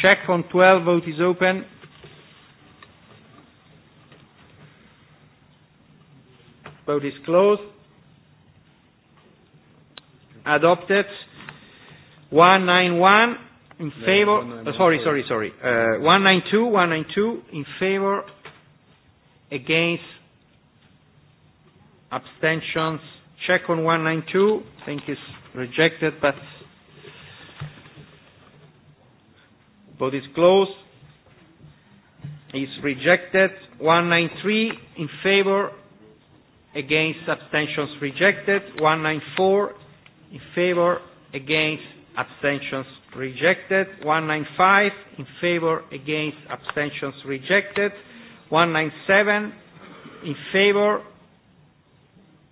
Check on 12. Vote is open. Vote is closed. Adopted. 191 in favor. Uh, sorry, sorry, sorry. Uh, 192, 192 in favor. Against. Abstentions. Check on 192. I think it's rejected, but Vote is closed. Is rejected. 193 in favor. Against abstentions rejected. 194 in favor. Against abstentions rejected. 195 in favor. Against abstentions rejected. 197 in favor.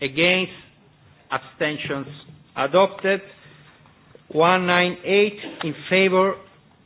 Against abstentions adopted. 198 in favor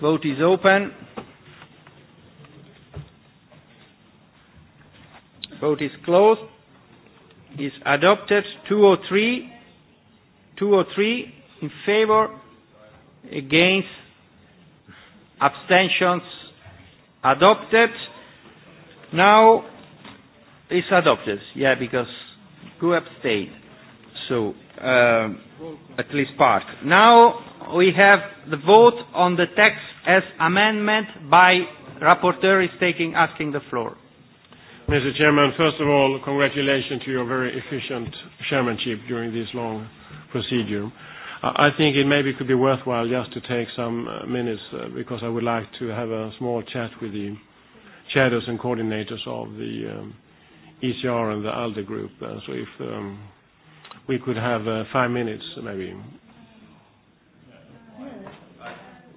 Vote is open. Vote is closed. Is adopted. 203. 203 in favor. Against. Abstentions. Adopted. Now is adopted. Yeah, because who abstained? So, um, at least part. Now we have the vote on the text as amendment by rapporteur is taking asking the floor. Mr. Chairman, first of all, congratulations to your very efficient chairmanship during this long procedure. I think it maybe could be worthwhile just to take some uh, minutes uh, because I would like to have a small chat with the shadows and coordinators of the um, ECR and the ALDE group. Uh, so if um, we could have uh, five minutes maybe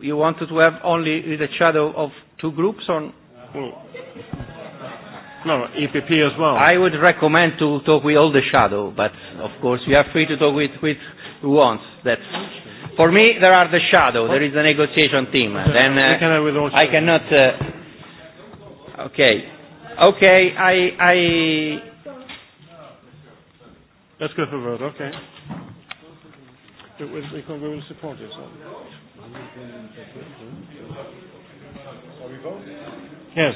you wanted to have only the shadow of two groups on? Well, no, EPP as well. I would recommend to talk with all the shadow, but of course you are free to talk with, with who wants. That's, for me, there are the shadow. There is the negotiation team. Okay. Then uh, can I, I cannot. Uh, okay, okay. I I. Let's go for a vote. Okay. We, can, will support So. Yes.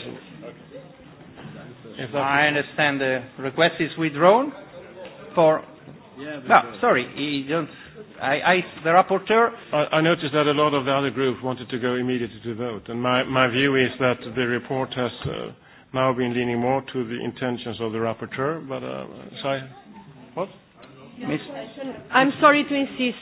If I understand the request is withdrawn for. No, sorry, he don't. I, I, the rapporteur. I, I noticed that a lot of the other groups wanted to go immediately to vote, and my, my view is that the report has uh, now been leaning more to the intentions of the rapporteur. But uh, so I, what? I'm sorry to insist.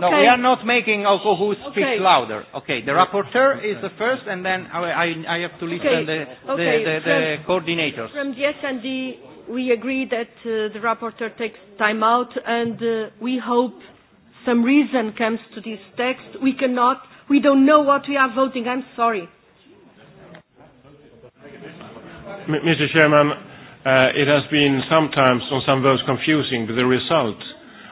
No, okay. we are not making also who speaks okay. louder. Okay, the rapporteur is the first, and then I, I, I have to listen okay. the, the, okay. the, the, the coordinators. From the S&D, we agree that uh, the rapporteur takes time out, and uh, we hope some reason comes to this text. We cannot, we don't know what we are voting. I'm sorry. M Mr. Chairman, uh, it has been sometimes on some votes confusing with the result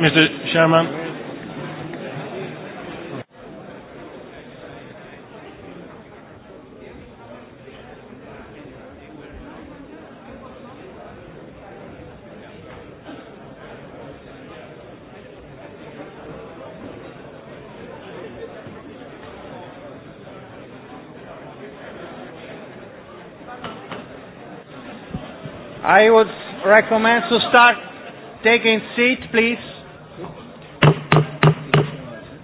Mr. Chairman. I would recommend to start taking seats, please.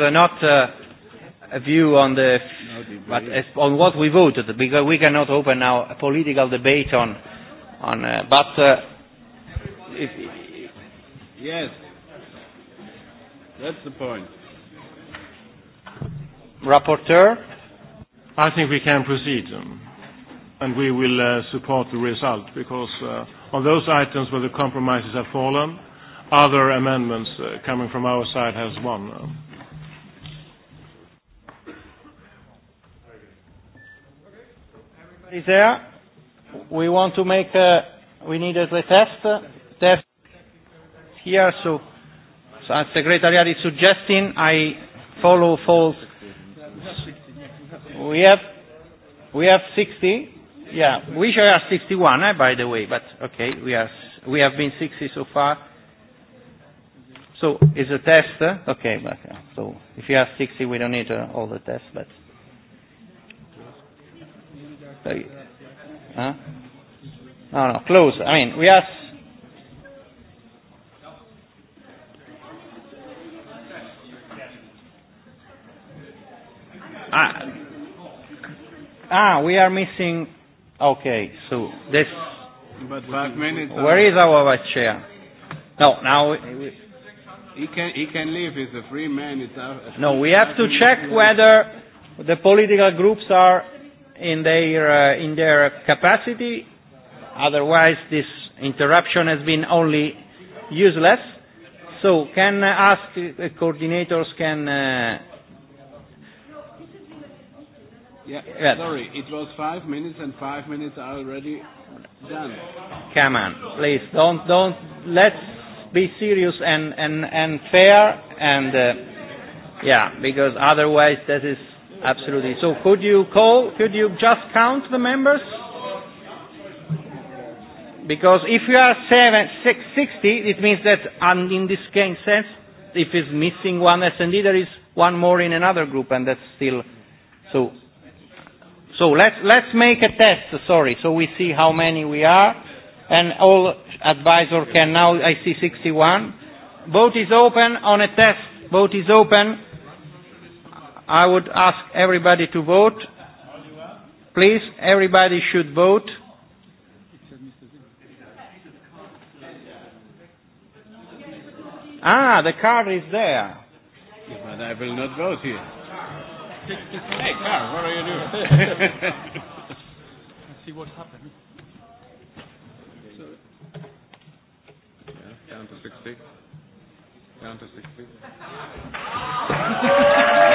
Uh, not uh, a view on the, but as, on what we voted, because we cannot open now a political debate on, on. Uh, but uh, if, yes, that's the point. Rapporteur. I think we can proceed, um, and we will uh, support the result because uh, on those items where the compromises have fallen, other amendments uh, coming from our side has won. Uh. is there. We want to make a, uh, we as a test. Test here, so, so as Secretariat is suggesting, I follow false. We have, we have 60. Yeah, we should have 61, eh, by the way, but okay, we, are, we have been 60 so far. So, it's a test, eh? okay, but, so if you have 60, we don't need uh, all the tests, but. Huh? No, no, close. I mean, we ask. Ah, ah, we are missing. Okay, so this. But five minutes. Where is our vice chair? No, now. We, he can he can leave. He's a free man. It's our, no, we have to check whether the political groups are in their, uh, in their capacity. Otherwise, this interruption has been only useless. So can I ask uh, the coordinators can... Uh... Yeah, yes. sorry, it was five minutes and five minutes are already done. Come on, please, don't, don't, let's be serious and, and, and fair and, uh, yeah, because otherwise this is Absolutely. So could you call, could you just count the members? Because if you are seven, six, 60, it means that and in this game sense, if it's missing one S&D, there is one more in another group, and that's still... So, so let's, let's make a test, sorry, so we see how many we are. And all advisor can now, I see 61. Vote is open on a test. Vote is open. I would ask everybody to vote. Please, everybody should vote. Ah, the card is there. Yeah, but I will not vote here. Hey, Carl, what are you doing? Let's (laughs) see what happened. So, yeah, down to 60. Down to 60. (laughs)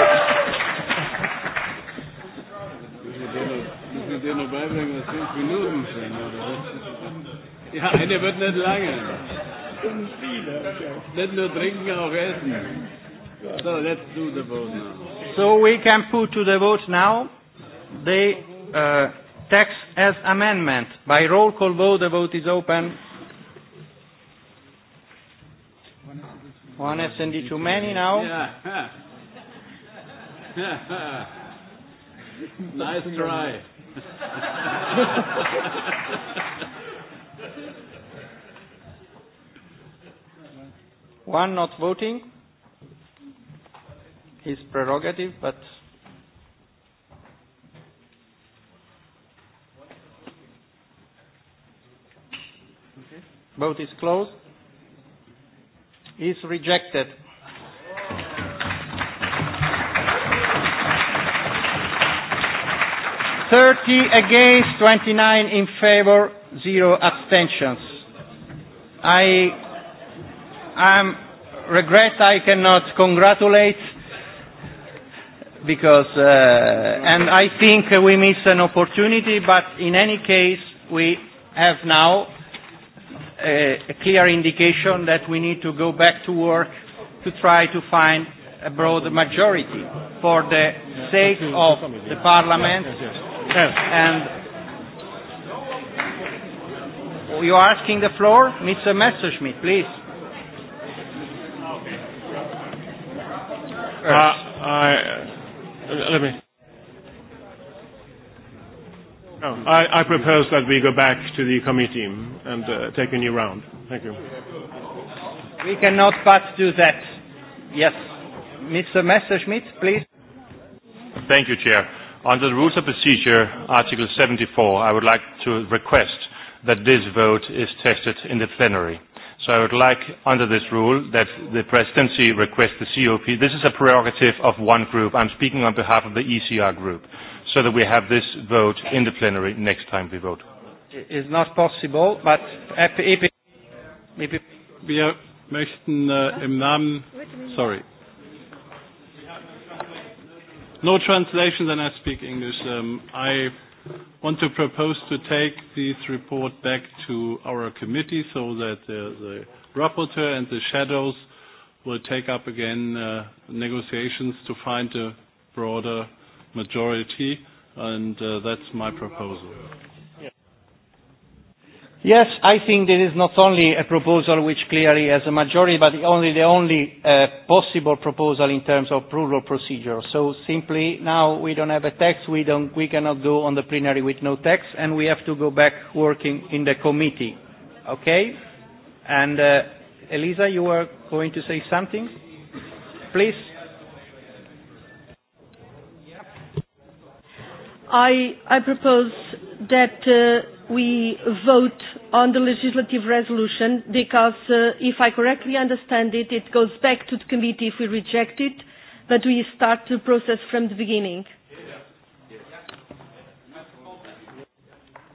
dir noch beibringen, dass fünf Minuten sind, oder was? Ja, eine wird nicht lange. Nicht nur trinken, auch essen. So, let's do the vote now. So we can put to the vote now the uh, text as amendment. By roll call vote, the vote is open. One SND too many now. Yeah. (laughs) nice try. One not voting is prerogative, but vote is closed. Is rejected. 30 against, 29 in favor, zero abstentions. I am regret I cannot congratulate because uh, and I think we miss an opportunity, but in any case we have now a, uh, a clear indication that we need to go back to work to try to find a broad majority for the sake of the parliament and you are asking the floor, Mr. Messerschmidt, please. Uh, I, uh, let me. Oh, I, I propose that we go back to the committee and uh, take a new round. Thank you. We cannot but do that. Yes. Mr. Messerschmidt, please. Thank you, Chair. Under the Rules of Procedure, Article 74, I would like to request that this vote is tested in the plenary. So I would like, under this rule, that the presidency request the COP. This is a prerogative of one group. I'm speaking on behalf of the ECR group, so that we have this vote in the plenary next time we vote. It not possible, but möchten sorry, no translation, then I speak English. Um, I want to propose to take this report back to our committee so that the, the rapporteur and the shadows will take up again uh, negotiations to find a broader majority, and uh, that's my proposal. Yes, I think there is not only a proposal which clearly has a majority, but only the only uh, possible proposal in terms of approval procedure. So simply now we don't have a text, we, don't, we cannot go on the plenary with no text, and we have to go back working in the committee. Okay? And uh, Elisa, you are going to say something? Please. I, I propose that uh, we vote on the legislative resolution because, uh, if I correctly understand it, it goes back to the committee if we reject it, but we start the process from the beginning.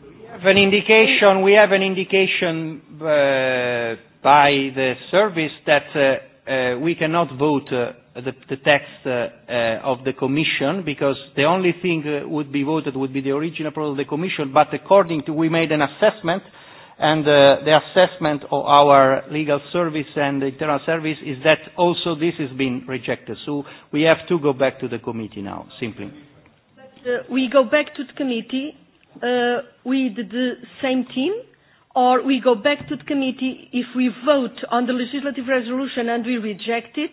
We have an indication, we have an indication uh, by the service that uh, uh, we cannot vote uh, the, the text uh, uh, of the Commission because the only thing uh, would be voted would be the original proposal of the Commission, but according to, we made an assessment and uh, the assessment of our legal service and internal service is that also this has been rejected. So we have to go back to the committee now, simply. But, uh, we go back to the committee uh, with the same team or we go back to the committee if we vote on the legislative resolution and we reject it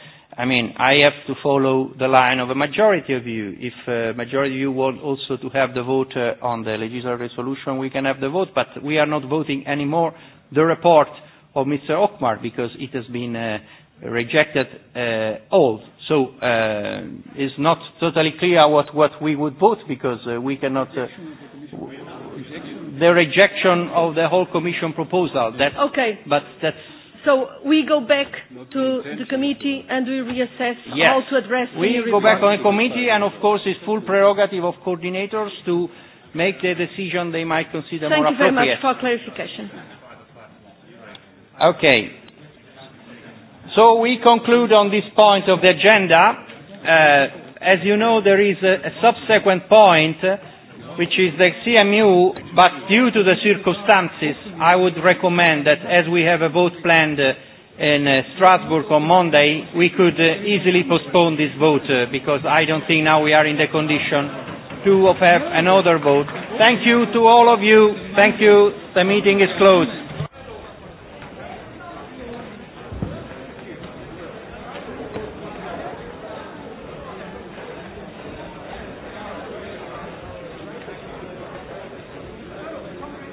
i mean, I have to follow the line of a majority of you. If a uh, majority of you want also to have the vote uh, on the legislative resolution, we can have the vote, but we are not voting anymore the report of Mr. Okmar because it has been uh, rejected uh, all. So uh, it's not totally clear what, what we would vote because uh, we cannot... Uh, the rejection of the whole Commission proposal. That's, okay. But that's So we go back to the committee and we reassess yes. how to address We go back on the committee and of course it's full prerogative of coordinators to make the decision they might consider Thank more appropriate. Thank you very much for clarification. Okay. So we conclude on this point of the agenda. Uh, as you know, there is a, a subsequent point uh, which is the CMU, but due to the circumstances, I would recommend that as we have a vote planned uh, in uh, Strasbourg on Monday, we could uh, easily postpone this vote because I don't think now we are in the condition to have another vote. Thank you to all of you. Thank you. The meeting is closed.